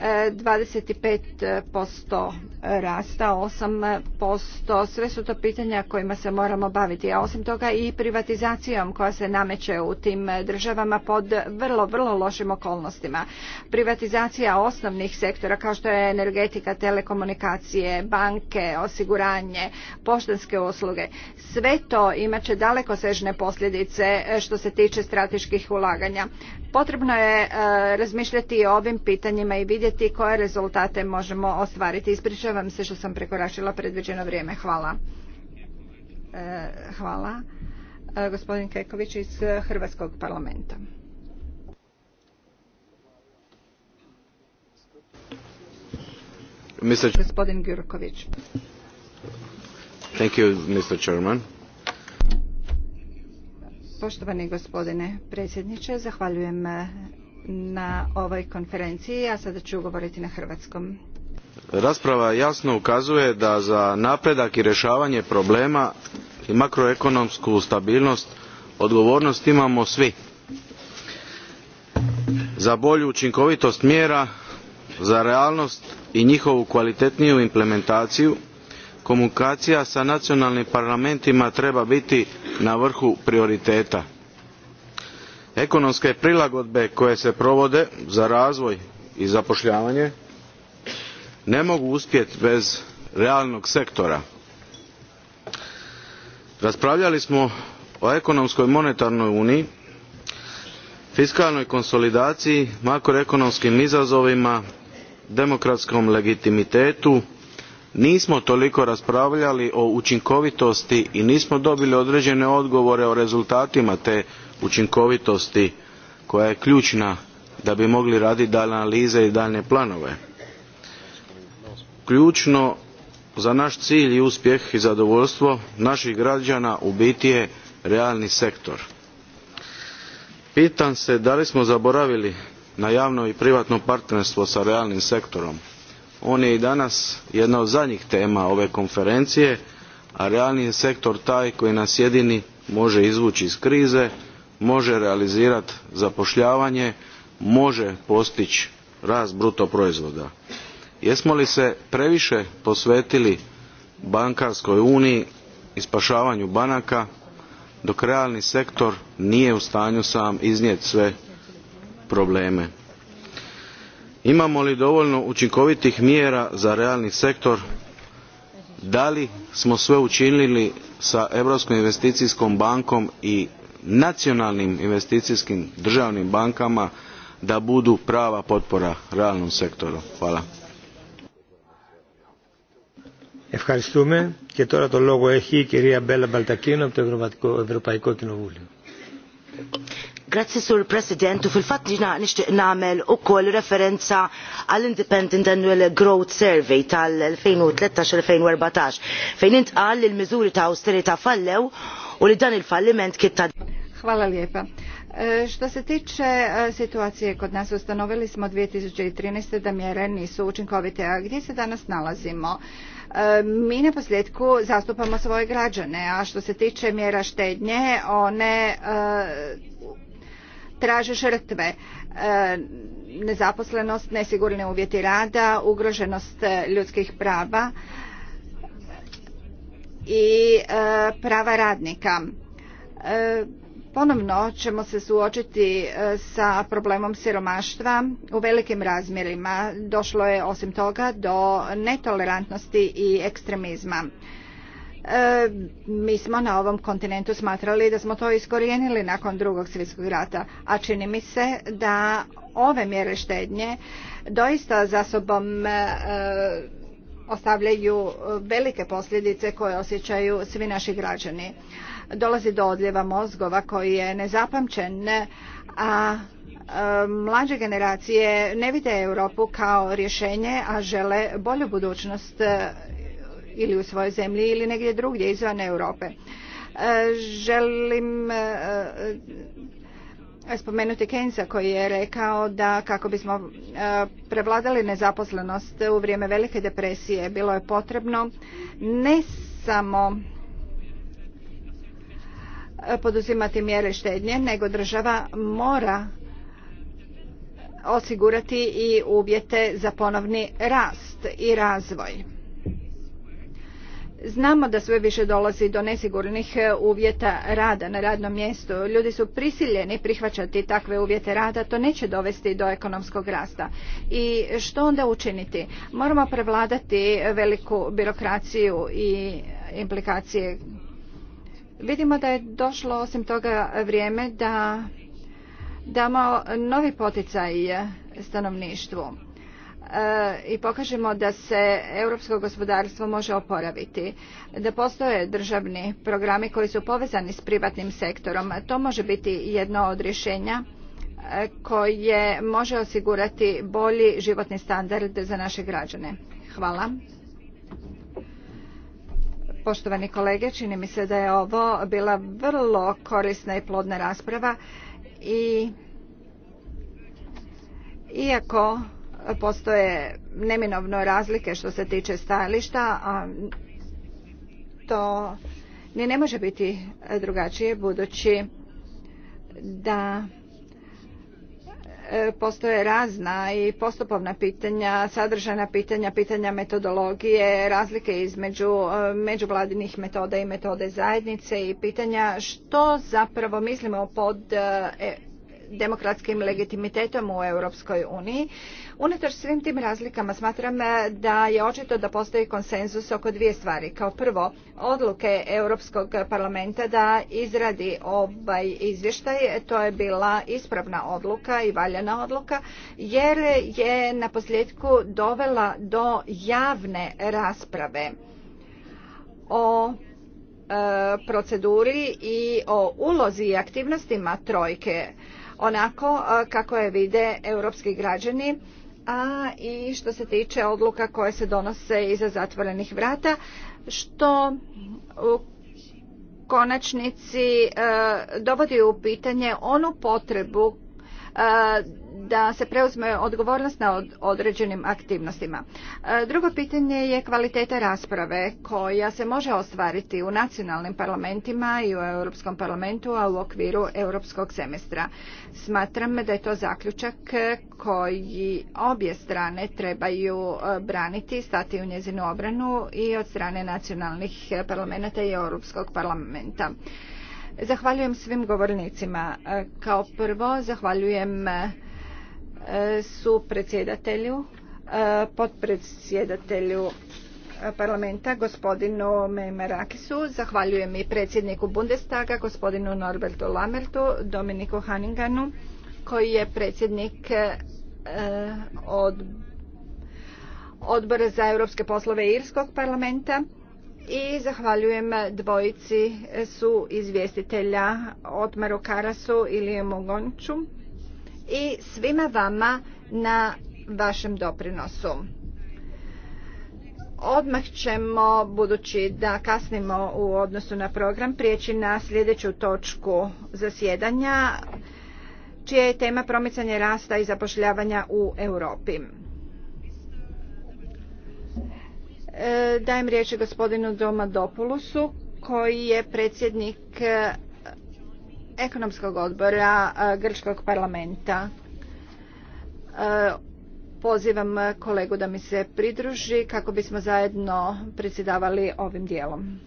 25% rasta, 8%, sve su to pitanja kojima se moramo baviti. A osim toga i privatizacijom koja se nameće u tim državama pod vrlo, vrlo lošim okolnostima. Privatizacija osnovnih sektora kao što je energetika, telekomunikacije, banke, osiguranje, poštanske usluge. Sve to imat će daleko sežne posljedice e, što se tiče strateških ulaganja. Potrebno je e, razmišljati o ovim pitanjima i vidjeti vidjeti koje rezultate možemo ostvariti. Ispričavam se što sam prekoračila predviđeno vrijeme. Hvala. E, hvala. E, gospodin Keković iz Hrvatskog parlamenta. Gospodin Gjurković. Thank you, Mr. Chairman. Poštovani gospodine predsjedniče, zahvaljujem na ovoj konferenciji, a sada ću govoriti na hrvatskom. Rasprava jasno ukazuje da za napredak i rješavanje problema i makroekonomsku stabilnost odgovornost imamo svi. Za bolju učinkovitost mjera, za realnost i njihovu kvalitetniju implementaciju, komunikacija sa nacionalnim parlamentima treba biti na vrhu prioriteta ekonomske prilagodbe koje se provode za razvoj i zapošljavanje ne mogu uspjeti bez realnog sektora. raspravljali smo o ekonomskoj monetarnoj uniji fiskalnoj konsolidaciji makroekonomskim izazovima demokratskom legitimitetu nismo toliko raspravljali o učinkovitosti i nismo dobili određene odgovore o rezultatima te učinkovitosti koja je ključna da bi mogli raditi dalje analize i daljnje planove. Ključno za naš cilj i uspjeh i zadovoljstvo naših građana u biti je realni sektor. Pitam se da li smo zaboravili na javno i privatno partnerstvo sa realnim sektorom. On je i danas jedna od zadnjih tema ove konferencije, a realni sektor taj koji nas jedini može izvući iz krize može realizirati zapošljavanje može postići rast bruto proizvoda. Jesmo li se previše posvetili bankarskoj uniji i spašavanju banaka dok realni sektor nije u stanju sam iznijeti sve probleme. Imamo li dovoljno učinkovitih mjera za realni sektor? Da li smo sve učinili sa Europskom investicijskom bankom i nacionalnim investicijskim državnim bankama da budu prava potpora realnom sektoru. Hvala. Ευχαριστούμε. Και τώρα το λόγο έχει η κυρία Μπέλα Μπαλτακίνο από το Ευρωπαϊκό Κοινοβούλιο. Grazzi Sur President, fil-fatt ġna nixtieq nagħmel ukoll referenza għall Independent Annual Growth Survey tal-2013-2014 fejn intqal li l-miżuri ta' austerità fallew u li dan il-falliment kien ta' Hvala lijepa. E, što se tiče e, situacije kod nas, ustanovili smo 2013. da mjere nisu učinkovite. A gdje se danas nalazimo? E, mi na posljedku zastupamo svoje građane, a što se tiče mjera štednje, one traže žrtve nezaposlenost, nesigurni uvjeti rada, ugroženost ljudskih prava i prava radnika. Ponovno ćemo se suočiti e, sa problemom siromaštva u velikim razmjerima. Došlo je osim toga do netolerantnosti i ekstremizma. E, mi smo na ovom kontinentu smatrali da smo to iskorijenili nakon drugog svjetskog rata, a čini mi se da ove mjere štednje doista za sobom e, ostavljaju velike posljedice koje osjećaju svi naši građani dolazi do odljeva mozgova koji je nezapamćen, a e, mlađe generacije ne vide Europu kao rješenje, a žele bolju budućnost e, ili u svojoj zemlji ili negdje drugdje izvan Europe. E, želim spomenuti Keynesa koji je rekao da kako bismo prevladali nezaposlenost u vrijeme velike depresije bilo je potrebno ne samo poduzimati mjere štednje, nego država mora osigurati i uvjete za ponovni rast i razvoj. Znamo da sve više dolazi do nesigurnih uvjeta rada na radnom mjestu. Ljudi su prisiljeni prihvaćati takve uvjete rada, to neće dovesti do ekonomskog rasta. I što onda učiniti? Moramo prevladati veliku birokraciju i implikacije Vidimo da je došlo osim toga vrijeme da damo novi poticaj stanovništvu e, i pokažemo da se europsko gospodarstvo može oporaviti, da postoje državni programi koji su povezani s privatnim sektorom. To može biti jedno od rješenja e, koje može osigurati bolji životni standard za naše građane. Hvala poštovani kolege. Čini mi se da je ovo bila vrlo korisna i plodna rasprava i iako postoje neminovno razlike što se tiče stajališta, to ni ne može biti drugačije budući da E, postoje razna i postupovna pitanja, sadržana pitanja, pitanja metodologije, razlike između e, međuvladinih metoda i metode zajednice i pitanja što zapravo mislimo pod e, demokratskim legitimitetom u Europskoj uniji. Unatoč svim tim razlikama smatram eh, da je očito da postoji konsenzus oko dvije stvari. Kao prvo, odluke Europskog parlamenta da izradi ovaj izvještaj, to je bila ispravna odluka i valjana odluka, jer je na posljedku dovela do javne rasprave o eh, proceduri i o ulozi i aktivnostima trojke onako kako je vide europski građani a i što se tiče odluka koje se donose iza zatvorenih vrata što u konačnici e, dovodi u pitanje onu potrebu e, da se preuzme odgovornost na određenim aktivnostima. E, drugo pitanje je kvaliteta rasprave koja se može ostvariti u nacionalnim parlamentima i u Europskom parlamentu, a u okviru europskog semestra. Smatram da je to zaključak koji obje strane trebaju e, braniti, stati u njezinu obranu i od strane nacionalnih parlamenta i Europskog parlamenta. Zahvaljujem svim govornicima. E, kao prvo zahvaljujem su predsjedatelju, e, potpredsjedatelju e, parlamenta gospodinu Memerakisu, zahvaljujem i predsjedniku Bundestaga gospodinu Norbertu Lamertu, Dominiku Hanninganu koji je predsjednik e, od odbora za europske poslove Irskog parlamenta i zahvaljujem dvojici su izvjestitelja Otmaru Karasu ili Mogonču. Gonču i svima vama na vašem doprinosu. Odmah ćemo, budući da kasnimo u odnosu na program, prijeći na sljedeću točku zasjedanja, čija je tema promicanje rasta i zapošljavanja u Europi. E, dajem riječ gospodinu Domadopulusu, koji je predsjednik ekonomskog odbora e, Grčkog parlamenta. E, pozivam kolegu da mi se pridruži kako bismo zajedno predsjedavali ovim dijelom.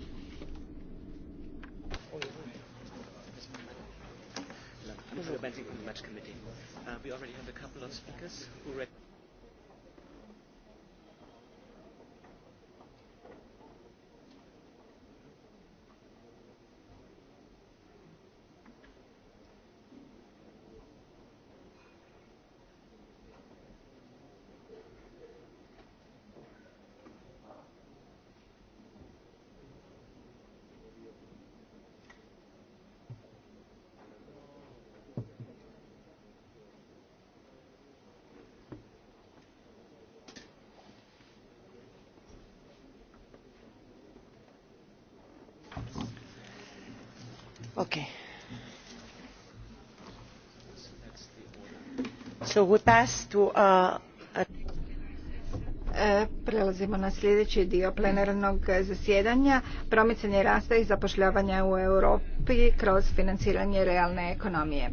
E, prelazimo na sljedeći dio plenarnog zasjedanja, promicanje rasta i zapošljavanja u Europi kroz financiranje realne ekonomije. E,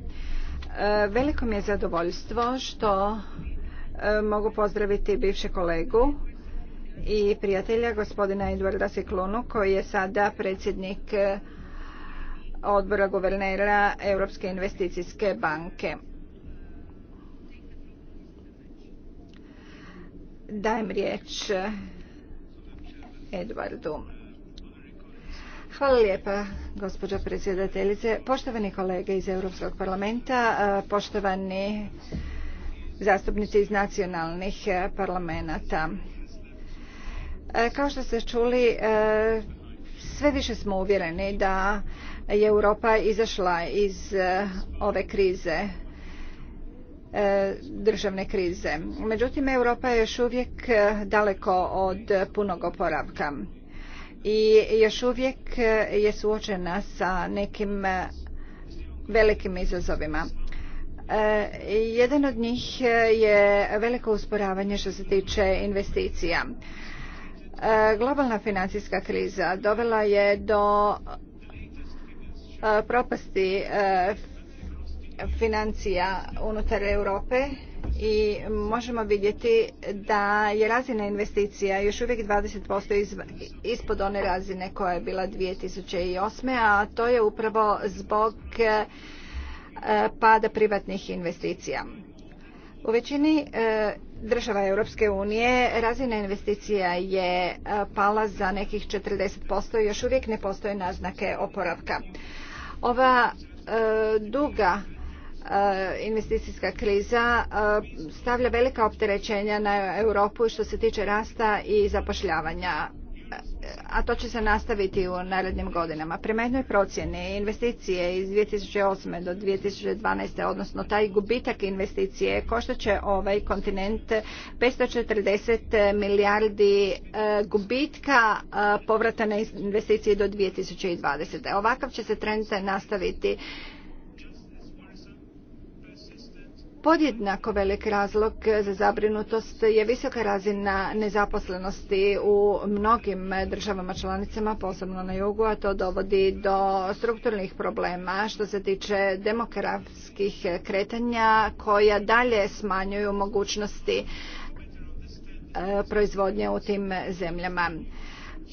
veliko mi je zadovoljstvo što e, mogu pozdraviti bivšeg kolegu i prijatelja gospodina Eduarda Siklunu koji je sada predsjednik odbora guvernera Europske investicijske banke. Dajem riječ eh, Edvardu. Hvala lijepa, gospođo predsjedateljice. Poštovani kolege iz Europskog parlamenta, eh, poštovani zastupnici iz nacionalnih eh, parlamenta. Kao što ste čuli, sve više smo uvjereni da je Europa izašla iz ove krize E, državne krize. Međutim, Europa je još uvijek e, daleko od punog oporavka i još uvijek e, je suočena sa nekim velikim izazovima. Jedan od njih je veliko usporavanje što se tiče investicija. Globalna financijska kriza dovela je do propasti financija unutar Europe i možemo vidjeti da je razina investicija još uvijek 20% ispod one razine koja je bila 2008. a to je upravo zbog e, pada privatnih investicija. U većini e, država Europske unije razina investicija je e, pala za nekih 40% i još uvijek ne postoje naznake oporavka. Ova duga Eh, investicijska kriza eh, stavlja velika opterećenja na Europu što se tiče rasta i zapošljavanja eh, a to će se nastaviti u narednim godinama. Prema jednoj procjeni investicije iz 2008. do 2012. odnosno taj gubitak investicije košta će ovaj kontinent 540 milijardi gubitka povrata na investicije do 2020. Ovakav će se trend nastaviti Podjednako velik razlog za zabrinutost je visoka razina nezaposlenosti u mnogim državama članicama, posebno na jugu, a to dovodi do strukturnih problema što se tiče demokratskih kretanja koja dalje smanjuju mogućnosti e, proizvodnje u tim zemljama.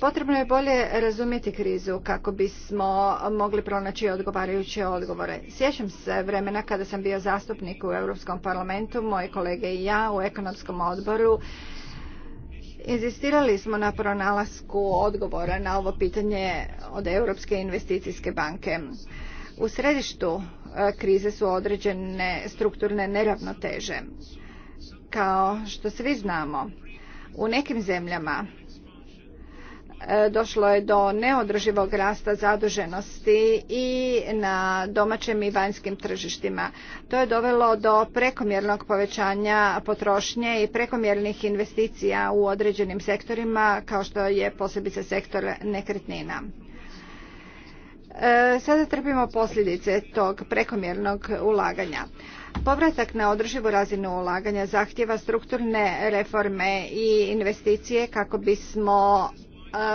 Potrebno je bolje razumjeti krizu kako bismo mogli pronaći odgovarajuće odgovore. Sjećam se vremena kada sam bio zastupnik u Europskom parlamentu, moji kolege i ja u ekonomskom odboru Inzistirali smo na pronalasku odgovora na ovo pitanje od Europske investicijske banke. U središtu e, krize su određene strukturne neravnoteže. Kao što svi znamo, u nekim zemljama E, došlo je do neodrživog rasta zaduženosti i na domaćem i vanjskim tržištima. To je dovelo do prekomjernog povećanja potrošnje i prekomjernih investicija u određenim sektorima kao što je posebice sektor nekretnina. E, sada trpimo posljedice tog prekomjernog ulaganja. Povratak na održivu razinu ulaganja zahtjeva strukturne reforme i investicije kako bismo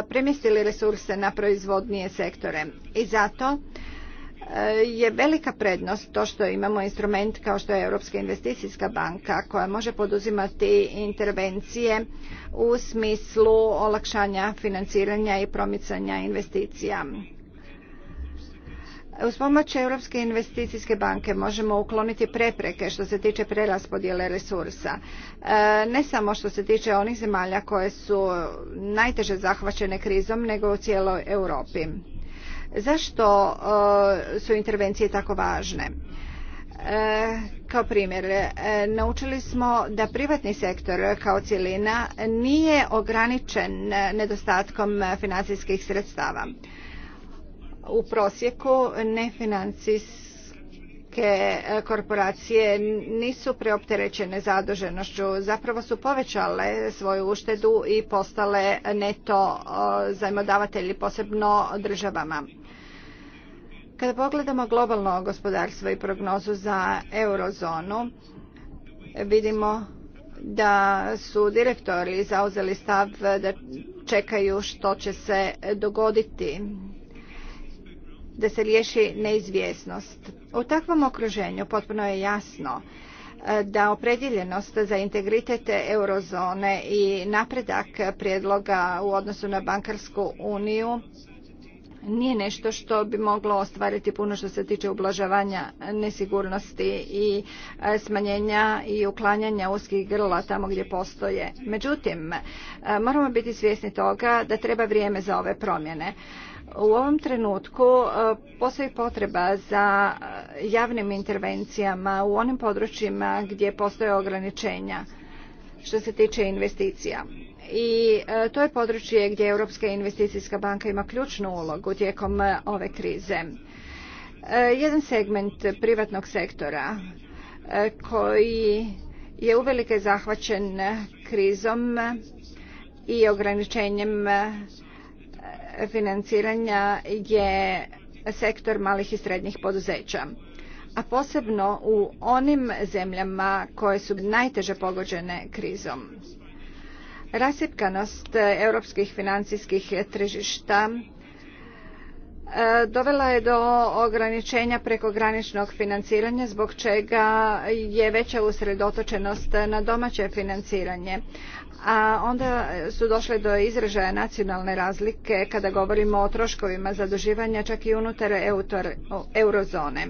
premjestili resurse na proizvodnije sektore. I zato e, je velika prednost to što imamo instrument kao što je Europska investicijska banka koja može poduzimati intervencije u smislu olakšanja financiranja i promicanja investicija. Uz pomoć Europske investicijske banke možemo ukloniti prepreke što se tiče preraspodjele resursa. E, ne samo što se tiče onih zemalja koje su najteže zahvaćene krizom, nego u cijeloj Europi. Zašto e, su intervencije tako važne? E, kao primjer, naučili smo da privatni sektor kao cjelina nije ograničen nedostatkom financijskih sredstava. U prosjeku nefinancijske e, korporacije nisu preopterećene zaduženošću, zapravo su povećale svoju uštedu i postale neto zajmodavatelji, posebno državama. Kada pogledamo globalno gospodarstvo i prognozu za eurozonu, vidimo da su direktori zauzeli stav da čekaju što će se dogoditi da se riješi neizvjesnost. U takvom okruženju potpuno je jasno e, da opredjeljenost za integritet eurozone i napredak prijedloga u odnosu na bankarsku uniju nije nešto što bi moglo ostvariti puno što se tiče ublažavanja nesigurnosti i e, smanjenja i uklanjanja uskih grla tamo gdje postoje. Međutim, e, moramo biti svjesni toga da treba vrijeme za ove promjene. U ovom trenutku e, postoji potreba za e, javnim intervencijama u onim područjima gdje postoje ograničenja što se tiče investicija. I e, to je područje gdje Europska investicijska banka ima ključnu ulogu tijekom ove krize. Jedan segment privatnog sektora koji je uvelike zahvaćen krizom i ograničenjem financiranja je sektor malih i srednjih poduzeća a posebno u onim zemljama koje su najteže pogođene krizom. Rasipkanost europskih financijskih tržišta e, dovela je do ograničenja prekograničnog financiranja zbog čega je veća usredotočenost na domaće financiranje a onda su došle do izražaja nacionalne razlike kada govorimo o troškovima zaduživanja čak i unutar eurozone.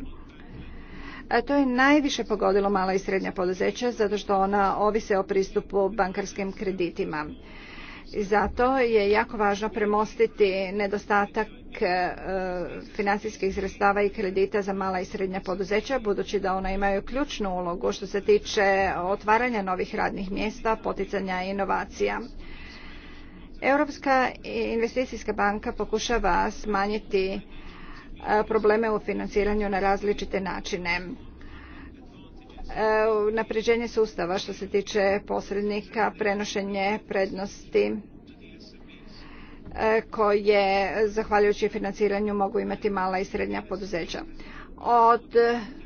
to je najviše pogodilo mala i srednja poduzeća zato što ona ovise o pristupu bankarskim kreditima zato je jako važno premostiti nedostatak e, financijskih sredstava i kredita za mala i srednja poduzeća, budući da ona imaju ključnu ulogu što se tiče otvaranja novih radnih mjesta, poticanja inovacija. Europska investicijska banka pokušava smanjiti e, probleme u financiranju na različite načine. Unapređenje sustava što se tiče posrednika, prenošenje prednosti e, koje, zahvaljujući financiranju, mogu imati mala i srednja poduzeća. Od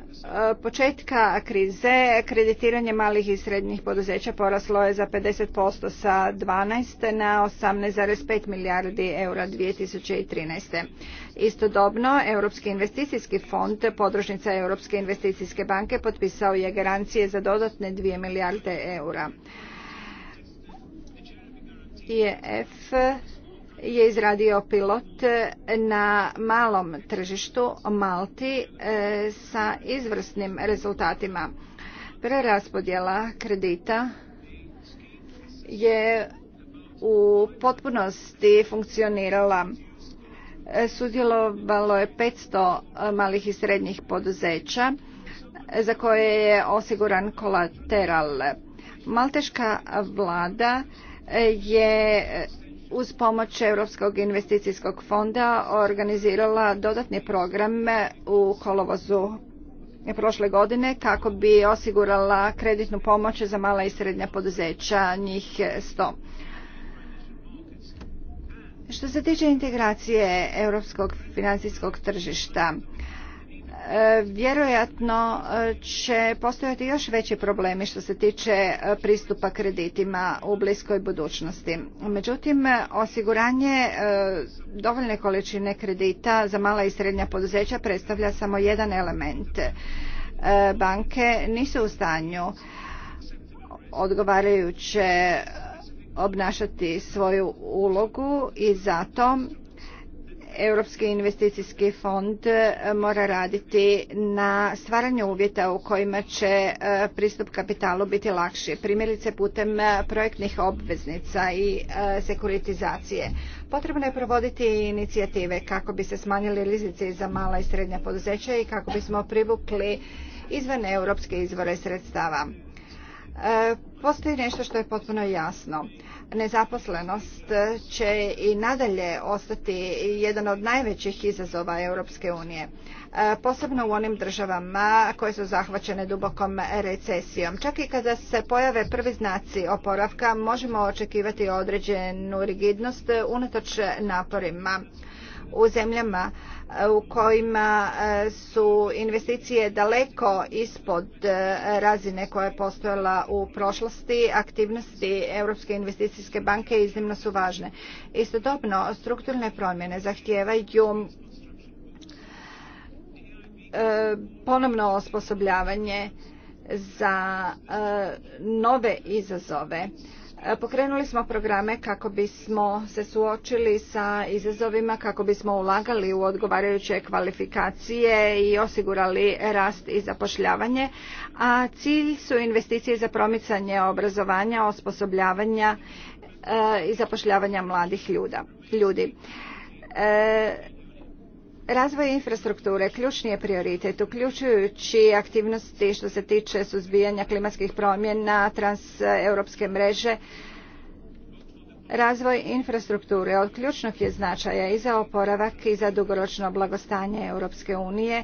Eh, početka krize kreditiranje malih i srednjih poduzeća poraslo je za 50% sa 12 na 18,5 milijardi eura 2013. Istodobno, Europski investicijski fond, podružnica Europske investicijske banke, potpisao je garancije za dodatne 2 milijarde eura. IEF je izradio pilot na malom tržištu Malti e, sa izvrsnim rezultatima. Preraspodjela kredita je u potpunosti funkcionirala. E, sudjelovalo je 500 malih i srednjih poduzeća e, za koje je osiguran kolateral. Malteška vlada je uz pomoć Europskog investicijskog fonda organizirala dodatni program u kolovozu prošle godine kako bi osigurala kreditnu pomoć za mala i srednja poduzeća, njih 100. Što se tiče integracije europskog financijskog tržišta, E, vjerojatno e, će postojati još veći problemi što se tiče e, pristupa kreditima u bliskoj budućnosti. Međutim, osiguranje dovoljne količine kredita za mala i srednja poduzeća predstavlja samo jedan element. Banke nisu u stanju odgovarajuće obnašati svoju ulogu i zato Europski investicijski fond e, mora raditi na stvaranju uvjeta u kojima će e, pristup kapitalu biti lakši, primjerice putem e, projektnih obveznica i sekuritizacije. Potrebno je provoditi inicijative kako bi se smanjili rizici za mala i srednja poduzeća i kako bismo privukli izvan europske izvore sredstava. E, postoji nešto što je potpuno jasno. Nezaposlenost e, će i nadalje ostati jedan od najvećih izazova Europske unije, e, posebno u onim državama koje su zahvaćene dubokom recesijom. Čak i kada se pojave prvi znaci oporavka, možemo očekivati određenu rigidnost unatoč naporima u zemljama e, u kojima e, su investicije daleko ispod e, razine koja je postojala u prošlosti, aktivnosti Europske investicijske banke iznimno su važne. Istodobno, strukturne promjene zahtijevaju ponovno osposobljavanje za nove izazove E, pokrenuli smo programe kako bismo se suočili sa izazovima, kako bismo ulagali u odgovarajuće kvalifikacije i osigurali rast i zapošljavanje, a cilj su investicije za promicanje obrazovanja, osposobljavanja e, i zapošljavanja mladih ljudi. E, Razvoj infrastrukture ključni je prioritet, uključujući aktivnosti što se tiče suzbijanja klimatskih promjena, transeuropske mreže. Razvoj infrastrukture od ključnog je značaja i za oporavak i za dugoročno blagostanje Europske unije,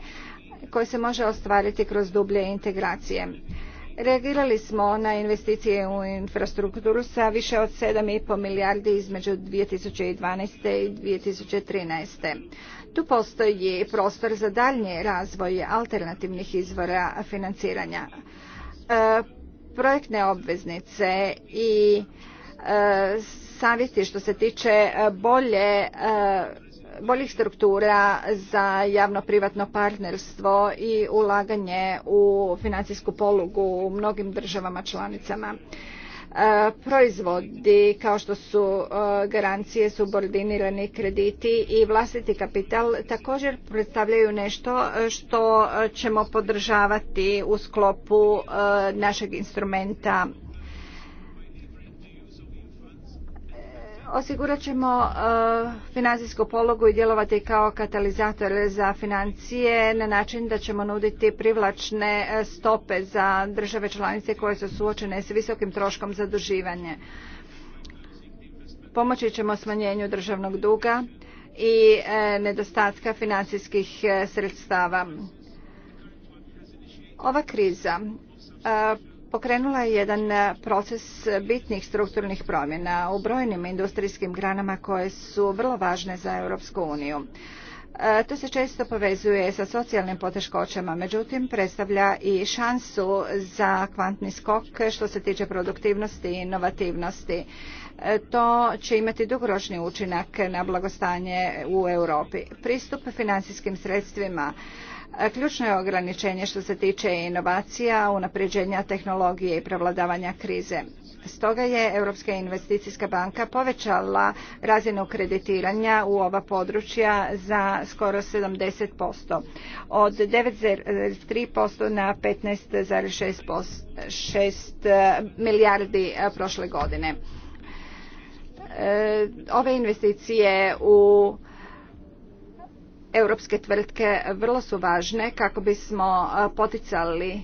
koje se može ostvariti kroz dublje integracije. Reagirali smo na investicije u infrastrukturu sa više od 7,5 milijardi između 2012. i 2013. Tu postoji prostor za daljnji razvoj alternativnih izvora financiranja. E, projektne obveznice i e, savjeti što se tiče bolje e, boljih struktura za javno-privatno partnerstvo i ulaganje u financijsku polugu u mnogim državama članicama. E, proizvodi kao što su e, garancije, subordinirani krediti i vlastiti kapital također predstavljaju nešto e, što ćemo podržavati u sklopu našeg instrumenta Osigurat ćemo e, financijsku pologu i djelovati kao katalizator za financije na način da ćemo nuditi privlačne e, stope za države članice koje su suočene s visokim troškom zaduživanja. Pomoći ćemo smanjenju državnog duga i e, nedostatka financijskih sredstava. Ova kriza pokrenula je jedan e, proces bitnih strukturnih promjena u brojnim industrijskim granama koje su vrlo važne za Europsku uniju. E, to se često povezuje sa socijalnim poteškoćama, međutim predstavlja i šansu za kvantni skok što se tiče produktivnosti i inovativnosti. E, to će imati dugoročni učinak na blagostanje u Europi. Pristup financijskim sredstvima Ključno je ograničenje što se tiče inovacija, unapređenja tehnologije i prevladavanja krize. Stoga je Europska investicijska banka povećala razinu kreditiranja u ova područja za skoro 70%, od 9,3% na 15,6 milijardi prošle godine. E, ove investicije u europske tvrtke vrlo su važne kako bismo e, poticali e,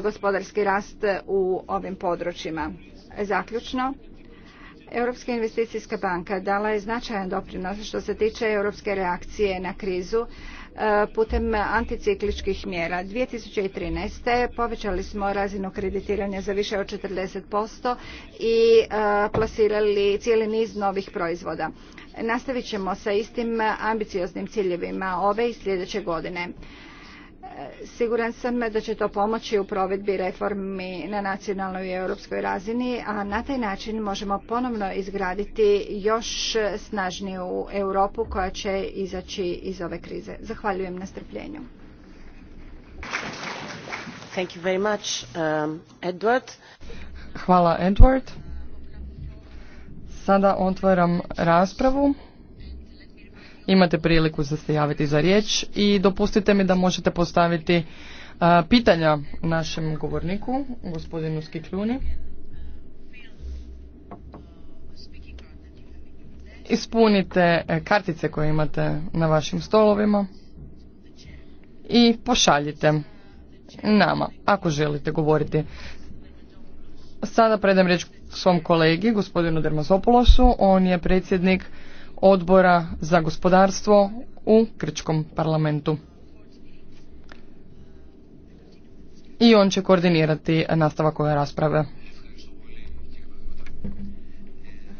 gospodarski rast u ovim područjima. Zaključno, Europska investicijska banka dala je značajan doprinos što se tiče europske reakcije na krizu e, putem anticikličkih mjera. 2013. povećali smo razinu kreditiranja za više od 40% i plasirali cijeli niz novih proizvoda. Nastavit ćemo sa istim ambicioznim ciljevima ove i sljedeće godine. E, siguran sam da će to pomoći u provedbi reformi na nacionalnoj i europskoj razini, a na taj način možemo ponovno izgraditi još snažniju Europu koja će izaći iz ove krize. Zahvaljujem na strpljenju. Um, Edward. Hvala Edward. Sada otvaram raspravu. Imate priliku da se javiti za riječ i dopustite mi da možete postaviti pitanja našem govorniku, gospodinu Skikljuni. Ispunite e, kartice koje imate na vašim stolovima i pošaljite nama ako želite govoriti. Sada predam riječ svom kolegi, gospodinu Dermazopolosu. On je predsjednik odbora za gospodarstvo u Grčkom parlamentu. I on će koordinirati nastavak ove rasprave.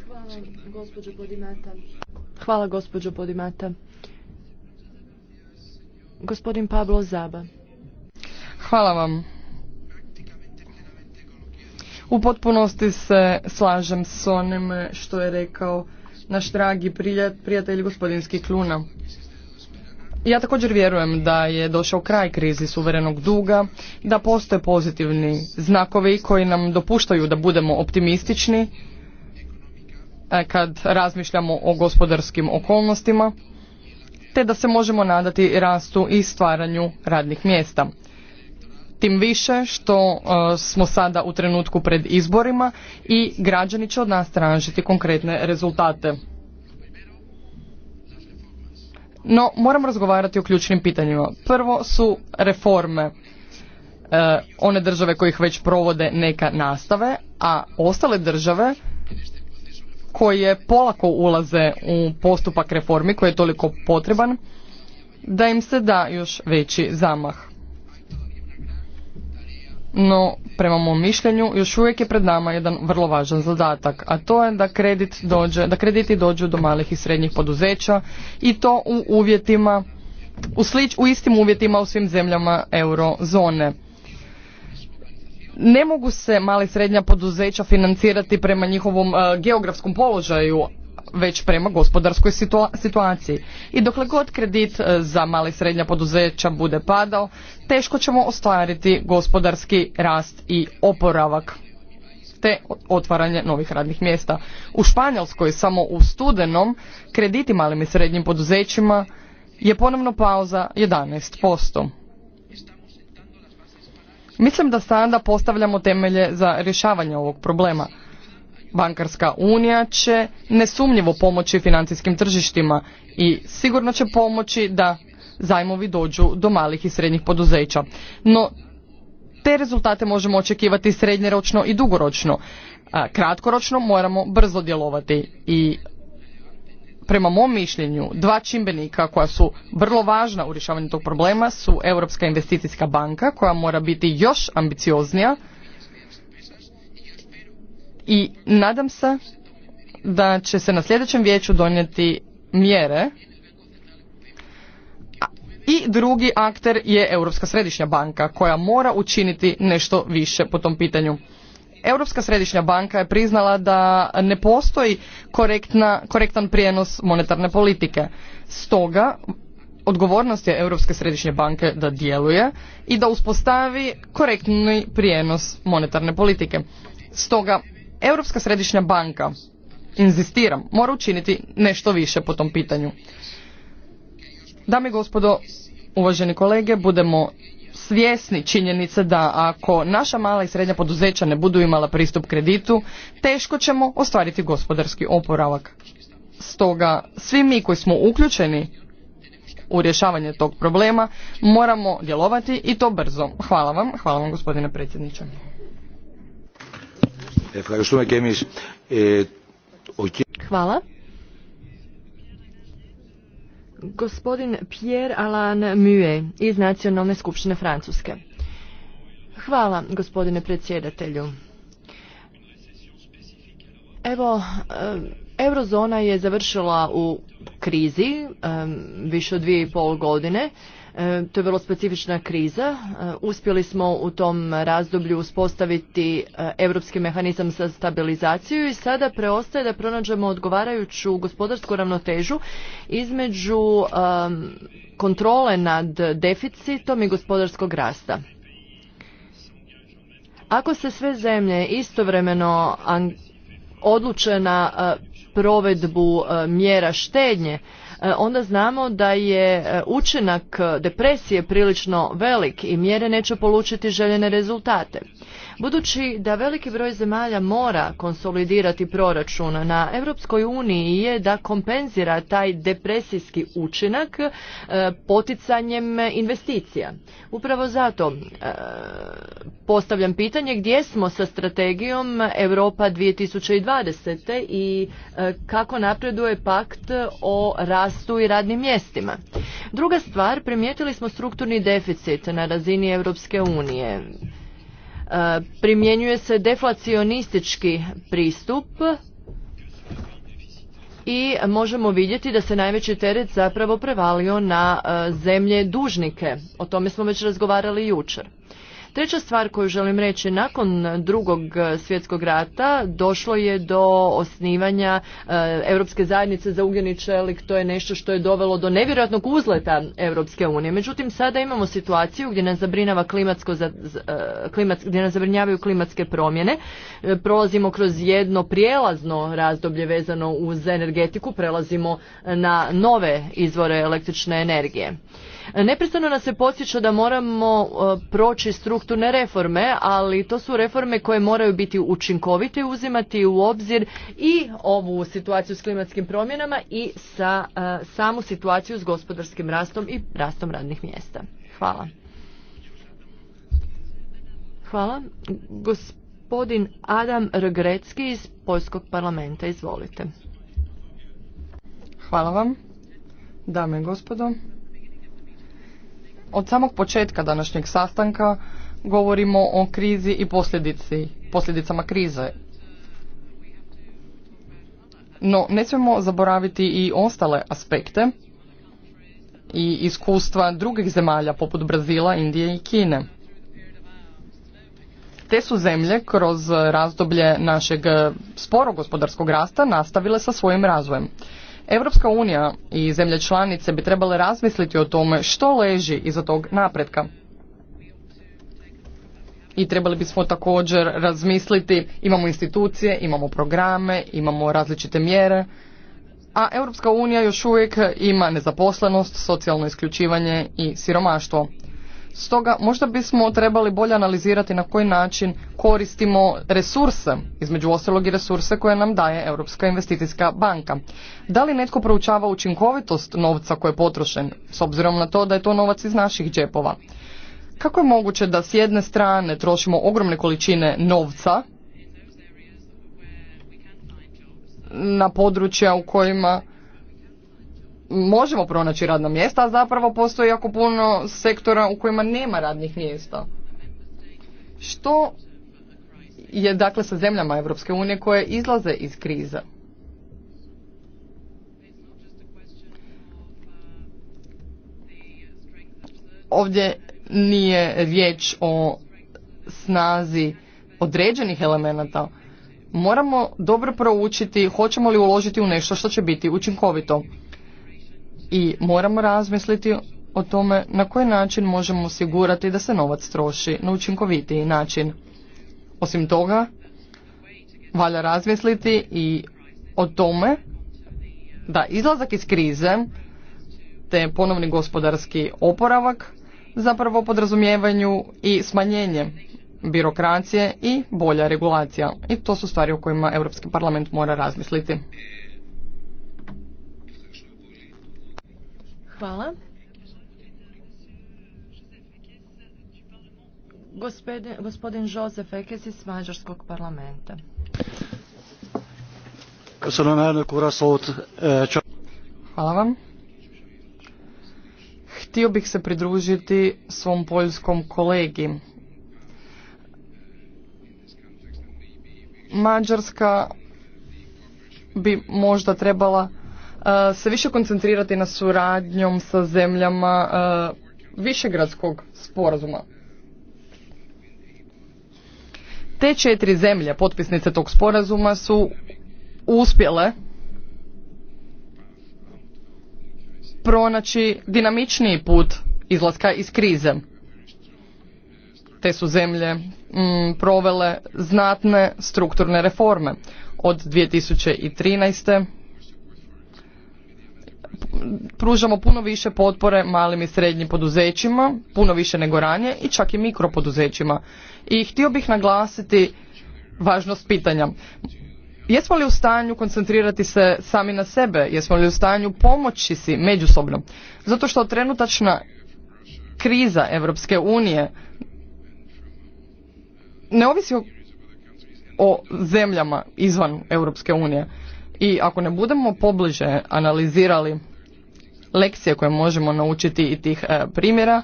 Hvala, gospođo Podimata. Hvala, gospođo Podimata. Gospodin Pablo Zaba. Hvala vam u potpunosti se slažem s onim što je rekao naš dragi prijatelj gospodinski Kluna. Ja također vjerujem da je došao kraj krizi suverenog duga, da postoje pozitivni znakovi koji nam dopuštaju da budemo optimistični e, kad razmišljamo o gospodarskim okolnostima, te da se možemo nadati rastu i stvaranju radnih mjesta tim više što e, smo sada u trenutku pred izborima i građani će od nas tražiti konkretne rezultate. No, moramo razgovarati o ključnim pitanjima. Prvo su reforme. E, one države koje ih već provode neka nastave, a ostale države koje polako ulaze u postupak reformi koji je toliko potreban, da im se da još veći zamah no prema mom mišljenju još uvijek je pred nama jedan vrlo važan zadatak, a to je da, kredit dođe, da krediti dođu do malih i srednjih poduzeća i to u uvjetima, u, u istim uvjetima u svim zemljama eurozone. Ne mogu se mali i srednja poduzeća financirati prema njihovom e, geografskom položaju, već prema gospodarskoj situaciji. I dokle god kredit e, za male i srednja poduzeća bude padao, teško ćemo ostvariti gospodarski rast i oporavak te otvaranje novih radnih mjesta. U Španjolskoj samo u studenom krediti malim i srednjim poduzećima je ponovno pao za 11%. Mislim da sada postavljamo temelje za rješavanje ovog problema Bankarska unija će nesumnjivo pomoći financijskim tržištima i sigurno će pomoći da zajmovi dođu do malih i srednjih poduzeća. No, te rezultate možemo očekivati srednjeročno i dugoročno. Kratkoročno moramo brzo djelovati i prema mom mišljenju dva čimbenika koja su vrlo važna u rješavanju tog problema su Europska investicijska banka koja mora biti još ambicioznija i nadam se da će se na sljedećem vijeću donijeti mjere i drugi akter je Europska središnja banka koja mora učiniti nešto više po tom pitanju. Europska središnja banka je priznala da ne postoji korektna, korektan prijenos monetarne politike. Stoga odgovornost je Europske središnje banke da djeluje i da uspostavi korektni prijenos monetarne politike. Stoga Europska središnja banka, inzistiram, mora učiniti nešto više po tom pitanju. Dame i gospodo, uvaženi kolege, budemo svjesni činjenice da ako naša mala i srednja poduzeća ne budu imala pristup kreditu, teško ćemo ostvariti gospodarski oporavak. Stoga svi mi koji smo uključeni u rješavanje tog problema moramo djelovati i to brzo. Hvala vam, hvala vam gospodine predsjedniče. Hvala. Gospodin Pierre Alain Mue iz Nacionalne skupštine Francuske. Hvala gospodine predsjedatelju. Evo, eh, eurozona je završila u krizi eh, više od dvije i pol godine E, to je vrlo specifična kriza. E, uspjeli smo u tom razdoblju uspostaviti europski mehanizam za stabilizaciju i sada preostaje da pronađemo odgovarajuću gospodarsku ravnotežu između e, kontrole nad deficitom i gospodarskog rasta. Ako se sve zemlje istovremeno odluče na provedbu mjera štednje, E, onda znamo da je e, učinak depresije prilično velik i mjere neće polučiti željene rezultate. Budući da veliki broj zemalja mora konsolidirati proračun na Europskoj uniji je da kompenzira taj depresijski učinak e, poticanjem investicija. Upravo zato e, postavljam pitanje gdje smo sa strategijom Europa 2020. i e, kako napreduje pakt o rastu i radnim mjestima. Druga stvar, primijetili smo strukturni deficit na razini Europske unije primjenjuje se deflacionistički pristup i možemo vidjeti da se najveći teret zapravo prevalio na e, zemlje dužnike. O tome smo već razgovarali jučer. Treća stvar koju želim reći, nakon drugog e, svjetskog rata došlo je do osnivanja e, Europske zajednice za ugljeni čelik, to je nešto što je dovelo do nevjerojatnog uzleta Europske unije. Međutim, sada imamo situaciju gdje nas zabrinava klimatsko, e, gdje nas zabrinjavaju klimatske promjene. Prolazimo kroz jedno prijelazno razdoblje vezano uz energetiku, prelazimo na nove izvore električne energije. Neprestano nas se podsjeća da moramo e, proći strukturne reforme, ali to su reforme koje moraju biti učinkovite, uzimati u obzir i ovu situaciju s klimatskim promjenama i sa e, samu situaciju s gospodarskim rastom i rastom radnih mjesta. Hvala. Hvala. Gospodin Adam Rgrecki iz Poljskog parlamenta. Izvolite. Hvala vam. Dame i gospodo. Od samog početka današnjeg sastanka govorimo o krizi i posljedici, posljedicama krize. No, ne smijemo zaboraviti i ostale aspekte i iskustva drugih zemalja poput Brazila, Indije i Kine. Te su zemlje kroz razdoblje našeg sporog gospodarskog rasta nastavile sa svojim razvojem. Europska unija i zemlje članice bi trebale razmisliti o tome što leži iza tog napretka. I trebali bismo također razmisliti, imamo institucije, imamo programe, imamo različite mjere, a Europska unija još uvijek ima nezaposlenost, socijalno isključivanje i siromaštvo. Stoga možda bismo trebali bolje analizirati na koji način koristimo resurse, između ostalog i resurse koje nam daje Europska investicijska banka. Da li netko proučava učinkovitost novca koji je potrošen, s obzirom na to da je to novac iz naših džepova? Kako je moguće da s jedne strane trošimo ogromne količine novca na područja u kojima možemo pronaći radna mjesta, a zapravo postoji jako puno sektora u kojima nema radnih mjesta. Što je dakle sa zemljama Europske unije koje izlaze iz kriza? Ovdje nije riječ o snazi određenih elemenata. Moramo dobro proučiti hoćemo li uložiti u nešto što će biti učinkovito i moramo razmisliti o tome na koji način možemo osigurati da se novac troši na učinkovitiji način. Osim toga, valja razmisliti i o tome da izlazak iz krize te ponovni gospodarski oporavak zapravo podrazumijevanju i smanjenje birokracije i bolja regulacija. I to su stvari o kojima Europski parlament mora razmisliti. Hvala. Gospodin, Josef Ekes iz Mađarskog parlamenta. Hvala vam. Htio bih se pridružiti svom poljskom kolegi. Mađarska bi možda trebala E, se više koncentrirati na suradnjom sa zemljama e, višegradskog sporazuma. Te četiri zemlje, potpisnice tog sporazuma, su uspjele pronaći dinamičniji put izlaska iz krize. Te su zemlje mm, provele znatne strukturne reforme od 2013 pružamo puno više potpore malim i srednjim poduzećima, puno više nego ranije i čak i mikropoduzećima. I htio bih naglasiti važnost pitanja. Jesmo li u stanju koncentrirati se sami na sebe? Jesmo li u stanju pomoći si međusobno? Zato što trenutačna kriza Europske unije ne ovisi o, o zemljama izvan Europske unije i ako ne budemo pobliže analizirali lekcije koje možemo naučiti i tih e, primjera,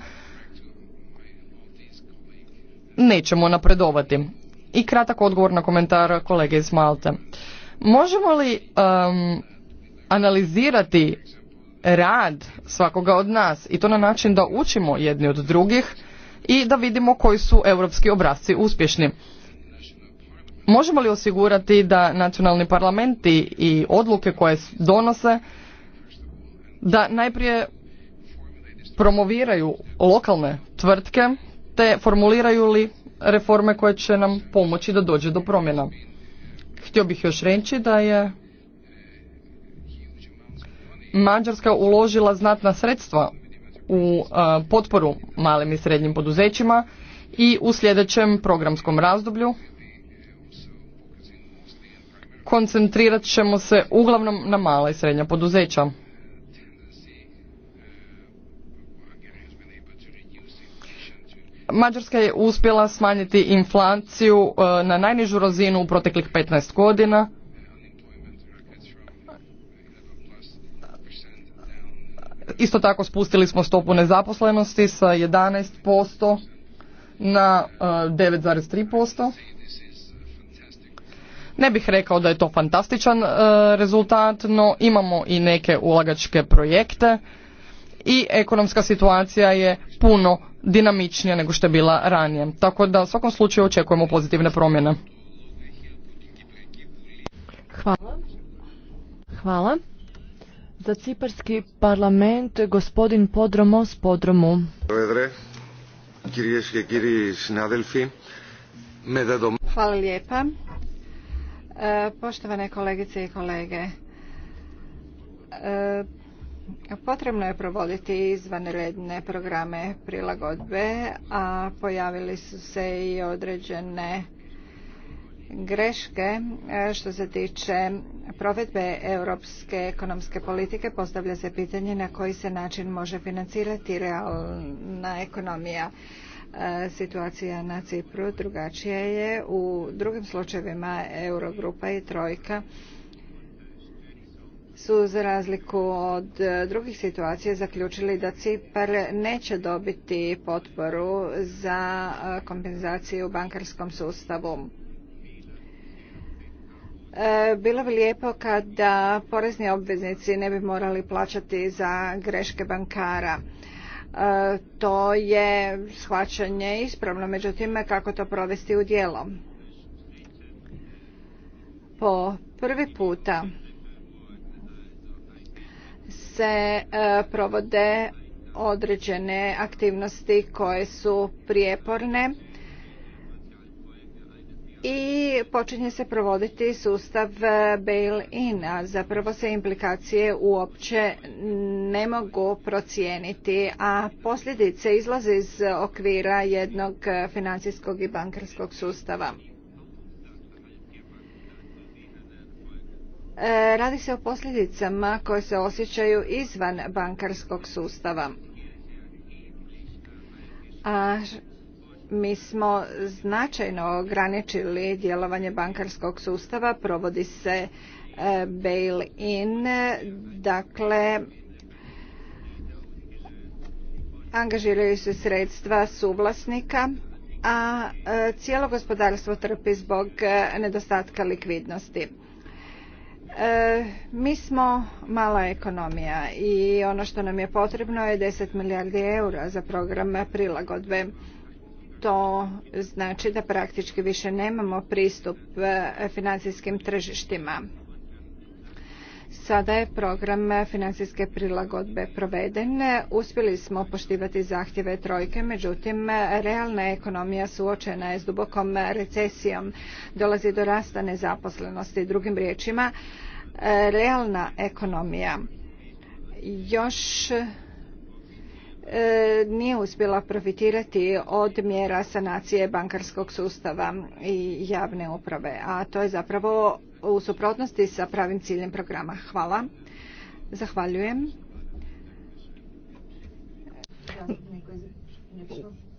nećemo napredovati. I kratak odgovor na komentar kolege iz Malte. Možemo li analizirati rad svakoga od nas i to na način da učimo jedni od drugih i da vidimo koji su europski obrasci uspješni. Možemo li osigurati da nacionalni parlamenti i odluke koje donose da najprije promoviraju lokalne tvrtke te formuliraju li reforme koje će nam pomoći da dođe do promjena. Htio bih još reći da je Mađarska uložila znatna sredstva u potporu malim i srednjim poduzećima i u sljedećem programskom razdoblju koncentrirat ćemo se uglavnom na mala i srednja poduzeća. Mađarska je uspjela smanjiti inflaciju e, na najnižu razinu u proteklih 15 godina. Isto tako spustili smo stopu nezaposlenosti sa 11% na 9,3%. E, ne bih rekao da je to fantastičan e, rezultat, no imamo i neke ulagačke projekte i ekonomska situacija je puno dinamičnija nego što je bila ranije. Tako da u svakom slučaju očekujemo pozitivne promjene. Hvala. Hvala. Za Ciparski parlament gospodin Podromos Podromu. Hvala lijepa. E, poštovane kolegice i kolege, e, potrebno je provoditi izvanredne programe prilagodbe, a pojavili su se i određene greške e, što se tiče provedbe europske ekonomske politike postavlja se pitanje na koji se način može financirati realna ekonomija situacija na Cipru drugačija je. U drugim slučajevima Eurogrupa i Trojka su za razliku od e, drugih situacija zaključili da Cipar neće dobiti potporu za e, kompenzaciju u bankarskom sustavu. E, bilo bi lijepo kada porezni obveznici ne bi morali plaćati za greške bankara. E, to je shvaćanje ispravno, međutim kako to provesti u djelo. Po prvi puta se e, provode određene aktivnosti koje su prijeporne i počinje se provoditi sustav e, bail-in. Zapravo se implikacije uopće ne mogu procijeniti, a posljedice izlaze iz okvira jednog e, financijskog i bankarskog sustava. E, radi se o posljedicama koje se osjećaju izvan bankarskog sustava. A mi smo značajno ograničili djelovanje bankarskog sustava, provodi se e, bail-in, dakle angažiraju se sredstva suvlasnika, a e, cijelo gospodarstvo trpi zbog e, nedostatka likvidnosti. Mi smo mala ekonomija i ono što nam je potrebno je 10 milijardi eura za program prilagodbe to znači da praktički više nemamo pristup e, financijskim tržištima. Sada je program financijske prilagodbe proveden. Uspjeli smo poštivati zahtjeve trojke, međutim, realna ekonomija suočena je s dubokom recesijom. Dolazi do rasta nezaposlenosti. Drugim riječima, e, realna ekonomija još E, nije uspjela profitirati od mjera sanacije bankarskog sustava i javne uprave, a to je zapravo u suprotnosti sa pravim ciljem programa. Hvala. Zahvaljujem.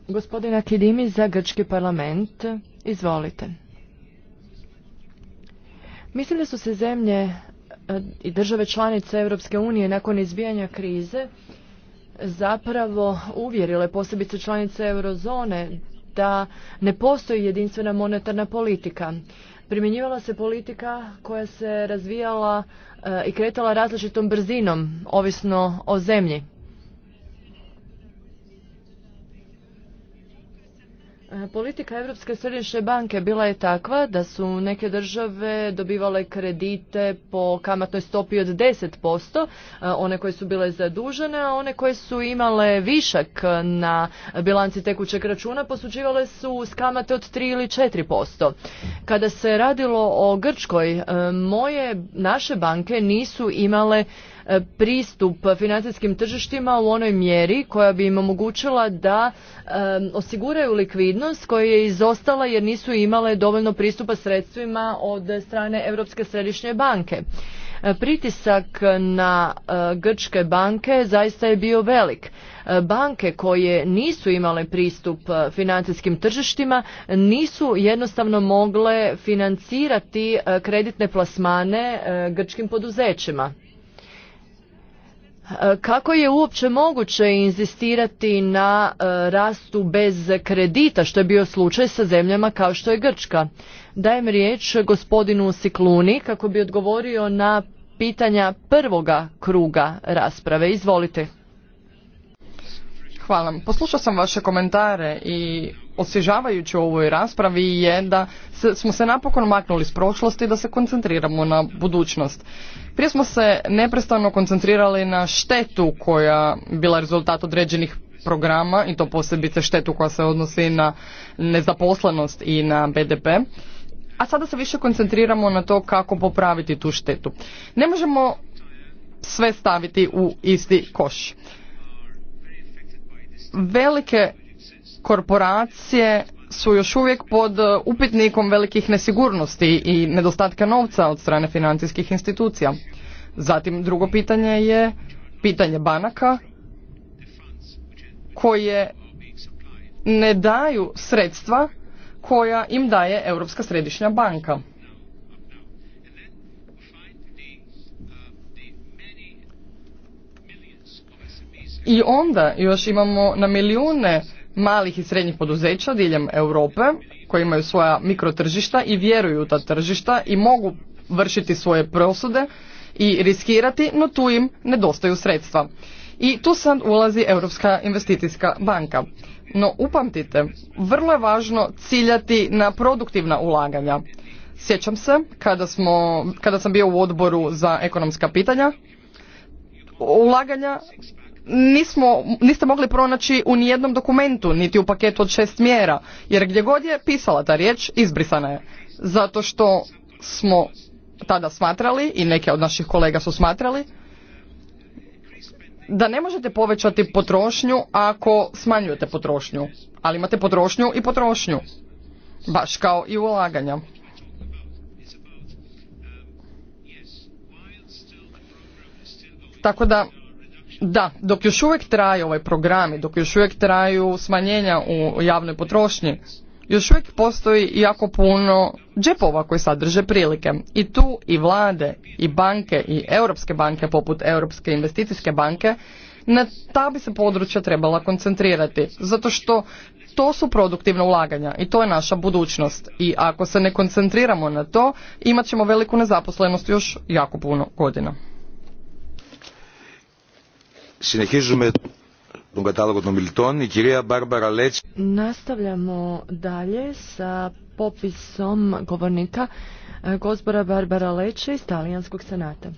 Gospodina Kidimi za Grčki parlament. Izvolite. Mislim da su se zemlje e, i države članice Europske unije nakon izbijanja krize zapravo uvjerile posebice članice eurozone da ne postoji jedinstvena monetarna politika. Primjenjivala se politika koja se razvijala e, i kretala različitom brzinom, ovisno o zemlji. Politika Europske središnje banke bila je takva da su neke države dobivale kredite po kamatnoj stopi od 10%, e, one koje su bile zadužene, a one koje su imale višak na bilanci tekućeg računa posuđivale su s kamate od 3 ili 4%. Kada se radilo o Grčkoj, e, moje, naše banke nisu imale E, pristup financijskim tržištima u onoj mjeri koja bi im omogućila da e, osiguraju likvidnost koja je izostala jer nisu imale dovoljno pristupa sredstvima od strane Europske središnje banke. E, pritisak na grčke banke zaista je bio velik. Banke koje nisu imale pristup financijskim tržištima nisu jednostavno mogle financirati kreditne plasmane grčkim poduzećima. E, kako je uopće moguće inzistirati na e, rastu bez kredita, što je bio slučaj sa zemljama kao što je Grčka? Dajem riječ gospodinu Sikluni kako bi odgovorio na pitanja prvoga kruga rasprave. Izvolite. Hvala. Poslušao sam vaše komentare i osvježavajuće u ovoj raspravi je da smo se napokon maknuli s prošlosti da se koncentriramo na budućnost. Prije smo se neprestano koncentrirali na štetu koja bila rezultat određenih programa i to posebice štetu koja se odnosi na nezaposlenost i na BDP. A sada se više koncentriramo na to kako popraviti tu štetu. Ne možemo sve staviti u isti koš. Velike korporacije su još uvijek pod e, upitnikom velikih nesigurnosti i nedostatka novca od strane financijskih institucija. Zatim drugo pitanje je pitanje banaka koje ne daju sredstva koja im daje Europska središnja banka. I onda još imamo na milijune malih i srednjih poduzeća diljem Europe koji imaju svoja mikrotržišta i vjeruju u ta tržišta i mogu vršiti svoje prosude i riskirati, no tu im nedostaju sredstva. I tu sad ulazi Europska investicijska banka. No upamtite, vrlo je važno ciljati na produktivna ulaganja. Sjećam se kada, smo, kada sam bio u odboru za ekonomska pitanja, ulaganja nismo, niste mogli pronaći u nijednom dokumentu, niti u paketu od šest mjera, jer gdje god je pisala ta riječ, izbrisana je. Zato što smo tada smatrali, i neke od naših kolega su smatrali, da ne možete povećati potrošnju ako smanjujete potrošnju, ali imate potrošnju i potrošnju, baš kao i ulaganja. Tako da da, dok još uvijek traju ovaj programi, dok još uvijek traju smanjenja u javnoj potrošnji, još uvijek postoji jako puno džepova koji sadrže prilike. I tu i vlade, i banke, i europske banke poput Europske investicijske banke, na ta bi se područja trebala koncentrirati. Zato što to su produktivna ulaganja i to je naša budućnost. I ako se ne koncentriramo na to, imat ćemo veliku nezaposlenost još jako puno godina. Nastavljamo dalje sa popisom govornika gospođa Barbara Leče iz Talijanskog senata.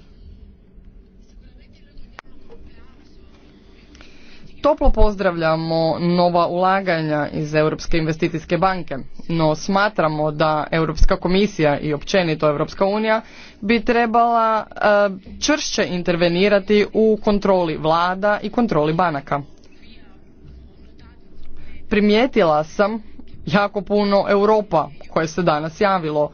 Toplo pozdravljamo nova ulaganja iz Europske investicijske banke, no smatramo da Europska komisija i općenito Europska unija bi trebala e, čvršće intervenirati u kontroli vlada i kontroli banaka. Primijetila sam jako puno Europa koje se danas javilo.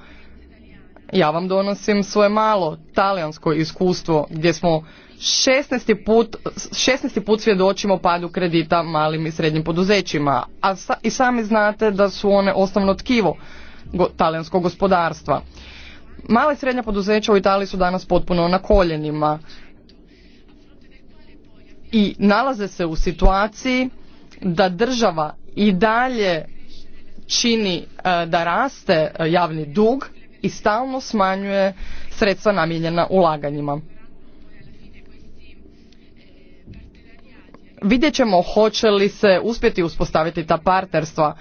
Ja vam donosim svoje malo talijansko iskustvo gdje smo 16. put, 16. put svjedočimo padu kredita malim i srednjim poduzećima, a i sami znate da su one osnovno tkivo go, talijanskog gospodarstva. Male i srednja poduzeća u Italiji su danas potpuno na koljenima i nalaze se u situaciji da država i dalje čini e, da raste e, javni dug i stalno smanjuje sredstva namijenjena ulaganjima. vidjet ćemo hoće li se uspjeti uspostaviti ta partnerstva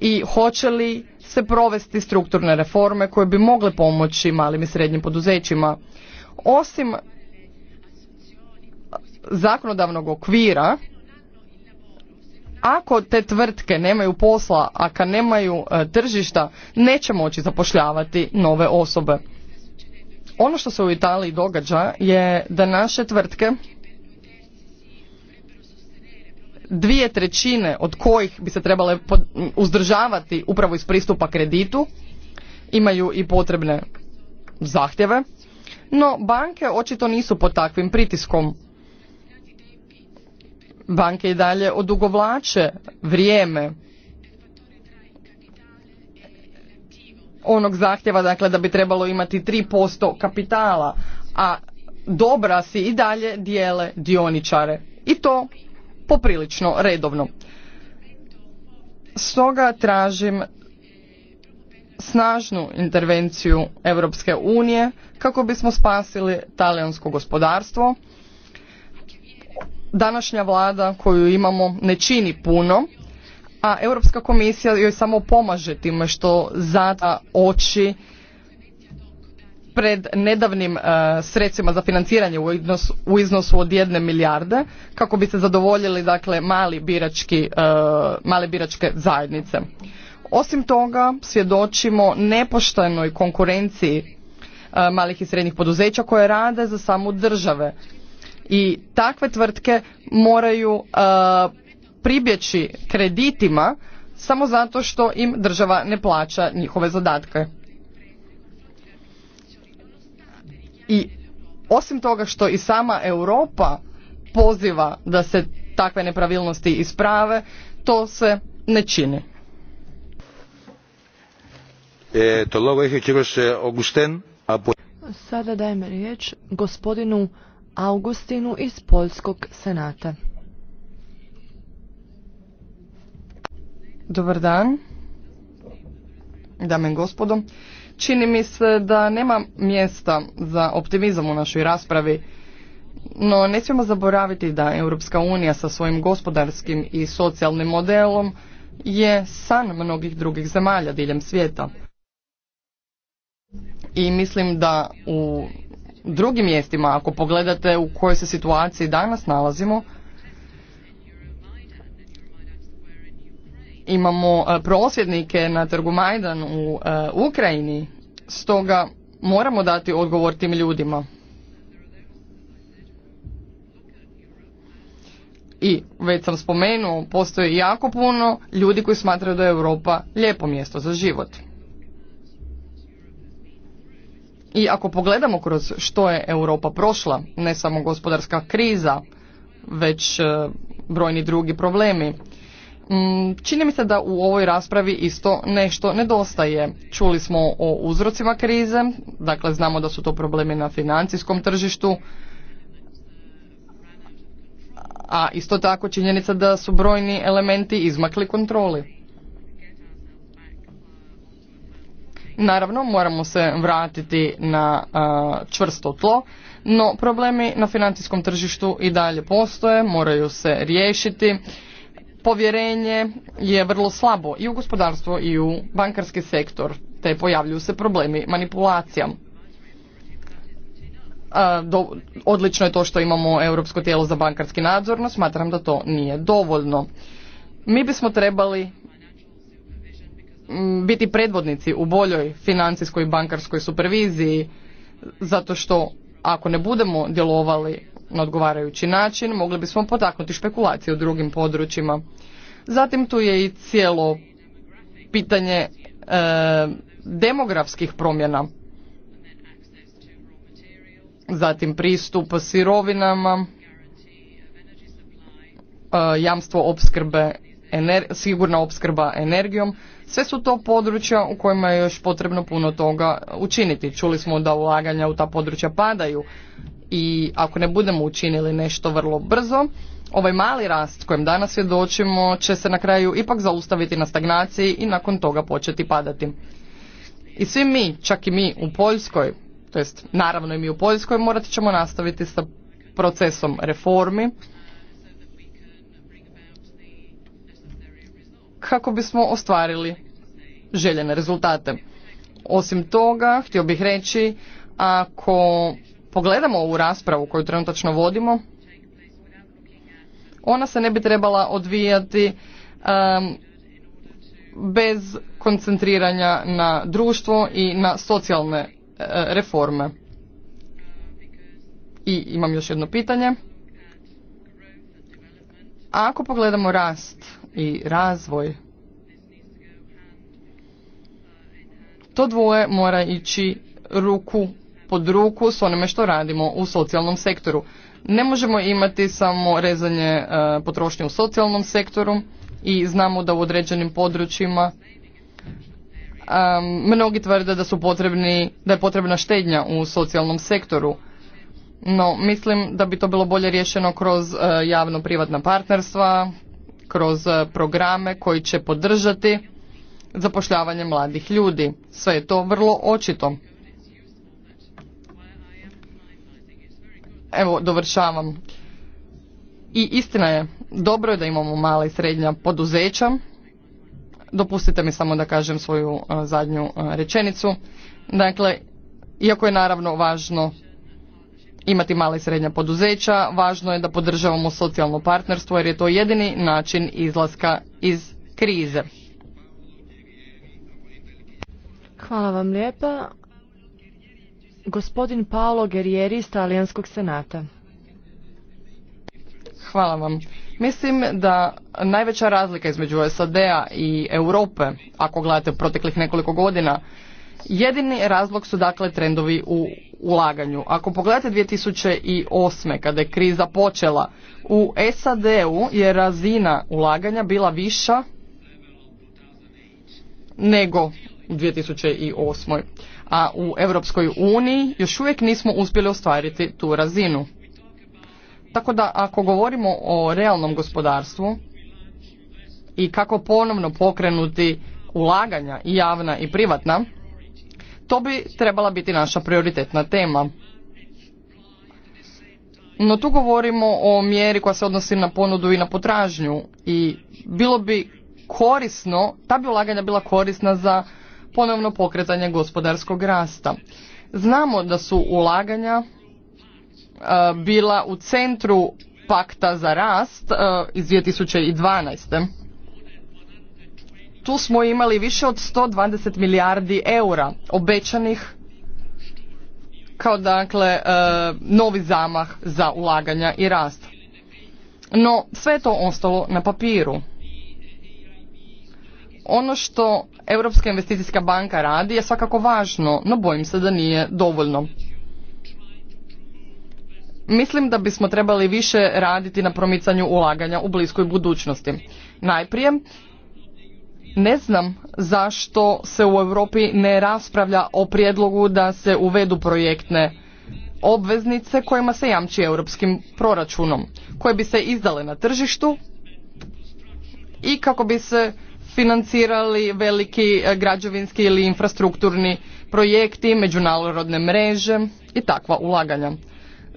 i hoće li se provesti strukturne reforme koje bi mogle pomoći malim i srednjim poduzećima. Osim zakonodavnog okvira, ako te tvrtke nemaju posla, a kad nemaju e, tržišta, neće moći zapošljavati nove osobe. Ono što se u Italiji događa je da naše tvrtke dvije trećine od kojih bi se trebale uzdržavati upravo iz pristupa kreditu imaju i potrebne zahtjeve no banke očito nisu pod takvim pritiskom banke i dalje odugovlače vrijeme onog zahtjeva dakle da bi trebalo imati 3% kapitala a dobra si i dalje dijele dioničare i to poprilično redovno. Stoga tražim snažnu intervenciju Europske unije kako bismo spasili talijansko gospodarstvo. Današnja vlada koju imamo ne čini puno, a Europska komisija joj samo pomaže time što zada oči pred nedavnim e, sredstvima za financiranje u iznosu od jedne milijarde kako bi se zadovoljili dakle mali birački, e, male biračke zajednice. Osim toga svjedočimo nepoštenoj konkurenciji e, malih i srednjih poduzeća koje rade za samu države i takve tvrtke moraju pribjeći kreditima samo zato što im država ne plaća njihove zadatke. i osim toga što i sama Europa poziva da se takve nepravilnosti isprave, to se ne čini. E, e, Sada dajem riječ gospodinu Augustinu iz Poljskog senata. Dobar dan, dame i gospodo. Čini mi se da nema mjesta za optimizam u našoj raspravi, no ne smijemo zaboraviti da Europska unija sa svojim gospodarskim i socijalnim modelom je san mnogih drugih zemalja diljem svijeta. I mislim da u drugim mjestima, ako pogledate u kojoj se situaciji danas nalazimo, imamo e, prosvjednike na trgu Majdan u e, Ukrajini, stoga moramo dati odgovor tim ljudima. I već sam spomenuo, postoji jako puno ljudi koji smatraju da je Europa lijepo mjesto za život. I ako pogledamo kroz što je Europa prošla, ne samo gospodarska kriza, već e, brojni drugi problemi, Mm, čini mi se da u ovoj raspravi isto nešto nedostaje. Čuli smo o uzrocima krize, dakle znamo da su to problemi na financijskom tržištu, a isto tako činjenica da su brojni elementi izmakli kontroli. Naravno, moramo se vratiti na čvrsto tlo, no problemi na financijskom tržištu i dalje postoje, moraju se riješiti povjerenje je vrlo slabo i u gospodarstvo i u bankarski sektor, te pojavljuju se problemi manipulacijom. Do, odlično je to što imamo Europsko tijelo za bankarski nadzor, no smatram da to nije dovoljno. Mi bismo trebali biti predvodnici u boljoj financijskoj i bankarskoj superviziji, zato što ako ne budemo djelovali na odgovarajući način mogli bismo potaknuti špekulacije u drugim područjima. Zatim tu je i cijelo pitanje e, demografskih promjena, zatim pristup sirovinama, e, jamstvo opskrbe, sigurna opskrba energijom. Sve su to područja u kojima je još potrebno puno toga učiniti. Čuli smo da ulaganja u ta područja padaju, i ako ne budemo učinili nešto vrlo brzo, ovaj mali rast kojem danas svjedočimo će se na kraju ipak zaustaviti na stagnaciji i nakon toga početi padati. I svi mi, čak i mi u Poljskoj, to jest naravno i mi u Poljskoj, morat ćemo nastaviti sa procesom reformi kako bismo ostvarili željene rezultate. Osim toga, htio bih reći, ako pogledamo ovu raspravu koju trenutačno vodimo, ona se ne bi trebala odvijati bez koncentriranja na društvo i na socijalne e, reforme. I imam još jedno pitanje. Ako pogledamo rast i razvoj, to dvoje mora ići ruku pod ruku s onime što radimo u socijalnom sektoru. Ne možemo imati samo rezanje e, potrošnje u socijalnom sektoru i znamo da u određenim područjima mnogi tvrde da su potrebni, da je potrebna štednja u socijalnom sektoru. No, mislim da bi to bilo bolje rješeno kroz e, javno-privatna partnerstva, kroz e, programe koji će podržati zapošljavanje mladih ljudi. Sve je to vrlo očito. Evo, dovršavam. I istina je, dobro je da imamo mala i srednja poduzeća. Dopustite mi samo da kažem svoju e, zadnju e, rečenicu. Dakle, iako je naravno važno imati mala i srednja poduzeća, važno je da podržavamo socijalno partnerstvo jer je to jedini način izlaska iz krize. Hvala vam lijepa. Gospodin Paolo Guerrieri iz Talijanskog senata. Hvala vam. Mislim da najveća razlika između SAD-a i Europe, ako gledate proteklih nekoliko godina, jedini razlog su dakle trendovi u ulaganju. Ako pogledate 2008. kada je kriza počela, u SAD-u je razina ulaganja bila viša nego u 2008 a u Europskoj uniji još uvijek nismo uspjeli ostvariti tu razinu. Tako da ako govorimo o realnom gospodarstvu i kako ponovno pokrenuti ulaganja i javna i privatna, to bi trebala biti naša prioritetna tema. No tu govorimo o mjeri koja se odnosi na ponudu i na potražnju i bilo bi korisno, ta bi ulaganja bila korisna za ponovno pokretanje gospodarskog rasta. Znamo da su ulaganja e, bila u centru pakta za rast e, iz 2012. Tu smo imali više od 120 milijardi eura obećanih kao dakle e, novi zamah za ulaganja i rast. No sve to ostalo na papiru. Ono što Europska investicijska banka radi je svakako važno, no bojim se da nije dovoljno. Mislim da bismo trebali više raditi na promicanju ulaganja u bliskoj budućnosti. Najprije, ne znam zašto se u Europi ne raspravlja o prijedlogu da se uvedu projektne obveznice kojima se jamči europskim proračunom, koje bi se izdale na tržištu i kako bi se financirali veliki e, građevinski ili infrastrukturni projekti, međunarodne mreže i takva ulaganja.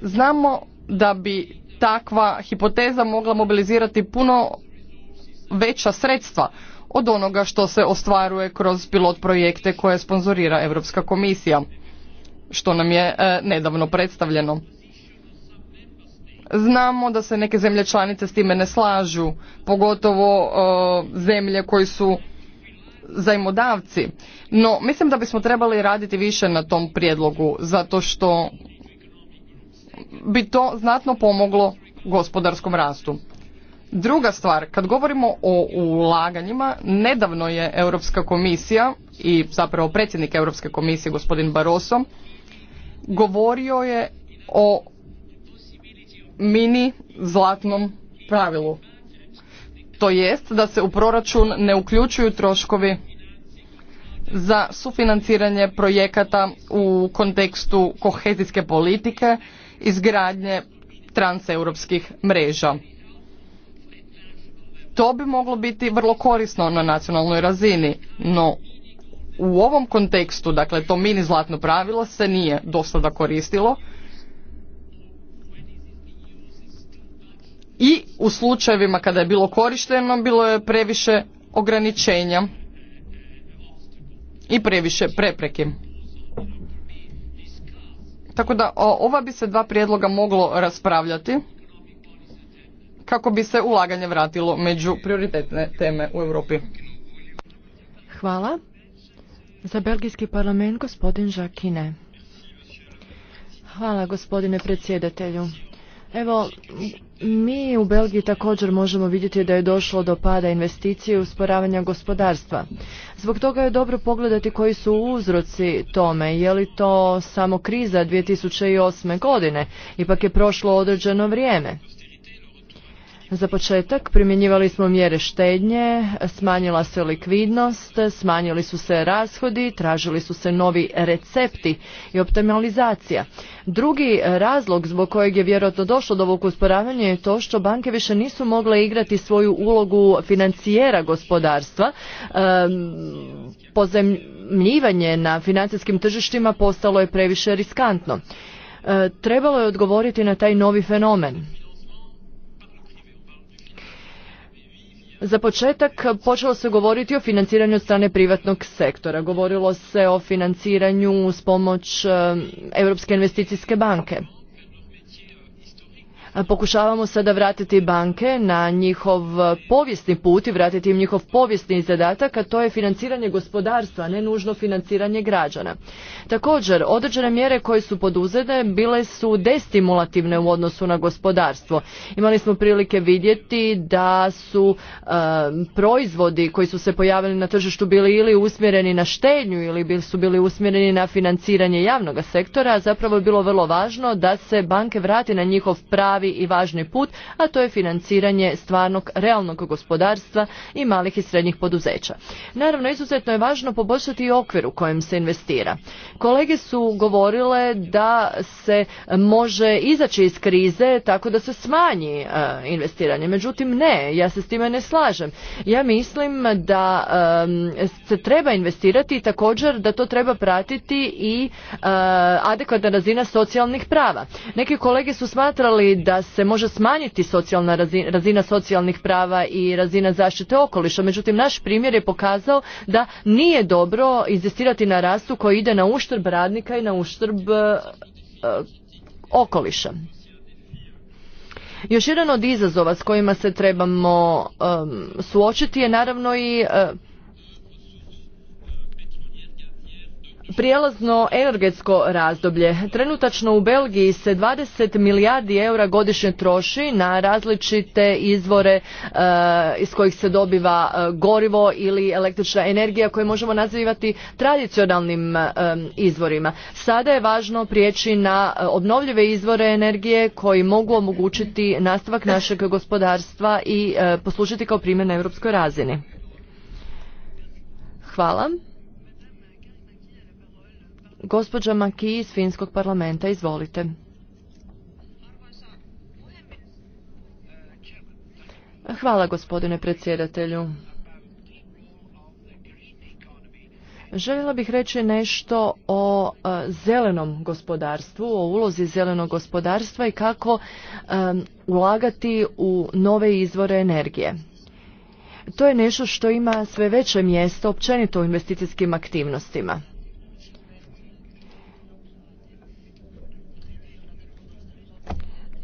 Znamo da bi takva hipoteza mogla mobilizirati puno veća sredstva od onoga što se ostvaruje kroz pilot projekte koje sponzorira Europska komisija, što nam je e, nedavno predstavljeno. Znamo da se neke zemlje članice s time ne slažu, pogotovo e, zemlje koji su zajmodavci. No, mislim da bismo trebali raditi više na tom prijedlogu, zato što bi to znatno pomoglo gospodarskom rastu. Druga stvar, kad govorimo o ulaganjima, nedavno je Europska komisija i zapravo predsjednik Europske komisije gospodin Barroso govorio je o mini zlatnom pravilu. To jest da se u proračun ne uključuju troškovi za sufinanciranje projekata u kontekstu kohezijske politike, izgradnje transeuropskih mreža. To bi moglo biti vrlo korisno na nacionalnoj razini, no u ovom kontekstu, dakle to mini zlatno pravilo se nije do sada koristilo i u slučajevima kada je bilo korišteno bilo je previše ograničenja i previše prepreke. Tako da ova bi se dva prijedloga moglo raspravljati kako bi se ulaganje vratilo među prioritetne teme u Europi. Hvala. Za Belgijski parlament gospodin Žakine. Hvala gospodine predsjedatelju. Evo, mi u Belgiji također možemo vidjeti da je došlo do pada investicije i usporavanja gospodarstva. Zbog toga je dobro pogledati koji su uzroci tome. Je li to samo kriza 2008. godine? Ipak je prošlo određeno vrijeme. Za početak primjenjivali smo mjere štednje, smanjila se likvidnost, smanjili su se rashodi, tražili su se novi recepti i optimalizacija. Drugi razlog zbog kojeg je vjerojatno došlo do ovog usporavanja je to što banke više nisu mogle igrati svoju ulogu financijera gospodarstva. Pozemljivanje na financijskim tržištima postalo je previše riskantno. E, trebalo je odgovoriti na taj novi fenomen Za početak počelo se govoriti o financiranju od strane privatnog sektora. Govorilo se o financiranju s pomoć eh, Europske investicijske banke. Pokušavamo sada vratiti banke na njihov eh, povijesni put i vratiti im njihov povijesni zadatak, a to je financiranje gospodarstva, a ne nužno financiranje građana. Također, određene mjere koje su poduzete bile su destimulativne u odnosu na gospodarstvo. Imali smo prilike vidjeti da su eh, proizvodi koji su se pojavili na tržištu bili ili usmjereni na štednju ili su bili usmjereni na financiranje javnog sektora, a zapravo je bilo vrlo važno da se banke vrati na njihov pravi i važni put, a to je financiranje stvarnog realnog gospodarstva i malih i srednjih poduzeća. Naravno, izuzetno je važno poboljšati i okvir u kojem se investira. Kolege su govorile da se može izaći iz krize tako da se smanji e, investiranje. Međutim, ne, ja se s time ne slažem. Ja mislim da se treba investirati i također da to treba pratiti i e, adekvatna razina socijalnih prava. Neki kolege su smatrali da se može smanjiti socijalna razina, socijalnih prava i razina zaštite okoliša. Međutim, naš primjer je pokazao da nije dobro inzistirati na rastu koji ide na uštrb radnika i na uštrb e, e, okoliša. Još jedan od izazova s kojima se trebamo e, suočiti je naravno i prijelazno energetsko razdoblje. Trenutačno u Belgiji se 20 milijardi eura godišnje troši na različite izvore e, iz kojih se dobiva e, gorivo ili električna energija koje možemo nazivati tradicionalnim e, izvorima. Sada je važno prijeći na obnovljive izvore energije koji mogu omogućiti nastavak našeg gospodarstva i poslužiti kao primjer na europskoj razini. Hvala. Gospođa Maki iz Finskog parlamenta, izvolite. Hvala gospodine predsjedatelju. Željela bih reći nešto o e, zelenom gospodarstvu, o ulozi zelenog gospodarstva i kako e, ulagati u nove izvore energije. To je nešto što ima sve veće mjesto općenito u investicijskim aktivnostima.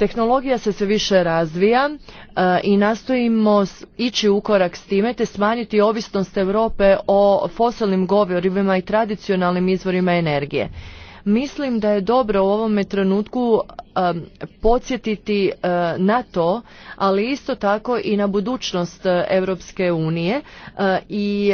Tehnologija se sve više razvija e, i nastojimo ići u korak s time te smanjiti ovisnost Europe o fosilnim govorima i tradicionalnim izvorima energije. Mislim da je dobro u ovome trenutku podsjetiti e, na to, ali isto tako i na budućnost e, Europske unije e, i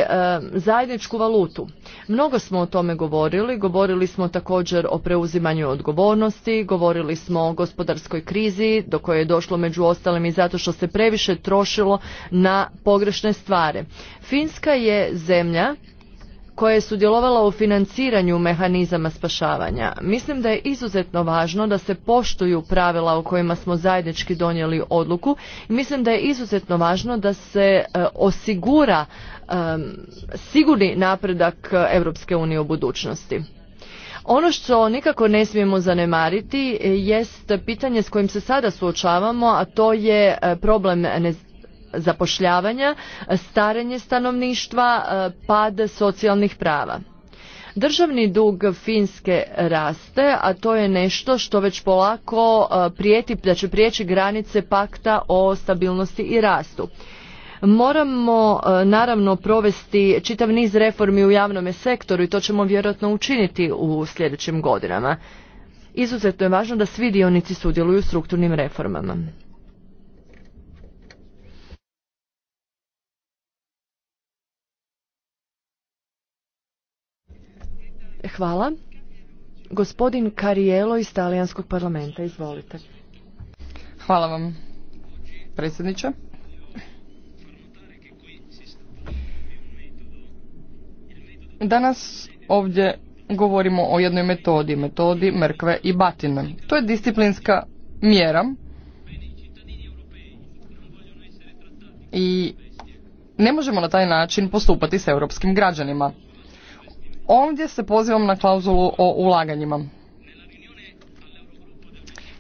zajedničku valutu. Mnogo smo o tome govorili, govorili smo također o preuzimanju odgovornosti, govorili smo o gospodarskoj krizi do koje je došlo među ostalim i zato što se previše trošilo na pogrešne stvari. Finska je zemlja koje je sudjelovala u financiranju mehanizama spašavanja. Mislim da je izuzetno važno da se poštuju pravila o kojima smo zajednički donijeli odluku i mislim da je izuzetno važno da se e, osigura sigurni napredak Europske unije u budućnosti. Ono što nikako ne smijemo zanemariti jest pitanje s kojim se sada suočavamo, a to je e, problem zapošljavanja, starenje stanovništva, e, pad socijalnih prava. Državni dug Finske raste, a to je nešto što već polako e, prijeti, da će prijeći granice pakta o stabilnosti i rastu. Moramo e, naravno provesti čitav niz reformi u javnom sektoru i to ćemo vjerojatno učiniti u sljedećim godinama. Izuzetno je važno da svi dionici sudjeluju u strukturnim reformama. Hvala. Gospodin Karijelo iz Talijanskog parlamenta, izvolite. Hvala vam, predsjedniče. Danas ovdje govorimo o jednoj metodi, metodi mrkve i batine. To je disciplinska mjera i ne možemo na taj način postupati s europskim građanima. Ovdje se pozivam na klauzulu o ulaganjima.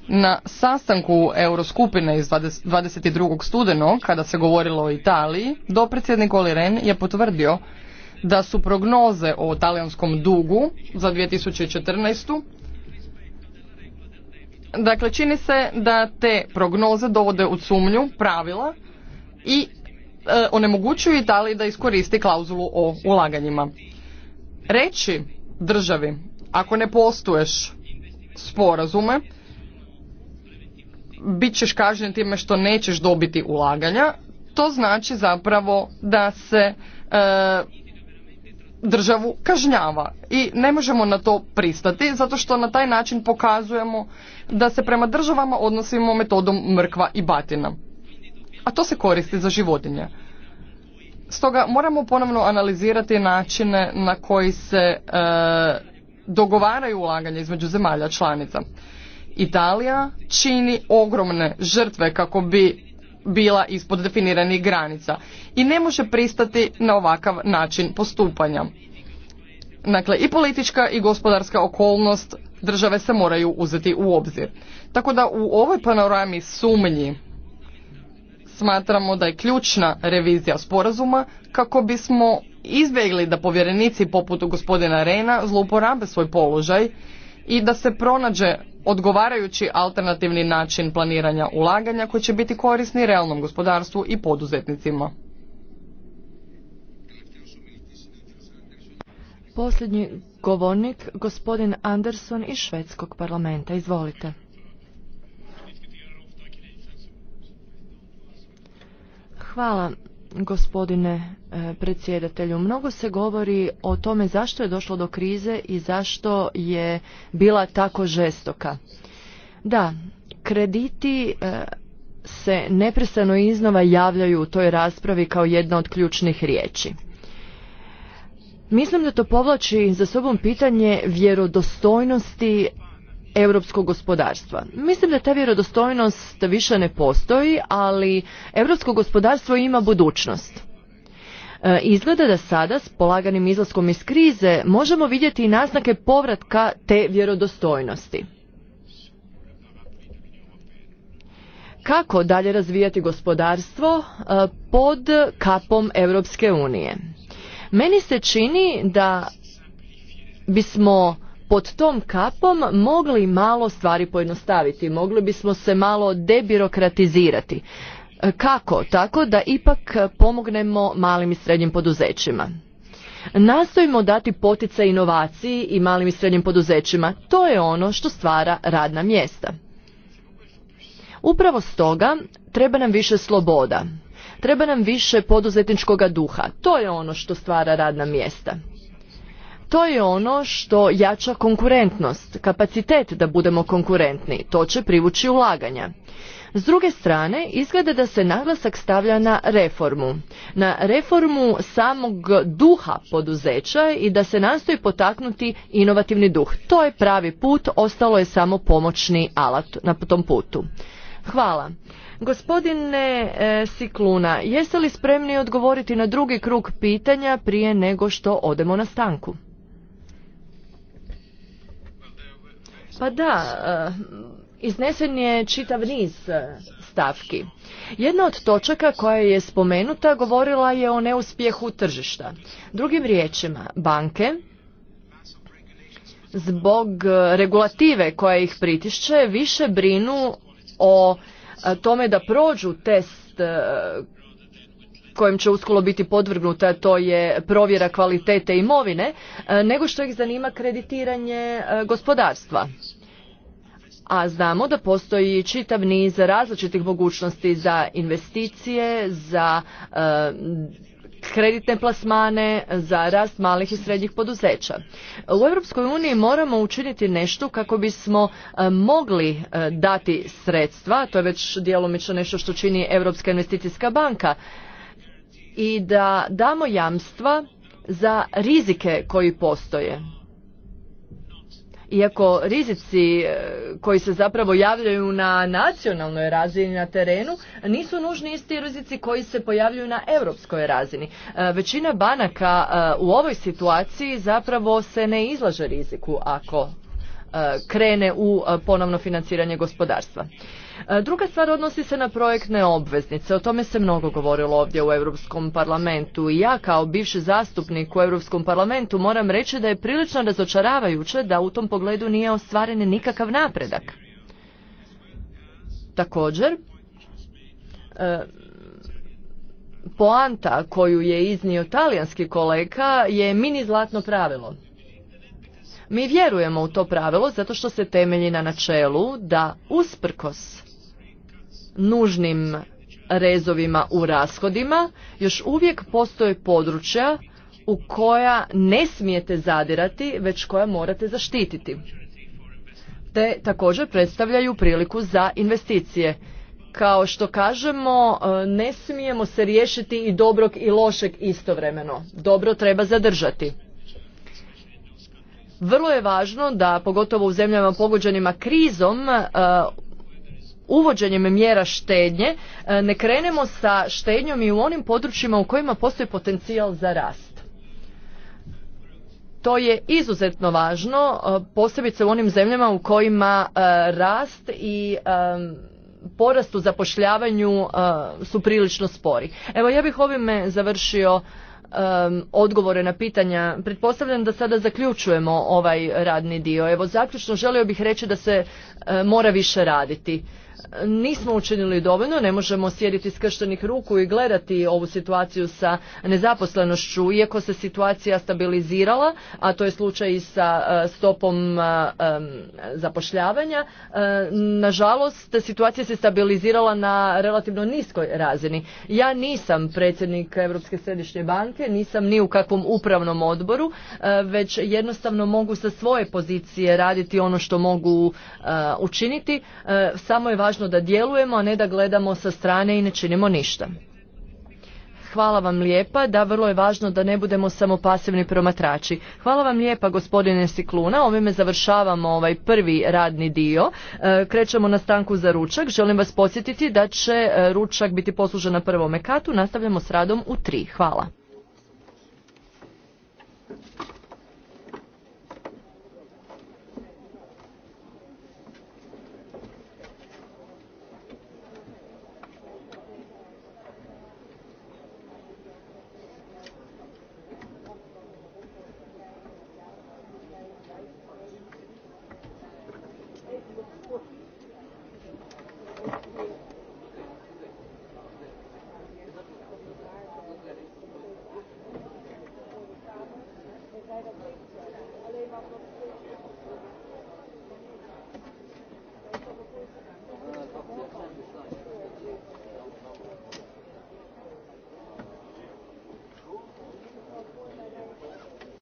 Na sastanku Euroskupine iz 22. studenog, kada se govorilo o Italiji, dopredsjednik Oli Ren je potvrdio da su prognoze o talijanskom dugu za 2014. Dakle, čini se da te prognoze dovode u sumnju pravila i e, onemogućuju Italiji da iskoristi klauzulu o ulaganjima reći državi ako ne postuješ sporazume bit ćeš kažnjen time što nećeš dobiti ulaganja to znači zapravo da se e, državu kažnjava i ne možemo na to pristati zato što na taj način pokazujemo da se prema državama odnosimo metodom mrkva i batina a to se koristi za životinje Stoga moramo ponovno analizirati načine na koji se e, dogovaraju ulaganja između zemalja članica. Italija čini ogromne žrtve kako bi bila ispod definiranih granica i ne može pristati na ovakav način postupanja. Dakle, i politička i gospodarska okolnost države se moraju uzeti u obzir. Tako da u ovoj panorami sumnji smatramo da je ključna revizija sporazuma kako bismo izbjegli da povjerenici poput gospodina Rena zlouporabe svoj položaj i da se pronađe odgovarajući alternativni način planiranja ulaganja koji će biti korisni realnom gospodarstvu i poduzetnicima. Posljednji govornik, gospodin Anderson iz Švedskog parlamenta. Izvolite. Hvala gospodine e, predsjedatelju. Mnogo se govori o tome zašto je došlo do krize i zašto je bila tako žestoka. Da, krediti e, se neprestano iznova javljaju u toj raspravi kao jedna od ključnih riječi. Mislim da to povlači za sobom pitanje vjerodostojnosti europskog gospodarstva. Mislim da ta vjerodostojnost više ne postoji, ali europsko gospodarstvo ima budućnost. E, izgleda da sada s polaganim izlaskom iz krize možemo vidjeti i naznake povratka te vjerodostojnosti. Kako dalje razvijati gospodarstvo e, pod kapom Europske unije? Meni se čini da bismo pod tom kapom mogli malo stvari pojednostaviti, mogli bismo se malo debirokratizirati. E, kako? Tako da ipak pomognemo malim i srednjim poduzećima. Nastojimo dati poticaj inovaciji i malim i srednjim poduzećima. To je ono što stvara radna mjesta. Upravo stoga treba nam više sloboda. Treba nam više poduzetničkoga duha. To je ono što stvara radna mjesta. To je ono što jača konkurentnost, kapacitet da budemo konkurentni, to će privući ulaganja. S druge strane, izgleda da se naglasak stavlja na reformu, na reformu samog duha poduzeća i da se nastoji potaknuti inovativni duh. To je pravi put, ostalo je samo pomoćni alat na tom putu. Hvala. Gospodine e, Sikluna, jeste li spremni odgovoriti na drugi krug pitanja prije nego što odemo na stanku? Pa da, eh, iznesen je čitav niz eh, stavki. Jedna od točaka koja je spomenuta govorila je o neuspjehu tržišta. Drugim riječima, banke zbog eh, regulative koja ih pritišće više brinu o tome da prođu test kojem će uskolo biti podvrgnuta, to je provjera kvalitete imovine, e, nego što ih zanima kreditiranje e, gospodarstva. A znamo da postoji čitav niz različitih mogućnosti za investicije, za e, kreditne plasmane za rast malih i srednjih poduzeća. U Europskoj uniji moramo učiniti nešto kako bismo mogli dati sredstva, to je već djelomično nešto što čini Europska investicijska banka, i da damo jamstva za rizike koji postoje. Iako rizici e, koji se zapravo javljaju na nacionalnoj razini na terenu nisu nužni isti rizici koji se pojavljuju na europskoj razini. E, većina banaka e, u ovoj situaciji zapravo se ne izlaže riziku ako E, krene u e, ponovno financiranje gospodarstva. E, druga stvar odnosi se na projektne obveznice. O tome se mnogo govorilo ovdje u Europskom parlamentu i ja kao bivši zastupnik u Europskom parlamentu moram reći da je prilično razočaravajuće da u tom pogledu nije ostvaren nikakav napredak. Također, poanta koju je iznio talijanski kolega je mini zlatno pravilo. Mi vjerujemo u to pravilo zato što se temelji na načelu da usprkos nužnim rezovima u rashodima još uvijek postoje područja u koja ne smijete zadirati već koja morate zaštititi. Te također predstavljaju priliku za investicije. Kao što kažemo, e, ne smijemo se riješiti i dobrog i lošeg istovremeno. Dobro treba zadržati. Vrlo je važno da pogotovo u zemljama pogođenima krizom e, uvođenjem mjera štednje e, ne krenemo sa štednjom i u onim područjima u kojima postoji potencijal za rast. To je izuzetno važno, e, posebice u onim zemljama u kojima rast i porast u zapošljavanju su prilično spori. Evo ja bih ovime završio um, odgovore na pitanja. Pretpostavljam da sada zaključujemo ovaj radni dio. Evo zaključno želio bih reći da se mora više raditi nismo učinili dovoljno, ne možemo sjediti skrštenih ruku i gledati ovu situaciju sa nezaposlenošću, iako se situacija stabilizirala, a to je slučaj i sa e, stopom e, zapošljavanja. E, nažalost, situacija se stabilizirala na relativno niskoj razini. Ja nisam predsjednik Europske središnje banke, nisam ni u kakvom upravnom odboru, već jednostavno mogu sa svoje pozicije raditi ono što mogu učiniti. Samo je važno važno da djelujemo, a ne da gledamo sa strane i ne činimo ništa. Hvala vam lijepa, da vrlo je važno da ne budemo samo pasivni promatrači. Hvala vam lijepa gospodine Sikluna, ovime završavamo ovaj prvi radni dio. E, krećemo na stanku za ručak, želim vas podsjetiti da će e, ručak biti poslužen na prvome katu, nastavljamo s radom u tri. Hvala.